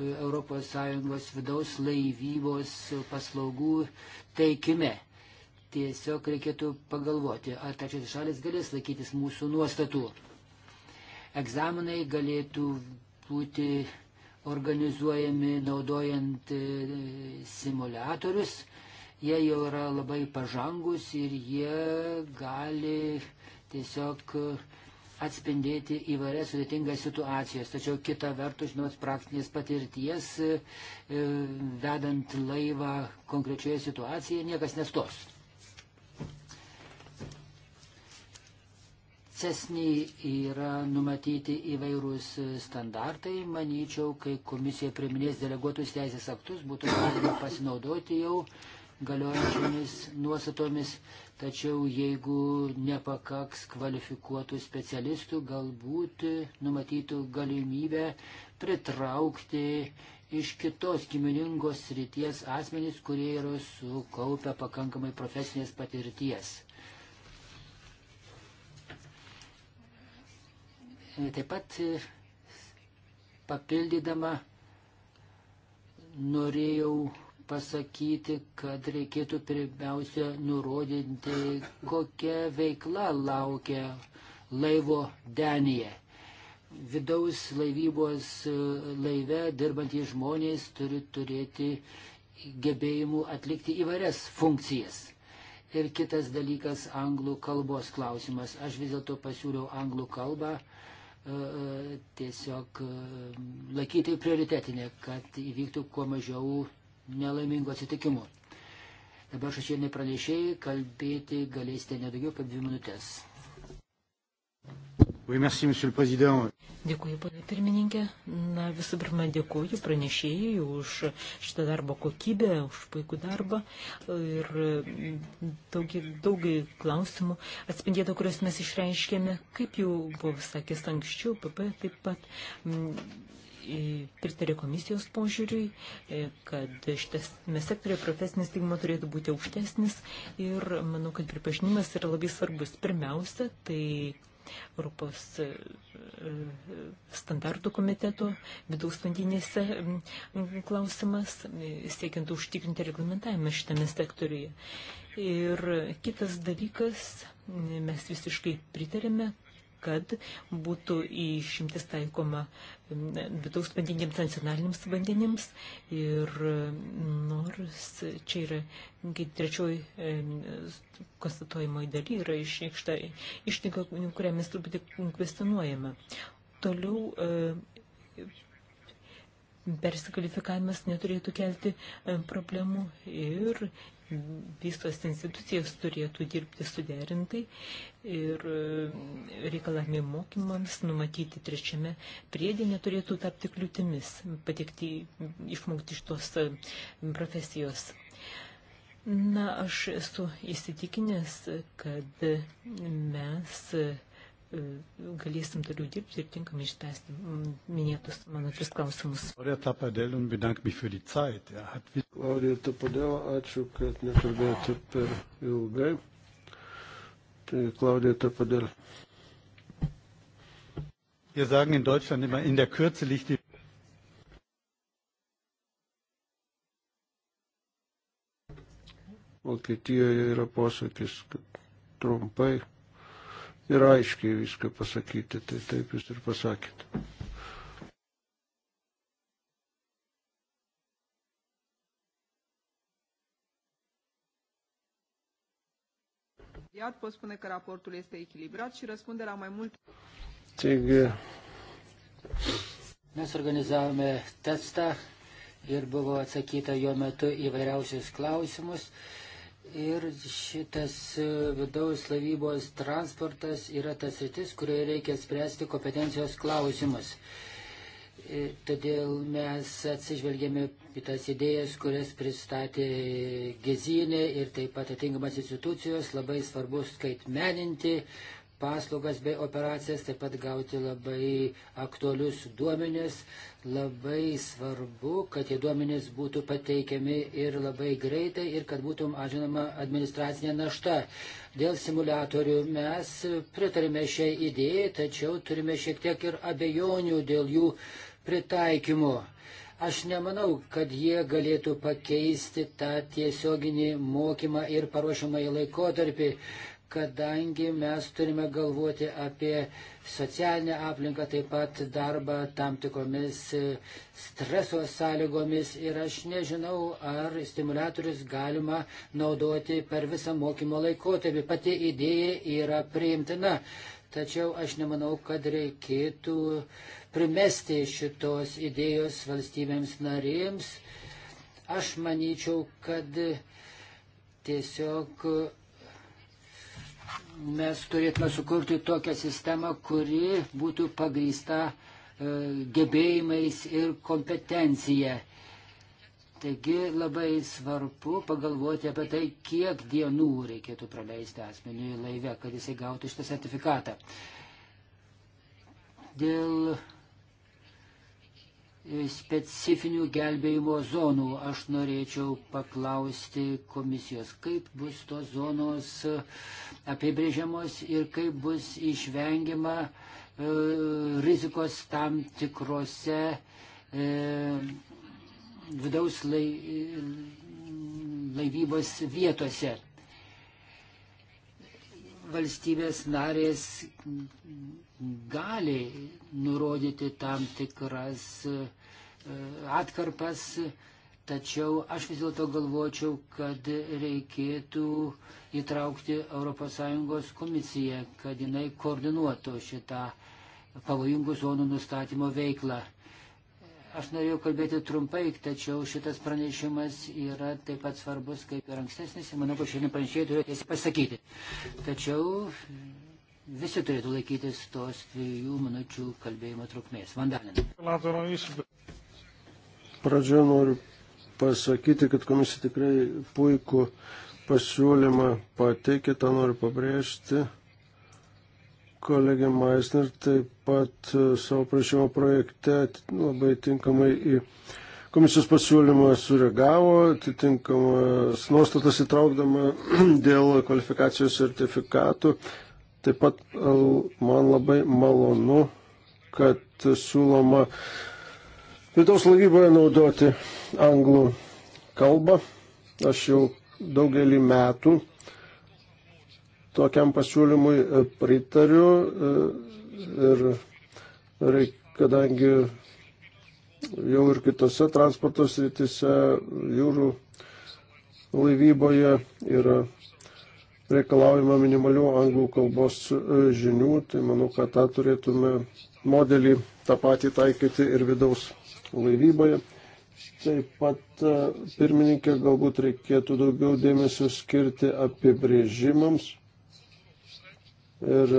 ES vidaus laivybos paslaugų teikime. Tiesiog reikėtų pagalvoti, ar trečiasis šalis galės laikytis mūsų nuostatų. Egzaminai galėtų būti organizuojami naudojant e, simulatorius. Jie jau yra labai pažangus ir jie gali tiesiog e, atspindėti įvairias sudėtingas situacijas. Tačiau kita vertus, žinot, praktinės patirties, e, vedant laivą konkrečioje situacijoje, niekas nestos. CESNI yra numatyti įvairūs standartai. Manyčiau, kai komisija priminės deleguotus teisės aktus, būtų galima pasinaudoti jau galiojančiomis nuostatomis. Tačiau jeigu nepakaks kvalifikuotų specialistų, galbūt numatytų galimybę pritraukti iš kitos giminingos ryties asmenys, kurie yra sukaupę pakankamai profesinės patirties. taip pat e, papildydama norėjau pasakyti, kad reikėtų pirmiausia nurodinti, kokia veikla laukia laivo Danija. Vidaus laivybos e, laive dirbantys žmonės turi turėti gebėjimų atlikti įvairias funkcijas. Ir kitas dalykas - anglų kalbos klausimas. Aš vis dėlto pasiūliau anglų kalbą E, tiesiog e, laikyti prioritetinė, kad įvyktų kuo mažiau nelaimingų atsitikimų. Dabar šešėliniai pranešėjai kalbėti galėsite nedaugiau kaip dvi minutės. Oui, merci, Dėkuoju, ponė pirmininkė. Na, visų pirma, dėkuoju pranešėjai už šitą darbo kokybę, už puikų darbą ir daugai, daugai klausimų atspindėta, kuriuos mes išreiškėme, kaip jau buvo sakęs anksčiau, PP taip pat pritarė komisijos požiūriui, e, kad šitas sektoriuje profesinis stigma turėtų būti aukštesnis ir manau, kad pripažinimas yra labai svarbus. Pirmiausia, tai Europos e, e, standartų komiteto vidaus vandenėse klausimas, e, siekiant užtikrinti reglamentavimą šitame sektoriuje. Ir kitas dalykas, mes visiškai pritarėme kad būtų išimtis taikoma vidaus vandenims, nacionaliniams vandenims ir nors čia yra trečioji konstatuojamoji daly yra išreikšta išnyka, kurią mes truputį kvestionuojame. Toliau e, persikvalifikavimas neturėtų kelti e, problemų ir visos institucijos turėtų dirbti suderintai ir e, reikalavimai mokymams numatyti trečiame priedė neturėtų tapti kliūtimis patekti, išmokti iš tos e, profesijos. Na, aš esu įsitikinęs, kad mes E, galėsim toliau dirbti ir tinkamai išspręsti minėtus mano tris klausimus. Klaudija Tapadėl, ačiū, kad nekalbėjote per ilgai. Tai Klaudija Tapadėl. Wir sagen in Deutschland immer, in der Kürze liegt die. Vokietijoje yra posakis, kad trumpai ir aiškiai viską pasakyti. Tai taip jūs ir pasakėte. studiat, pot spune că raportul este echilibrat și răspunde la mai multe. Taigi. Mes organizavome testą ir buvo atsakyta jo metu įvairiausius klausimus. Ir šitas e, vidaus laivybos transportas yra tas rytis, kurioje reikia spręsti kompetencijos klausimus. E, todėl mes atsižvelgėme į tas idėjas, kurias pristatė Gezinė ir taip pat atitinkamas institucijos, labai svarbu skaitmeninti paslaugas bei operacijas, taip pat gauti labai aktualius duomenis. Labai svarbu, kad tie duomenys būtų pateikiami ir labai greitai ir kad būtų mažinama administracinė našta. Dėl simulatorių mes pritarime šiai idėjai, tačiau turime šiek tiek ir abejonių dėl jų pritaikymo. Aš nemanau, kad jie galėtų pakeisti tą tiesioginį mokymą ir paruošimąjį laikotarpį kadangi mes turime galvoti apie socialinę aplinką, taip pat darbą tam tikromis e, streso sąlygomis ir aš nežinau, ar stimulatorius galima naudoti per visą mokymo laikotarpį. Pati idėja yra priimtina, tačiau aš nemanau, kad reikėtų primesti šitos idėjos valstybėms narėms. Aš manyčiau, kad tiesiog mes turėtume sukurti tokią sistemą, kuri būtų pagrįsta e, gebėjimais ir kompetencija. Taigi labai svarbu pagalvoti apie tai, kiek dienų reikėtų praleisti asmeniui laive, kad jisai gautų šitą sertifikatą. Dėl specifinių gelbėjimo zonų. Aš norėčiau paklausti komisijos, kaip bus tos zonos apibrėžiamos ir kaip bus išvengiama e, rizikos tam tikrose e, vidaus lai, e, laivybos vietose valstybės narės gali nurodyti tam tikras e, atkarpas, tačiau aš vis dėlto galvočiau, kad reikėtų įtraukti ES komisiją, kad jinai koordinuotų šitą pavojingų zonų nustatymo veiklą. Aš norėjau kalbėti trumpai, tačiau šitas pranešimas yra taip pat svarbus kaip ir ankstesnis. Manau, kad šiandien pranešėjai turėjo tiesiai pasakyti. Tačiau visi turėtų laikytis tos dviejų minučių kalbėjimo trukmės. Vandalin. Pradžioje noriu pasakyti, kad komisija tikrai puikų pasiūlymą pateikė, tą noriu pabrėžti kolegė Maisner taip pat e, savo prašymo projekte labai tinkamai į komisijos pasiūlymą sureagavo, atitinkamas nuostatas įtraukdama dėl kvalifikacijos sertifikatų. Taip pat e, man labai malonu, kad siūloma vidaus laivyboje naudoti anglų kalbą. Aš jau daugelį metų tokiam pasiūlymui e, pritariu e, ir reik, kadangi jau ir kitose transporto srityse jūrų laivyboje yra reikalaujama minimalių anglų kalbos e, žinių, tai manau, kad tą turėtume modelį tą patį taikyti ir vidaus laivyboje. Taip pat, pirmininkė, galbūt reikėtų daugiau dėmesio skirti apibrėžimams ir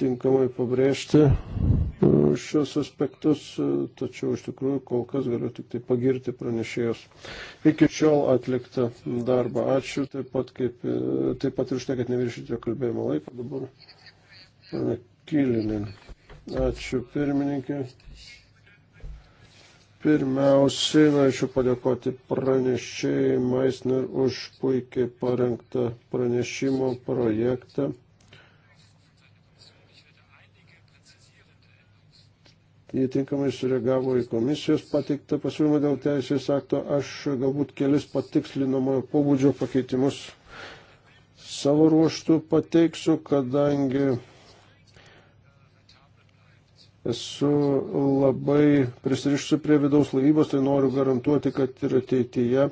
tinkamai pabrėžti e, šios aspektus, e, tačiau iš tikrųjų kol kas galiu tik tai pagirti pranešėjos iki šiol atliktą darbą. Ačiū taip pat, kaip, e, taip pat ir už tai, kad neviršyti kalbėjimo laiko dabar. Kilinin. Ačiū pirmininkė. Pirmiausiai norėčiau padėkoti pranešėjai Maisner už puikiai parengtą pranešimo projektą. Jie tinkamai sureagavo į komisijos pateiktą pasiūlymą dėl teisės akto. Aš galbūt kelis patikslinamojo pobūdžio pakeitimus savo ruoštų pateiksiu, kadangi Esu labai prisirišusi prie vidaus laivybos, tai noriu garantuoti, kad ir ateityje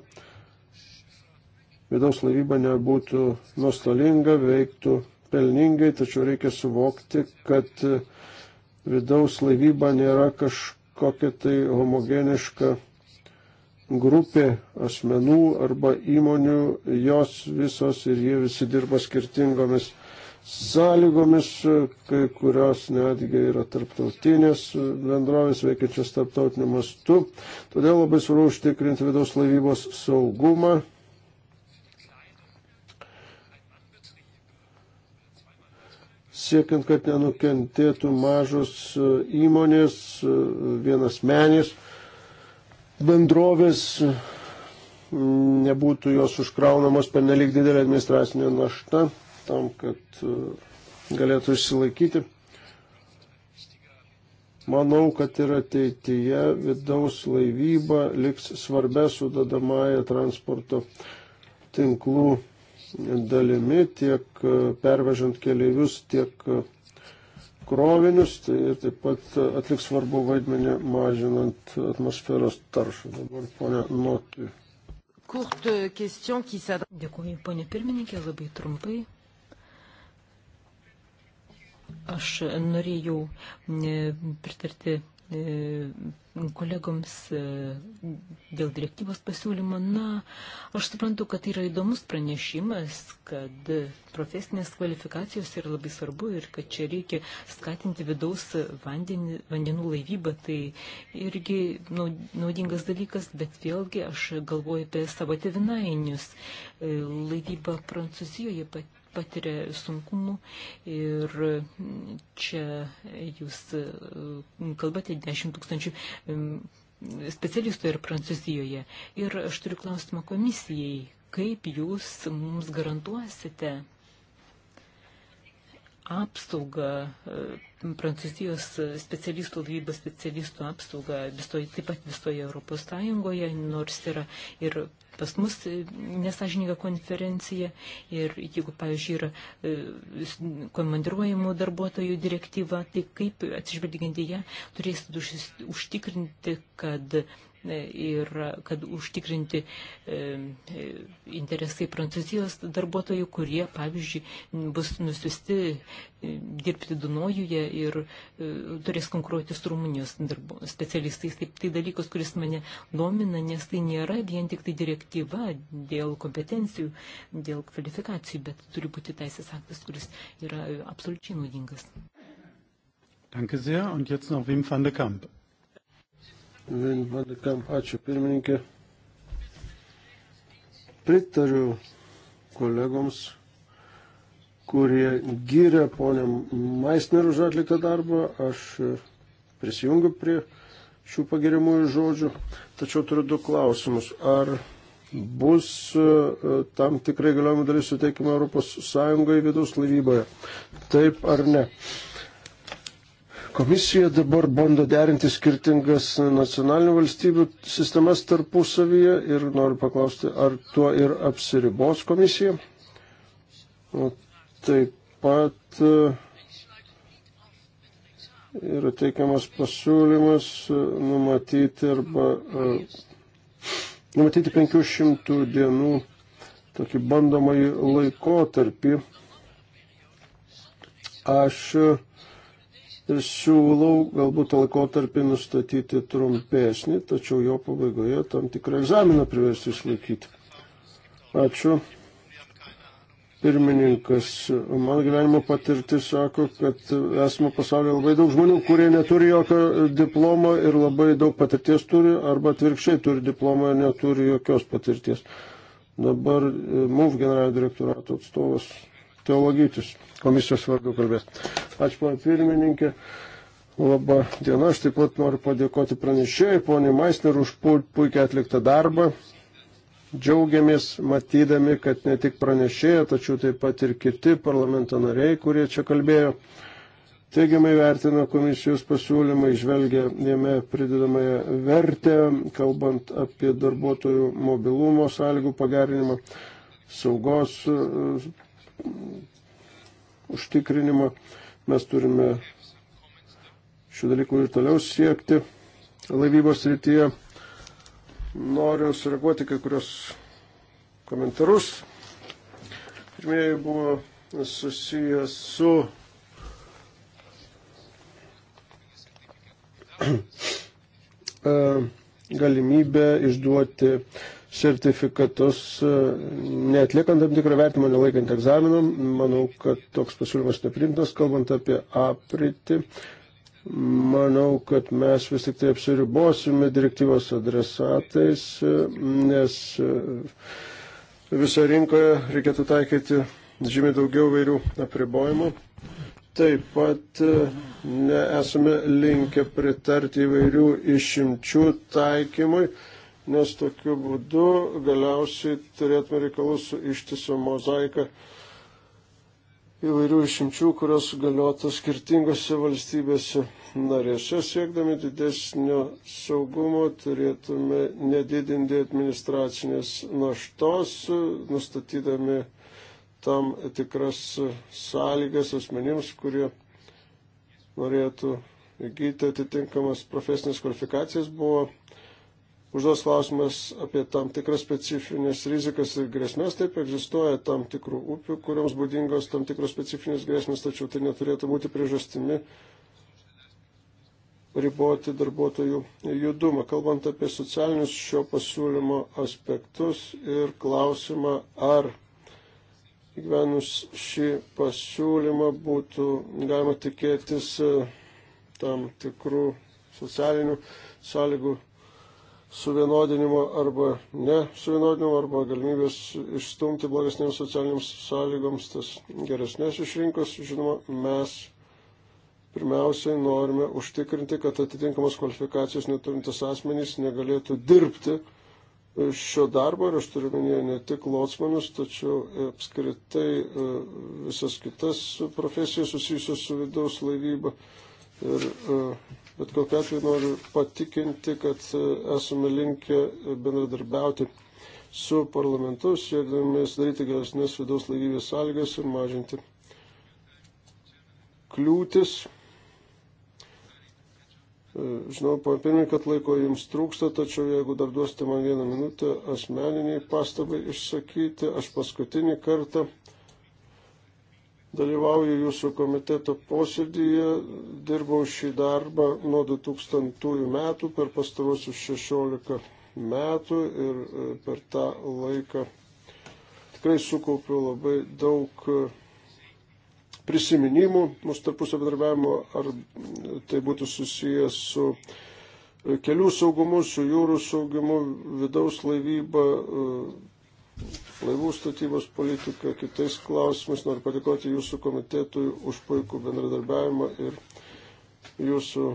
vidaus laivyba nebūtų nuostolinga, veiktų pelningai, tačiau reikia suvokti, kad vidaus laivyba nėra kažkokia tai homogeniška grupė asmenų arba įmonių, jos visos ir jie visi dirba skirtingomis sąlygomis, e, kai kurios netgi yra tarptautinės e, bendrovės veikiančios tarptautiniu mastu. Todėl labai svarbu užtikrinti vidaus laivybos saugumą. Siekiant, kad nenukentėtų mažos e, įmonės, vienas menės, bendrovės nebūtų jos užkraunamos per nelik didelį administracinę naštą tam, kad e, galėtų išsilaikyti. Manau, kad ir ateityje vidaus laivyba liks svarbia sudadamąją transporto tinklų dalimi, tiek e, pervežant keliaivius, tiek e, krovinius tai ir taip pat atliks svarbu vaidmenį mažinant atmosferos taršą. Dabar ponia Notui. Dėkuoju, ponia pirmininkė, labai trumpai. Aš norėjau e, pritarti e, kolegoms e, dėl direktyvos pasiūlymo. Na, aš suprantu, kad tai yra įdomus pranešimas, kad profesinės kvalifikacijos yra labai svarbu ir kad čia reikia skatinti vidaus vandenį, vandenų laivybą. Tai irgi naudingas dalykas, bet vėlgi aš galvoju apie savo tevinainius. Laivyba Prancūzijoje pati patiria sunkumų ir mm, čia jūs mm, kalbate 10 tūkstančių mm, specialistų ir Prancūzijoje. Ir aš turiu klausimą komisijai, kaip jūs mums garantuosite, apsaugą, e, prancūzijos specialistų, laivybos specialistų apsaugą visoje, taip pat visoje Europos Sąjungoje, nors yra ir pas mus e, nesažininga konferencija ir jeigu, pavyzdžiui, yra e, komandiruojamų darbuotojų direktyva, tai kaip atsižvelgiant į ją turėsit užtikrinti, kad ir kad užtikrinti e, e, interesai prancūzijos darbuotojų, kurie, pavyzdžiui, bus nusiusti e, dirbti Dunojuje ir turės konkuruoti su Rumunijos darbu, specialistais. Taip, tai dalykas, kuris mane domina, nes tai nėra vien tik tai direktyva dėl kompetencijų, dėl kvalifikacijų, bet turi būti teisės aktas, kuris yra absoliučiai naudingas. Danke sehr. Und jetzt noch Wim van de Kamp. Vin Bandikam. Ačiū pirmininkė. Pritariu kolegoms, kurie gyrė ponę Maisner už atliktą darbą. Aš prisijungiu prie šių pagirimųjų žodžių. Tačiau turiu du klausimus. Ar bus e, tam tikrai galiojimų dalis suteikima Europos Sąjungai vidaus laivyboje? Taip ar ne? Komisija dabar bando derinti skirtingas nacionalinių valstybių sistemas tarpusavyje ir noriu paklausti, ar tuo ir apsiribos komisija. O taip pat e, yra teikiamas pasiūlymas e, numatyti arba e, numatyti 500 dienų tokį bandomąjį laikotarpį. Aš siūlau galbūt tą laikotarpį nustatyti trumpesnį, tačiau jo pabaigoje tam tikrą egzaminą priversti išlaikyti. Ačiū. Pirmininkas, mano gyvenimo patirtis sako, kad esame pasaulyje labai daug žmonių, kurie neturi jokio diplomo ir labai daug patirties turi, arba atvirkščiai turi diplomą ir neturi jokios patirties. Dabar e, MUF generalinio direktorato atstovas teologytis komisijos vardu kalbės. Ačiū, pana pirmininkė. Labą dieną, aš taip pat noriu padėkoti pranešėjai, poniai Maisner, už puikiai atliktą darbą. Džiaugiamės matydami, kad ne tik pranešėja, tačiau taip pat ir kiti parlamento nariai, kurie čia kalbėjo, teigiamai vertina komisijos pasiūlymą, išvelgia jame pridedamąją vertę, kalbant apie darbuotojų mobilumo sąlygų pagerinimą, saugos užtikrinimą. Mes turime šių dalykų ir toliau siekti laivybos rytyje. Noriu sureaguoti kai kurios komentarus. Pirmieji buvo susijęs su e, galimybė išduoti sertifikatus, e, netliekant tam tikrą vertimą, nelaikant egzaminų. Manau, kad toks pasiūlymas neprimtas, kalbant apie apriti. Manau, kad mes vis tik tai apsiribosime direktyvos adresatais, e, nes e, visoje rinkoje reikėtų taikyti žymiai daugiau vairių apribojimų. Taip pat nesame linkę pritarti įvairių išimčių taikymui nes tokiu būdu galiausiai turėtume reikalus su ištiso mozaika įvairių išimčių, kurios galiotų skirtingose valstybėse narėse. Siekdami didesnio saugumo turėtume nedidinti administracinės naštos, nustatydami tam tikras sąlygas asmenims, kurie norėtų įgyti atitinkamas profesinės kvalifikacijas. Buvo užduos klausimas apie tam tikras specifinės rizikas ir grėsmės. Taip egzistuoja tam tikrų upių, kuriams būdingos tam tikros specifinės grėsmės, tačiau tai neturėtų būti priežastimi riboti darbuotojų judumą. Kalbant apie socialinius šio pasiūlymo aspektus ir klausimą, ar įgyvenus šį pasiūlymą būtų galima tikėtis e, tam tikrų socialinių sąlygų suvienodinimo arba ne suvienodinimo arba galimybės išstumti blogesnėms socialiniams sąlygoms tas geresnės iš rinkos, žinoma, mes pirmiausiai norime užtikrinti, kad atitinkamos kvalifikacijos neturintis asmenys negalėtų dirbti e, šio darbo ir aš turiu minėję ne tik lotsmanus, tačiau apskritai e, visas kitas profesijas susijusios su vidaus laivyba ir uh, bet kokiu atveju noriu patikinti, kad e, esame linkę bendradarbiauti su parlamentu, siekdami sudaryti geresnės vidaus laivybės sąlygas ir mažinti kliūtis. E, žinau, pana pirmininkai, kad laiko jums trūksta, tačiau jeigu dar duosite man vieną minutę asmeniniai pastabai išsakyti, aš paskutinį kartą dalyvauju jūsų komiteto posėdėje, dirbau šį darbą nuo 2000 metų per pastarosius 16 metų ir e, per tą laiką tikrai sukaupiu labai daug e, prisiminimų mūsų tarpusio bendradarbiavimo, ar tai būtų susijęs su e, kelių saugumu, su jūrų saugumu, vidaus laivyba, laivų statybos politiką, kitais klausimais. Noriu padėkoti jūsų komitetui už puikų bendradarbiavimą ir jūsų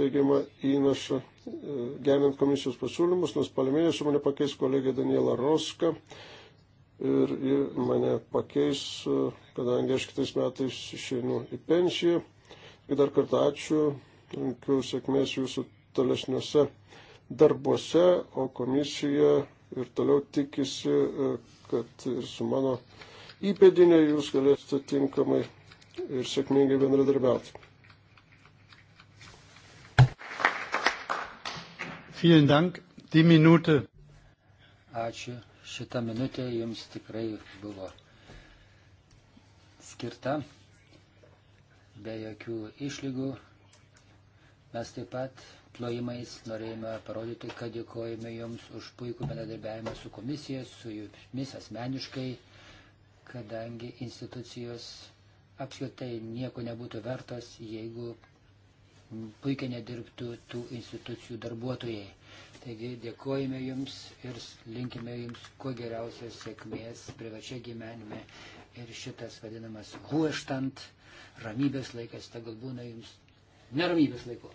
teigiamą įnašą e, gerinant komisijos pasiūlymus, nes palimėnėsiu mane pakeis kolegė Daniela Roska ir ji mane pakeis, e, kadangi aš kitais metais išeinu į pensiją. Ir dar kartą ačiū, linkiu sėkmės jūsų tolesniuose darbuose, o komisija ir toliau tikisi, e, kad ir su mano įpėdinė jūs galėsite tinkamai ir sėkmingai bendradarbiauti. Vielen Dank, die Minute. Ačiū, šita minutė jums tikrai buvo skirta be jokių išlygų. Mes taip pat plojimais. Norėjome parodyti, kad dėkojame Jums už puikų bendradarbiavimą su komisija, su Jumis asmeniškai, kadangi institucijos apskritai nieko nebūtų vertos, jeigu puikiai nedirbtų tų institucijų darbuotojai. Taigi dėkojame Jums ir linkime Jums kuo geriausios sėkmės privačia gyvenime ir šitas vadinamas hueštant, ramybės laikas, tegul būna Jums neramybės laiko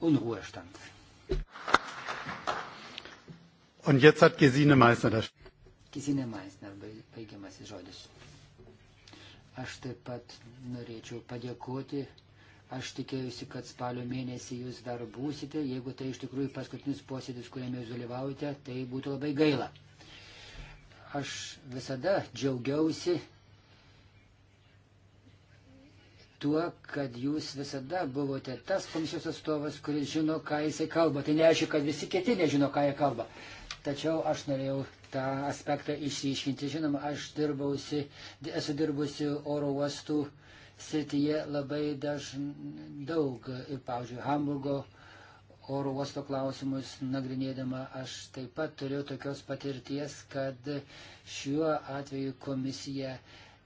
und Ruhestand. Und jetzt hat Gesine Meissner das. Gesine Meissner, baigiamasis žodis. Aš taip pat norėčiau padėkoti. Aš tikėjusi, kad spalio mėnesį jūs dar būsite. Jeigu tai iš tikrųjų paskutinis posėdis, kuriame jūs dalyvaujate, tai būtų labai gaila. Aš visada džiaugiausi tuo, kad jūs visada buvote tas komisijos atstovas, kuris žino, ką jisai kalba. Tai neaišku, kad visi kiti nežino, ką jie kalba. Tačiau aš norėjau tą aspektą išryškinti. Žinoma, aš dirbausi, esu dirbusi oro uostų srityje labai dažnai daug. Ir, pavyzdžiui, Hamburgo oro uosto klausimus nagrinėdama aš taip pat turėjau tokios patirties, kad šiuo atveju komisija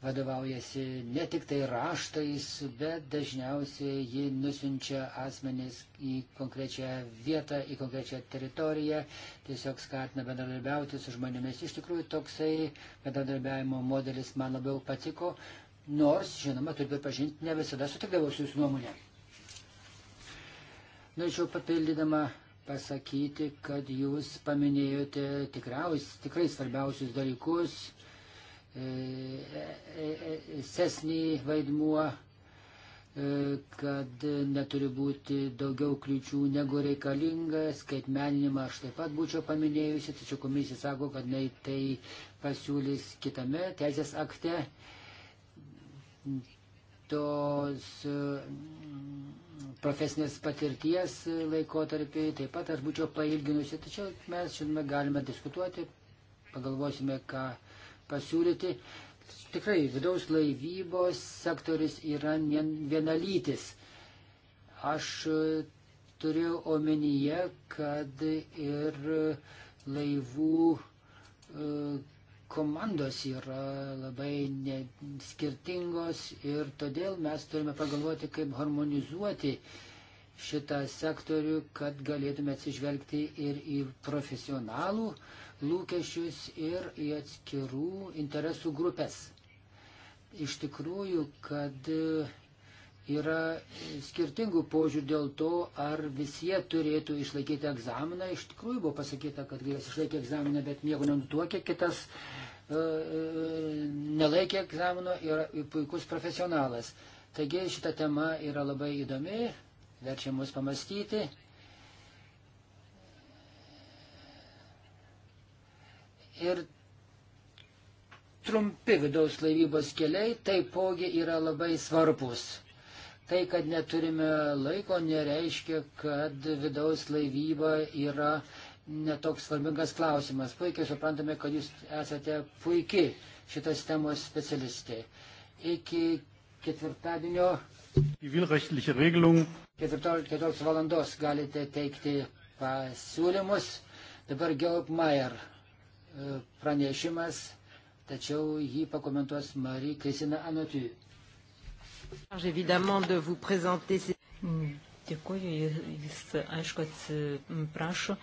vadovaujasi ne tik tai raštais, bet dažniausiai ji nusinčia asmenys į konkrečią vietą, į konkrečią teritoriją, tiesiog skatina bendradarbiauti su žmonėmis. Iš tikrųjų, toksai bendradarbiavimo modelis man labiau patiko, nors, žinoma, turiu pripažinti, ne visada sutikdavau su jūsų nuomonė. Norėčiau papildydama pasakyti, kad jūs paminėjote tikriaus, tikrai svarbiausius dalykus E, e, e, sesnį vaidmuo, kad neturi būti daugiau kliučių negu reikalinga, skaitmeninimą aš taip pat būčiau paminėjusi, tačiau komisija sako, kad jinai tai pasiūlys kitame teisės akte. Tos profesinės patirties laikotarpį taip pat aš būčiau pailginusi, tačiau mes šiandien galime diskutuoti, pagalvosime, ką pasiūlyti. Tikrai vidaus laivybos sektoris yra vienalytis. Aš turiu omenyje, kad ir laivų e, komandos yra labai skirtingos ir todėl mes turime pagalvoti, kaip harmonizuoti uh, šitą sektorių, kad galėtume atsižvelgti ir į profesionalų lūkesčius ir į atskirų interesų grupės. Iš tikrųjų, kad yra skirtingų požiūrį dėl to, ar visi turėtų išlaikyti egzaminą. Iš tikrųjų buvo pasakyta, kad vienas išlaikė egzaminą, bet nieko nenutokė, kitas e, e, nelaikė egzamino ir puikus profesionalas. Taigi šita tema yra labai įdomi, verčia mus pamastyti. Ir trumpi vidaus laivybos keliai taipogi yra labai svarbus. Tai, kad neturime laiko, nereiškia, kad vidaus laivyba yra netoks svarbingas klausimas. Puikiai suprantame, kad jūs esate puikiai šitas temos specialistė. Iki ketvirtadienio 14 valandos galite teikti pasiūlymus. Dabar Gelbmaier e, pranešimas, tačiau jį pakomentuos Marija Kristina Anotu. Dėkuoju, jis aišku atsiprašo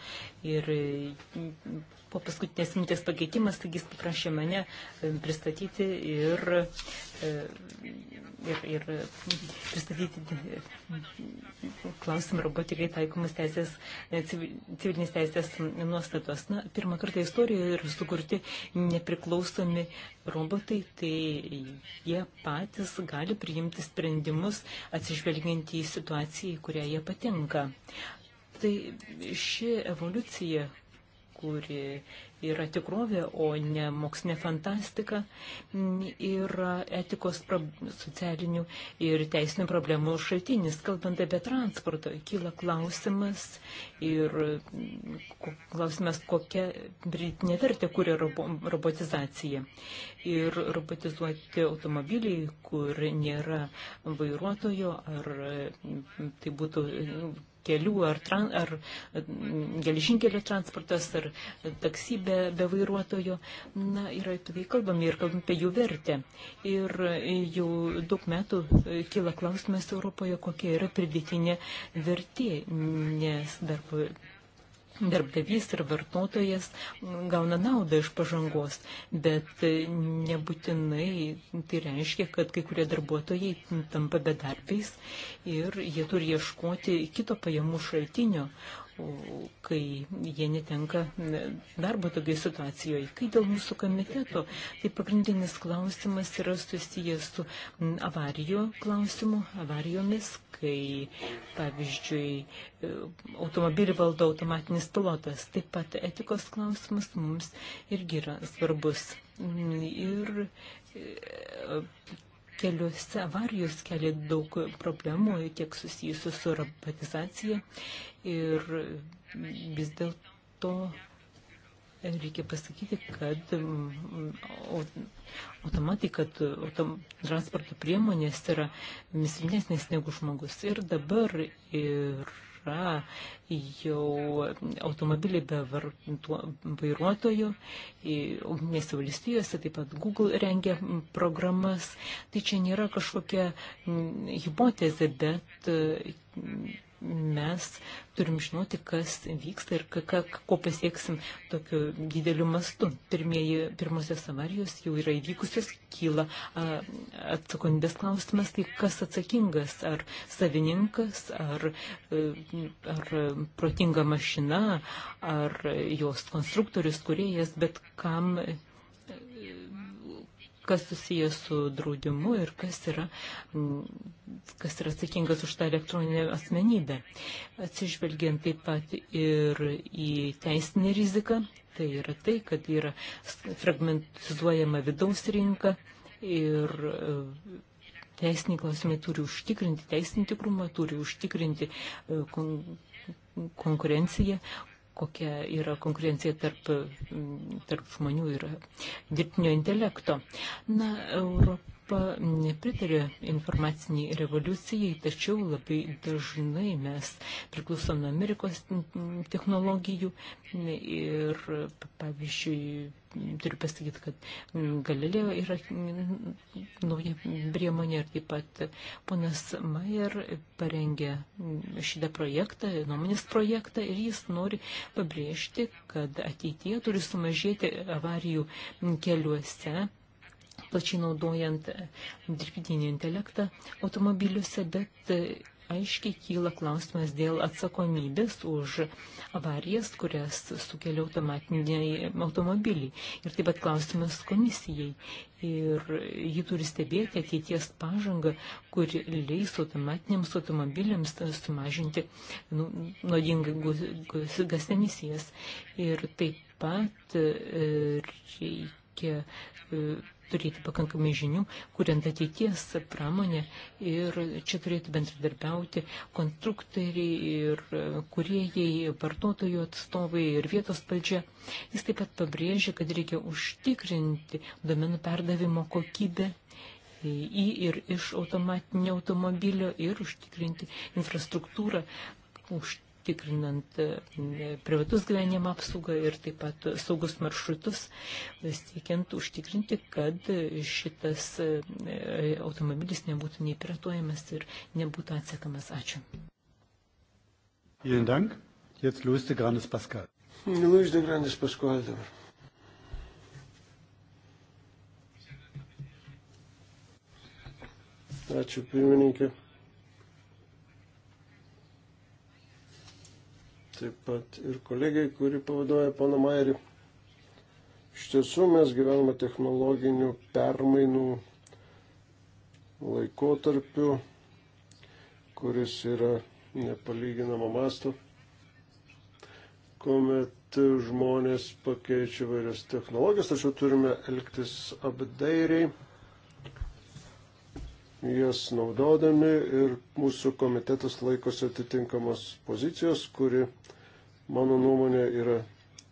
ir po paskutinės minutės pakeitimas, taigi jis paprašė mane pristatyti ir, e, ir, ir pristatyti e, klausimą, ar buvo tikrai taikomas teisės, e, civilinės teisės nuostatos. Na, pirmą kartą istorijoje ir sukurti nepriklausomi robotai, tai jie patys gali priimti sprendimus atsižvelgiant į situaciją, į kurią jie patenka. Tai ši evoliucija, kuri yra tikrovė, o ne mokslinė fantastika, yra etikos, socialinių ir teisinių problemų šaltinis. Kalbant apie transportą, kyla klausimas ir klausimas, kokia britinė vertė, kur yra robotizacija. Ir robotizuoti automobiliai, kur nėra vairuotojo, ar tai būtų kelių ar, tran, ar geležinkelio transportas, ar taksi be, be vairuotojo. Na, yra tai kalbame ir kalbame apie jų vertę. Ir jau daug metų kyla klausimas Europoje, kokia yra pridėtinė vertė, nes darbo darbdavys ir vartotojas gauna naudą iš pažangos, bet nebūtinai tai reiškia, kad kai kurie darbuotojai tampa bedarbiais ir jie turi ieškoti kito pajamų šaltinio, kai jie netenka darbo tokiai situacijoje. Kai dėl mūsų komiteto, tai pagrindinis klausimas yra susijęs su avarijų klausimu, avarijomis, kai, pavyzdžiui, automobilį valdo automatinis pilotas. Taip pat etikos klausimas mums irgi yra svarbus. Ir keliuose avarijos kelia daug problemų, tiek susijusių su robotizacija ir vis dėlto reikia pasakyti, kad mm, automatika, autom, transporto priemonės yra silpnesnės negu žmogus. Ir dabar ir yra jau automobiliai be vairuotojų, jungtinėse valstijose, taip pat Google rengia programas. Tai čia nėra kažkokia hipotezė, bet mes turim žinoti, kas vyksta ir ką, ką, ko pasieksim tokiu dideliu mastu. Pirmieji, pirmosios avarijos jau yra įvykusios, kyla atsakomybės klausimas, tai kas atsakingas, ar savininkas, ar, e, ar protinga mašina, ar jos konstruktorius, kuriejas, bet kam kas susijęs su draudimu ir kas yra, kas yra atsakingas už tą elektroninę asmenybę. Atsižvelgiant taip pat ir į teisinę riziką, tai yra tai, kad yra fragmentizuojama vidaus rinka ir e, teisiniai klausimai turi užtikrinti, teisinį tikrumą turi užtikrinti e, konkurenciją, kokia yra konkurencija tarp, mm, tarp žmonių ir dirbtinio intelekto. Na, Europa nepritarė informaciniai revoliucijai, tačiau labai dažnai mes priklausom nuo Amerikos technologijų ir, pavyzdžiui, turiu pasakyti, kad mm, Galilėjo yra mm, nauja priemonė ir taip pat ponas Mayer parengė mm, šitą projektą, nuomonės projektą ir jis nori pabrėžti, kad ateityje turi sumažėti avarijų keliuose plačiai naudojant dirbtinį intelektą automobiliuose, bet aiškiai kyla klausimas dėl atsakomybės už avarijas, kurias sukelia automatiniai automobiliai. Ir taip pat klausimas komisijai. Ir ji turi stebėti ateities pažangą, kuri leis automatiniams automobiliams sumažinti nu, nuodingas emisijas. Ir taip pat e, reikia e, turėti pakankamai žinių, kuriant ateities pramonę ir čia turėtų bendradarbiauti konstruktoriai ir e, kuriejai, vartotojų atstovai ir vietos valdžia. Jis taip pat pabrėžia, kad reikia užtikrinti domenų perdavimo kokybę į ir iš automatinio automobilio ir užtikrinti infrastruktūrą, už užtikrinant e, e, privatus gyvenimo apsaugą ir taip pat saugus maršrutus, siekiant užtikrinti, kad šitas e, automobilis nebūtų nei piratuojamas ir nebūtų atsekamas. Ačiū. Vielen Dank. Jetzt Luis de Grandes Pascal. Luis de Grandes Pascal dabar. Ačiū pirmininkė. taip pat ir kolegai, kuri pavaduoja pono Mairį. Iš tiesų mes gyvename technologinių permainų laikotarpiu, kuris yra nepalyginamo masto, kuomet žmonės pakeičia vairias technologijas, tačiau turime elgtis apdairiai jas naudodami ir mūsų komitetas laikosi atitinkamos pozicijos, kuri, mano nuomonė, yra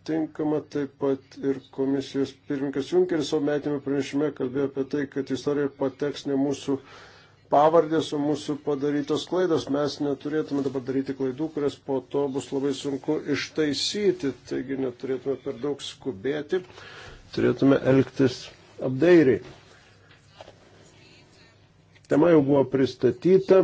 tinkama. Taip pat ir komisijos pirmininkas Junkeris savo metinėme pranešime kalbėjo apie tai, kad istorija pateks ne mūsų pavardės, o mūsų padarytos klaidos. Mes neturėtume dabar daryti klaidų, kurias po to bus labai sunku ištaisyti, taigi neturėtume per daug skubėti, turėtume elgtis apdairiai. Tema jau buvo pristatyta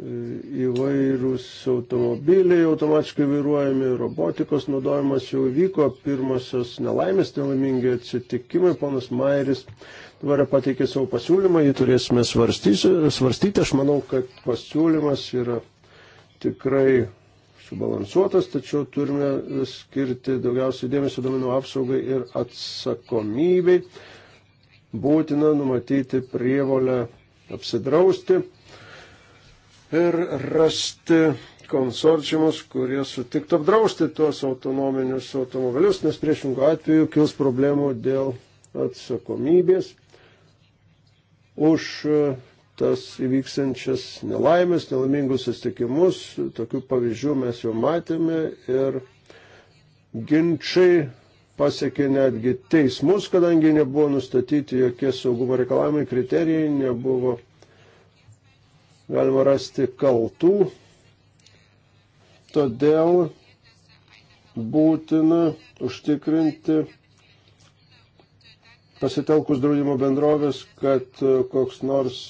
įvairūs automobiliai automatiškai vairuojami, robotikos naudojimas jau vyko, pirmosios nelaimės, nelaimingi atsitikimai, ponas Mairis dabar pateikė savo pasiūlymą, jį turėsime svarstyti, aš manau, kad pasiūlymas yra tikrai subalansuotas, tačiau turime skirti daugiausiai dėmesio domenų apsaugai ir atsakomybei būtina numatyti prievolę apsidrausti ir rasti konsorčiumus, kurie sutiktų apdrausti tuos autonominius automobilius, nes priešingų atveju kils problemų dėl atsakomybės už tas įvyksančias nelaimės, nelaimingus atsitikimus. Tokių pavyzdžių mes jau matėme ir ginčiai pasiekė netgi teismus, kadangi nebuvo nustatyti jokie saugumo reikalavimai, kriterijai, nebuvo galima rasti kaltų. Todėl būtina užtikrinti pasitelkus draudimo bendrovės, kad koks nors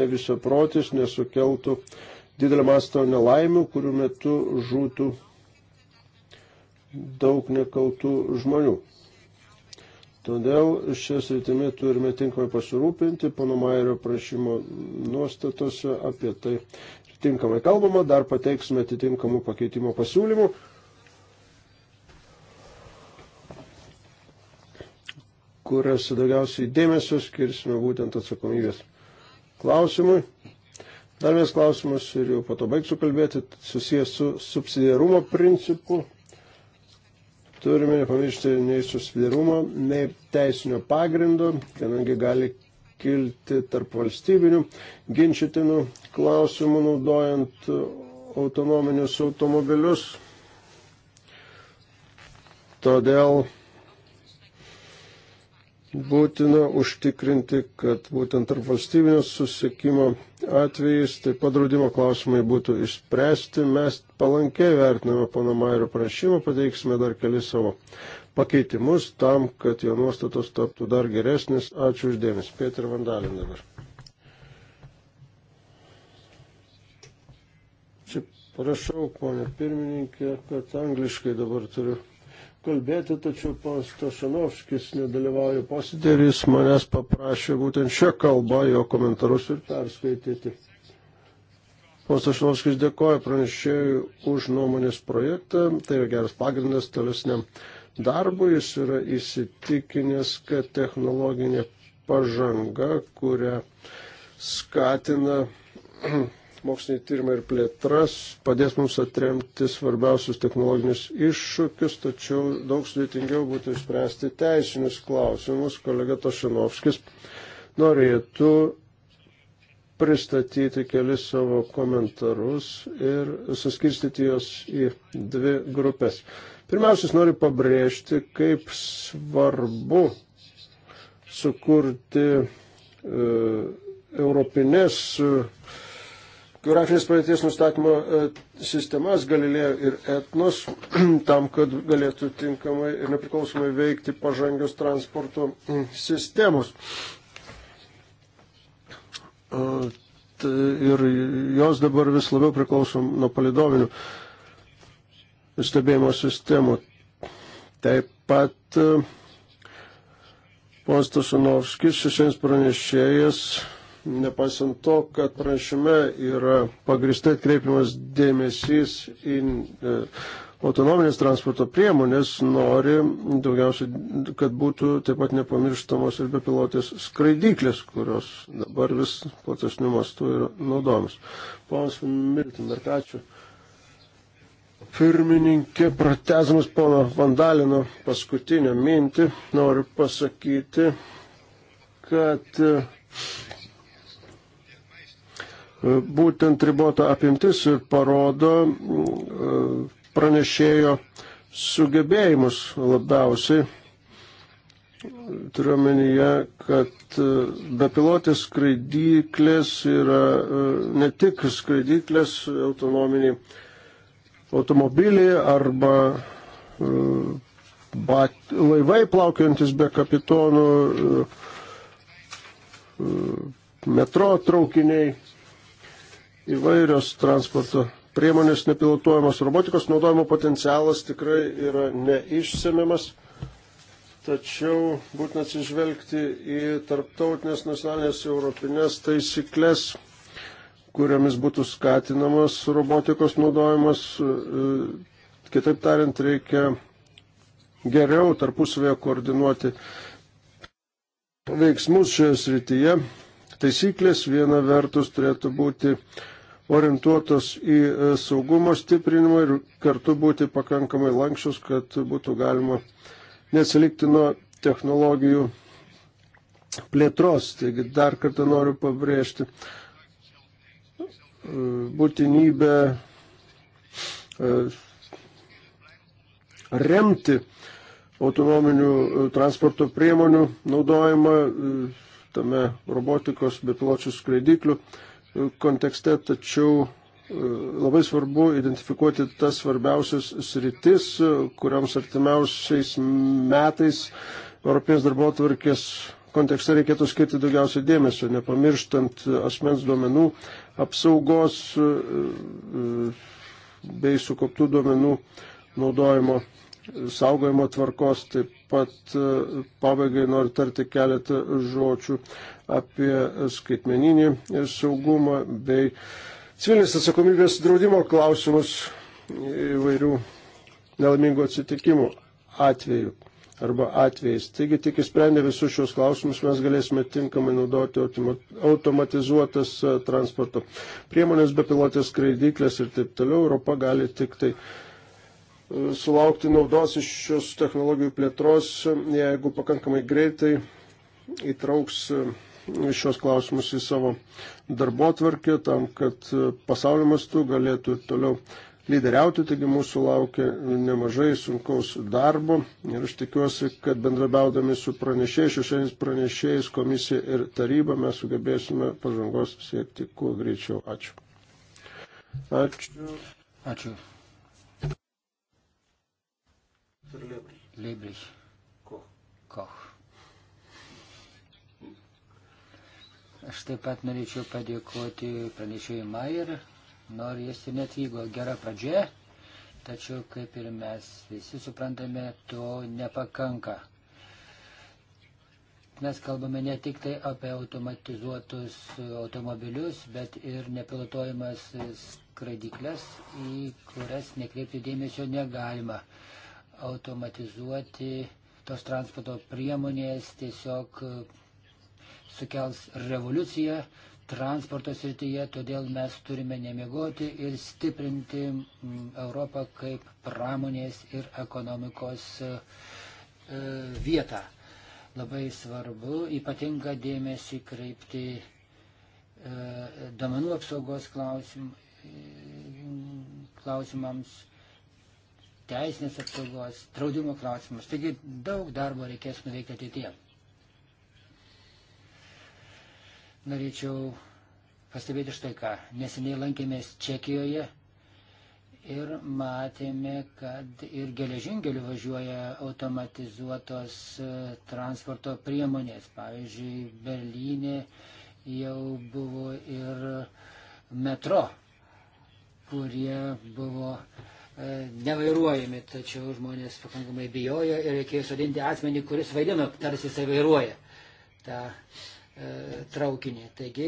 nevisaprotis nesukeltų didelio masto nelaimių, kurių metu žūtų daug nekaltų žmonių. Todėl šią sritimį turime tinkamai pasirūpinti, pono Mairio prašymo nuostatose apie tai tinkamai kalbama, dar pateiksime atitinkamų pakeitimo pasiūlymų. kurias daugiausiai dėmesio skirsime būtent atsakomybės klausimui. Dar vienas klausimas ir jau po to baigsiu kalbėti, susijęs su subsidiarumo principu. Turime nepamiršti nei susidarumo, nei teisinio pagrindo, kadangi gali kilti tarp valstybinių ginčytinų klausimų naudojant autonominius automobilius. Todėl būtina užtikrinti, kad būtent tarp valstybinio susiekimo atvejais, tai padraudimo klausimai būtų išspręsti. Mes palankiai vertiname pono Mairio prašymą, pateiksime dar kelis savo pakeitimus tam, kad jo nuostatos taptų dar geresnis. Ačiū uždėmesi. Pieter Vandalin dabar. Čia prašau, ponė pirmininkė, kad angliškai dabar turiu kalbėti, tačiau pas Tošanovskis nedalyvauja posėdėje ir jis manęs paprašė būtent šią kalbą jo komentarus ir perskaityti. Ponas Tošanovskis dėkoja pranešėjui už nuomonės projektą, tai yra geras pagrindas tolesniam darbui, jis yra įsitikinęs, kad technologinė pažanga, kurią skatina moksliniai tyrimai ir plėtras padės mums atremti svarbiausius technologinius iššūkius, tačiau daug sudėtingiau būtų išspręsti teisinius klausimus. Kolega Tošinovskis norėtų pristatyti kelis savo komentarus ir suskirstyti juos į dvi grupės. Pirmiausia, noriu pabrėžti, kaip svarbu sukurti e, europinės e, geografinės praeities nustatymo e, sistemas Galilėjo ir Etnos, tam, kad galėtų tinkamai ir nepriklausomai veikti pažangios transporto sistemos. Ir jos dabar vis labiau priklausom nuo palidovinių stebėjimo sistemų. Taip pat e, Ponas Tosunovskis, šešiems pranešėjas, nepaisant to, kad pranešime yra pagristai atkreipiamas dėmesys į e, autonominės transporto priemonės, nori daugiausiai, kad būtų taip pat nepamirštamos ir bepilotės skraidyklės, kurios dabar vis platesnių mastų yra naudomas. Ponas Miltenberg, ačiū pirmininkė, pratesamas pono Vandalino paskutinę mintį, noriu pasakyti, kad Būtent ribota apimtis ir parodo mm, pranešėjo sugebėjimus labiausiai. Turiu menyje, kad mm, bepilotės skraidyklės yra mm, ne tik skraidyklės autonominiai automobiliai arba bat, laivai plaukiantis be kapitonų, metro traukiniai įvairios transporto priemonės nepilotuojamos robotikos naudojimo potencialas tikrai yra neišsemiamas, tačiau būtina atsižvelgti į tarptautinės nacionalinės europinės taisyklės, kuriamis būtų skatinamas robotikos naudojimas. Kitaip tariant, reikia geriau tarpusavėje koordinuoti veiksmus šioje srityje. Taisyklės viena vertus turėtų būti uh, orientuotos į e, saugumo stiprinimą ir kartu būti pakankamai lankščios, kad būtų galima neatsilikti nuo technologijų plėtros. Taigi dar kartą noriu pabrėžti e, būtinybę e, remti autonominių transporto priemonių naudojimą tame robotikos bepiločių skraidiklių kontekste, tačiau e, labai svarbu identifikuoti tas svarbiausias sritis, e, kuriams artimiausiais metais Europės darbo atvarkės kontekste reikėtų skirti daugiausiai dėmesio, nepamirštant asmens duomenų apsaugos e, bei sukauptų duomenų naudojimo, saugojimo tvarkos, taip pat e, pabaigai noriu tarti keletą žodžių apie skaitmeninį saugumą bei civilinės atsakomybės draudimo klausimus įvairių nelaimingų atsitikimų atveju arba atvejais. Taigi tik įsprendę visus šios klausimus mes galėsime tinkamai naudoti automatizuotas e, transporto priemonės, bepilotės skraidyklės ir taip toliau. Europa gali tik tai sulaukti naudos iš šios technologijų plėtros, jeigu pakankamai greitai įtrauks e, šios klausimus į savo darbo tvarkę, tam, kad e, pasaulio mastu galėtų toliau lyderiauti, taigi mūsų laukia nemažai sunkaus darbo ir aš tikiuosi, kad bendrabiaudami su pranešėjais, šešėlis pranešėjais, komisija ir taryba mes sugebėsime pažangos siekti kuo greičiau. Ačiū. Ačiū. Ačiū Liebrich. Koch. Koch. Aš taip pat norėčiau padėkoti pranešėjai Maier, nors jis ir netvyko gera pradžia, tačiau kaip ir mes visi suprantame, to nepakanka. Mes kalbame ne tik tai apie automatizuotus automobilius, bet ir nepilotuojamas skraidyklės, į kurias nekreipti dėmesio negalima automatizuoti tos transporto priemonės tiesiog e, sukels revoliuciją transporto srityje, todėl mes turime nemiegoti ir stiprinti Europą kaip pramonės ir ekonomikos e, e, vietą. Labai svarbu ypatinga dėmesį kreipti domenų apsaugos klausim, klausimams teisinės apsaugos, draudimo klausimus. Taigi daug darbo reikės nuveikti ateityje. Norėčiau pastebėti štai ką. Neseniai lankėmės Čekijoje ir matėme, kad ir geležinkeliu važiuoja automatizuotos e, transporto priemonės. Pavyzdžiui, Berlyne jau buvo ir metro, kurie buvo uh, E, nevairuojami, tačiau žmonės pakankamai bijojo ir reikėjo sodinti asmenį, kuris vaidino, tarsi jisai vairuoja tą e, traukinį. Taigi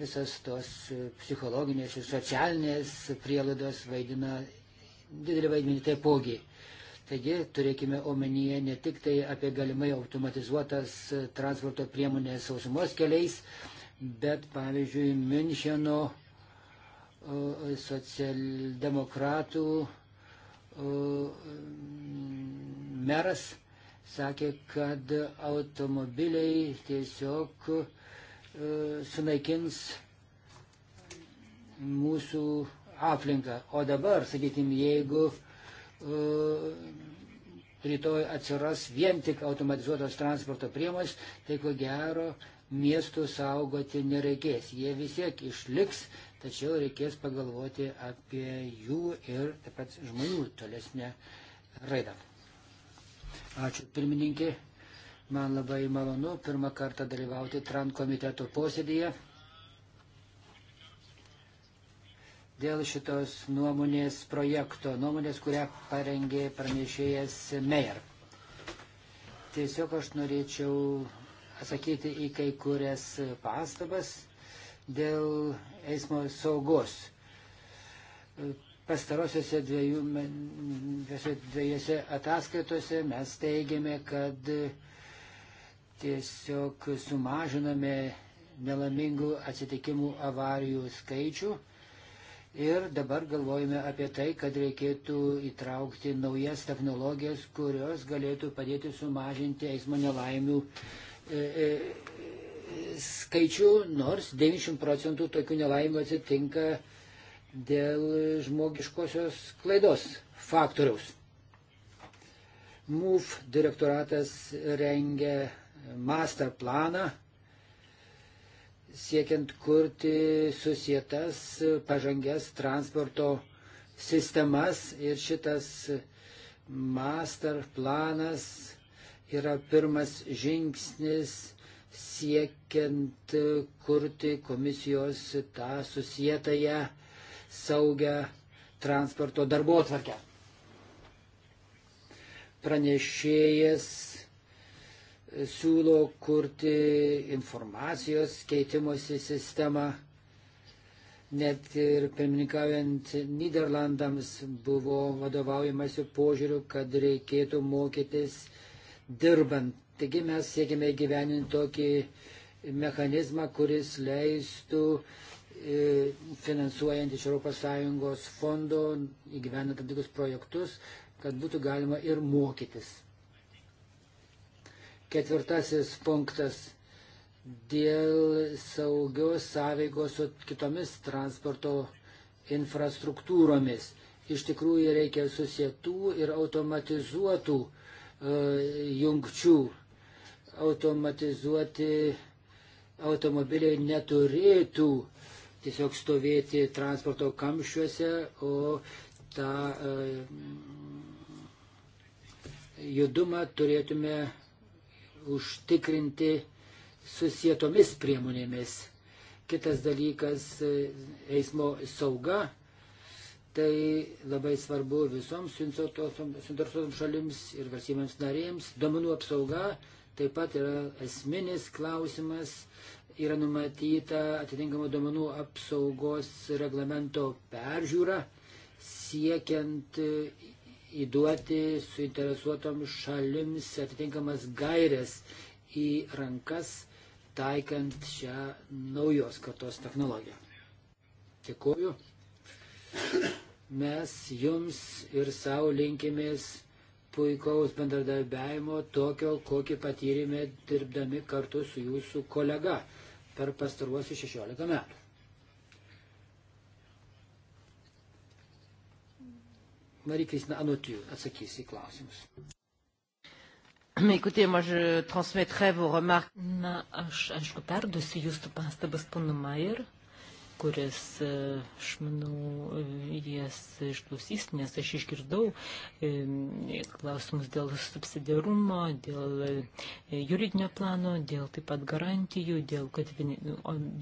visas tos psichologinės ir socialinės prielaidos vaidina didelį vaidmenį taipogi. Taigi turėkime omenyje ne tik tai apie galimai automatizuotas transporto priemonės sausumos keliais, bet pavyzdžiui Müncheno socialdemokratų Mm, meras sakė, kad automobiliai tiesiog e, sunaikins mūsų aplinką. O dabar, sakykime, jeigu e, rytoj atsiras vien tik automatizuotos transporto priemonės, tai ko gero miestų saugoti nereikės. Jie vis tiek išliks, tačiau reikės pagalvoti apie jų ir taip pat žmonių tolesnę raidą. Ačiū pirmininkė, man labai malonu pirmą kartą dalyvauti TRAN komiteto posėdėje. Dėl šitos nuomonės projekto, nuomonės, kurią parengė pranešėjas Meyer. Tiesiog aš norėčiau atsakyti į kai kurias pastabas dėl eismo saugos. Pastarosiuose dviejų, dviejose ataskaitose mes teigiame, kad tiesiog sumažiname nelamingų atsitikimų avarijų skaičių. Ir dabar galvojame apie tai, kad reikėtų įtraukti naujas technologijas, kurios galėtų padėti sumažinti eismo nelaimių e, e, skaičių, nors 90 procentų tokių nelaimų atsitinka dėl žmogiškosios klaidos faktoriaus. MUF direktoratas rengia master planą, siekiant kurti susietas pažangės transporto sistemas ir šitas master planas yra pirmas žingsnis siekiant kurti komisijos tą susietąją saugią transporto darbo atvarkę. Pranešėjas siūlo kurti informacijos keitimosi sistemą. Net ir pirmininkaujant Niderlandams buvo vadovaujamasi požiūriu, kad reikėtų mokytis dirbant Taigi mes siekime įgyveninti tokį mechanizmą, kuris leistų e, finansuojant iš ES fondo įgyvenant tam tikrus projektus, kad būtų galima ir mokytis. Ketvirtasis punktas dėl saugios sąveikos su kitomis transporto infrastruktūromis. Iš tikrųjų reikia susietų ir automatizuotų e, jungčių automatizuoti automobiliai neturėtų tiesiog stovėti transporto kamščiuose, o tą e, judumą turėtume užtikrinti susietomis priemonėmis. Kitas dalykas e, - eismo sauga. Tai labai svarbu visoms suinteresuotoms šalims ir valstybėms narėms. Domenų apsauga Taip pat yra esminis klausimas, yra numatyta atitinkamo duomenų apsaugos reglamento peržiūra, siekiant įduoti suinteresuotom šalims atitinkamas gairias į rankas, taikant šią naujos kartos technologiją. Dėkuoju. Mes jums ir savo linkimės puikaus bendradarbiavimo, tokio, kokį patyrėme dirbdami kartu su jūsų kolega per pastaruosius 16 metų. Marija Kristina Anotiu atsakys į klausimus. Écoutez, moi je transmettrai vos remarques. Na, aš, aišku, perduosiu jūsų pastabas ponu Mayer kuris, e, aš manau, jas išklausys, nes aš išgirdau e, klausimus dėl subsidiarumo, dėl e, juridinio plano, dėl taip pat garantijų, dėl kad,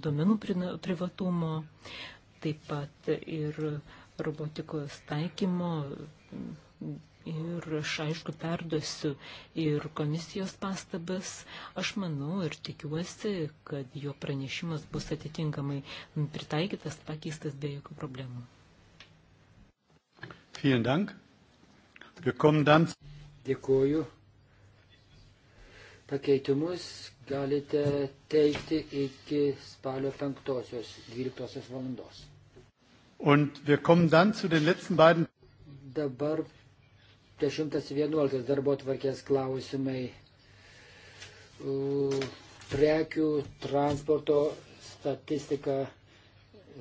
duomenų privatumo, taip pat ir robotikos taikymo ir aš aišku perduosiu ir komisijos pastabas. Aš manau ir tikiuosi, kad jo pranešimas bus atitinkamai pritaikytas, pakeistas be jokių problemų. Dėkuoju. Pakeitimus galite teikti iki spalio 5-osios 12 valandos. Und wir kommen dann zu den letzten beiden. Dabar 111 darbo tvarkės klausimai prekių transporto statistika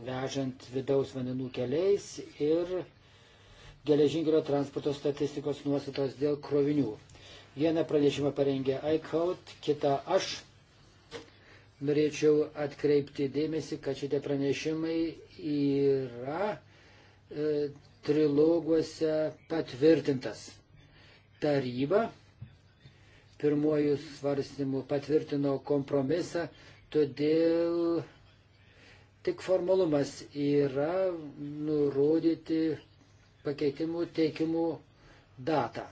vežant vidaus vandenų keliais ir geležinkelio transporto statistikos nuostatos dėl krovinių. Vieną pranešimą parengė iCode, kitą aš. Norėčiau atkreipti dėmesį, kad šitie pranešimai yra e, triloguose patvirtintas. Taryba pirmojų svarstymų patvirtino kompromisą, todėl tik formalumas yra nurodyti pakeitimų teikimų datą.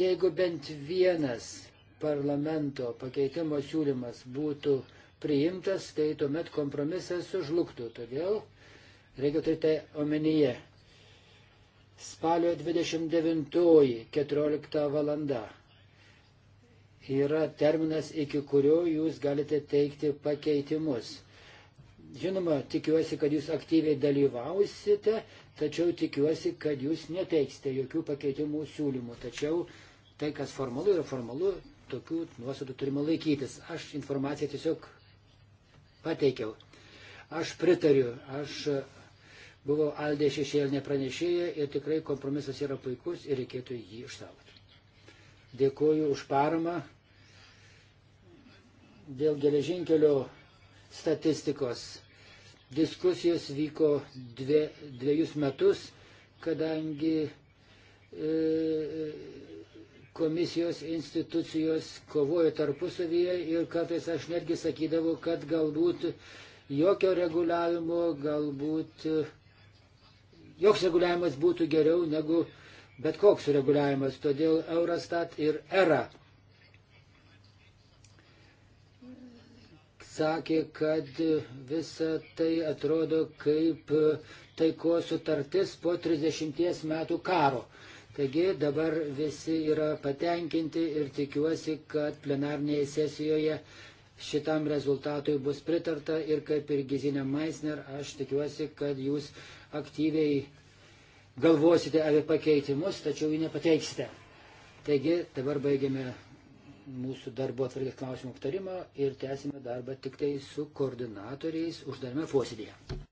Jeigu bent vienas parlamento pakeitimo siūlymas būtų priimtas, tai tuomet kompromisas sužlugtų. Todėl reikia turėti omenyje. Spalio 29.14 valanda yra terminas, iki kurio jūs galite teikti pakeitimus. Žinoma, tikiuosi, kad jūs aktyviai dalyvausite, tačiau tikiuosi, kad jūs neteiksite jokių pakeitimų siūlymų. Tačiau tai, kas formalu, yra formalu, tokių nuostatų turime laikytis. Aš informaciją tiesiog pateikiau. Aš pritariu, aš buvau Aldė šešėlinė pranešėja ir tikrai kompromisas yra puikus ir reikėtų jį išsaugoti. Dėkuoju už paramą dėl geležinkelio statistikos. Diskusijos vyko dve, dviejus metus, kadangi e, komisijos institucijos kovojo tarpusavyje ir kartais aš netgi sakydavau, kad galbūt jokio reguliavimo, galbūt joks reguliavimas būtų geriau negu bet koks reguliavimas. Todėl Eurostat ir ERA sakė, kad visa tai atrodo kaip taikos sutartis po 30 metų karo. Taigi dabar visi yra patenkinti ir tikiuosi, kad plenarnėje sesijoje šitam rezultatui bus pritarta ir kaip ir Gizinė Maisner, aš tikiuosi, kad jūs aktyviai galvosite apie pakeitimus, tačiau jų nepateiksite. Taigi dabar baigiame mūsų darbo atvarkės klausimų aptarimą ir tęsime darbą tik tai su koordinatoriais uždarame posėdėje.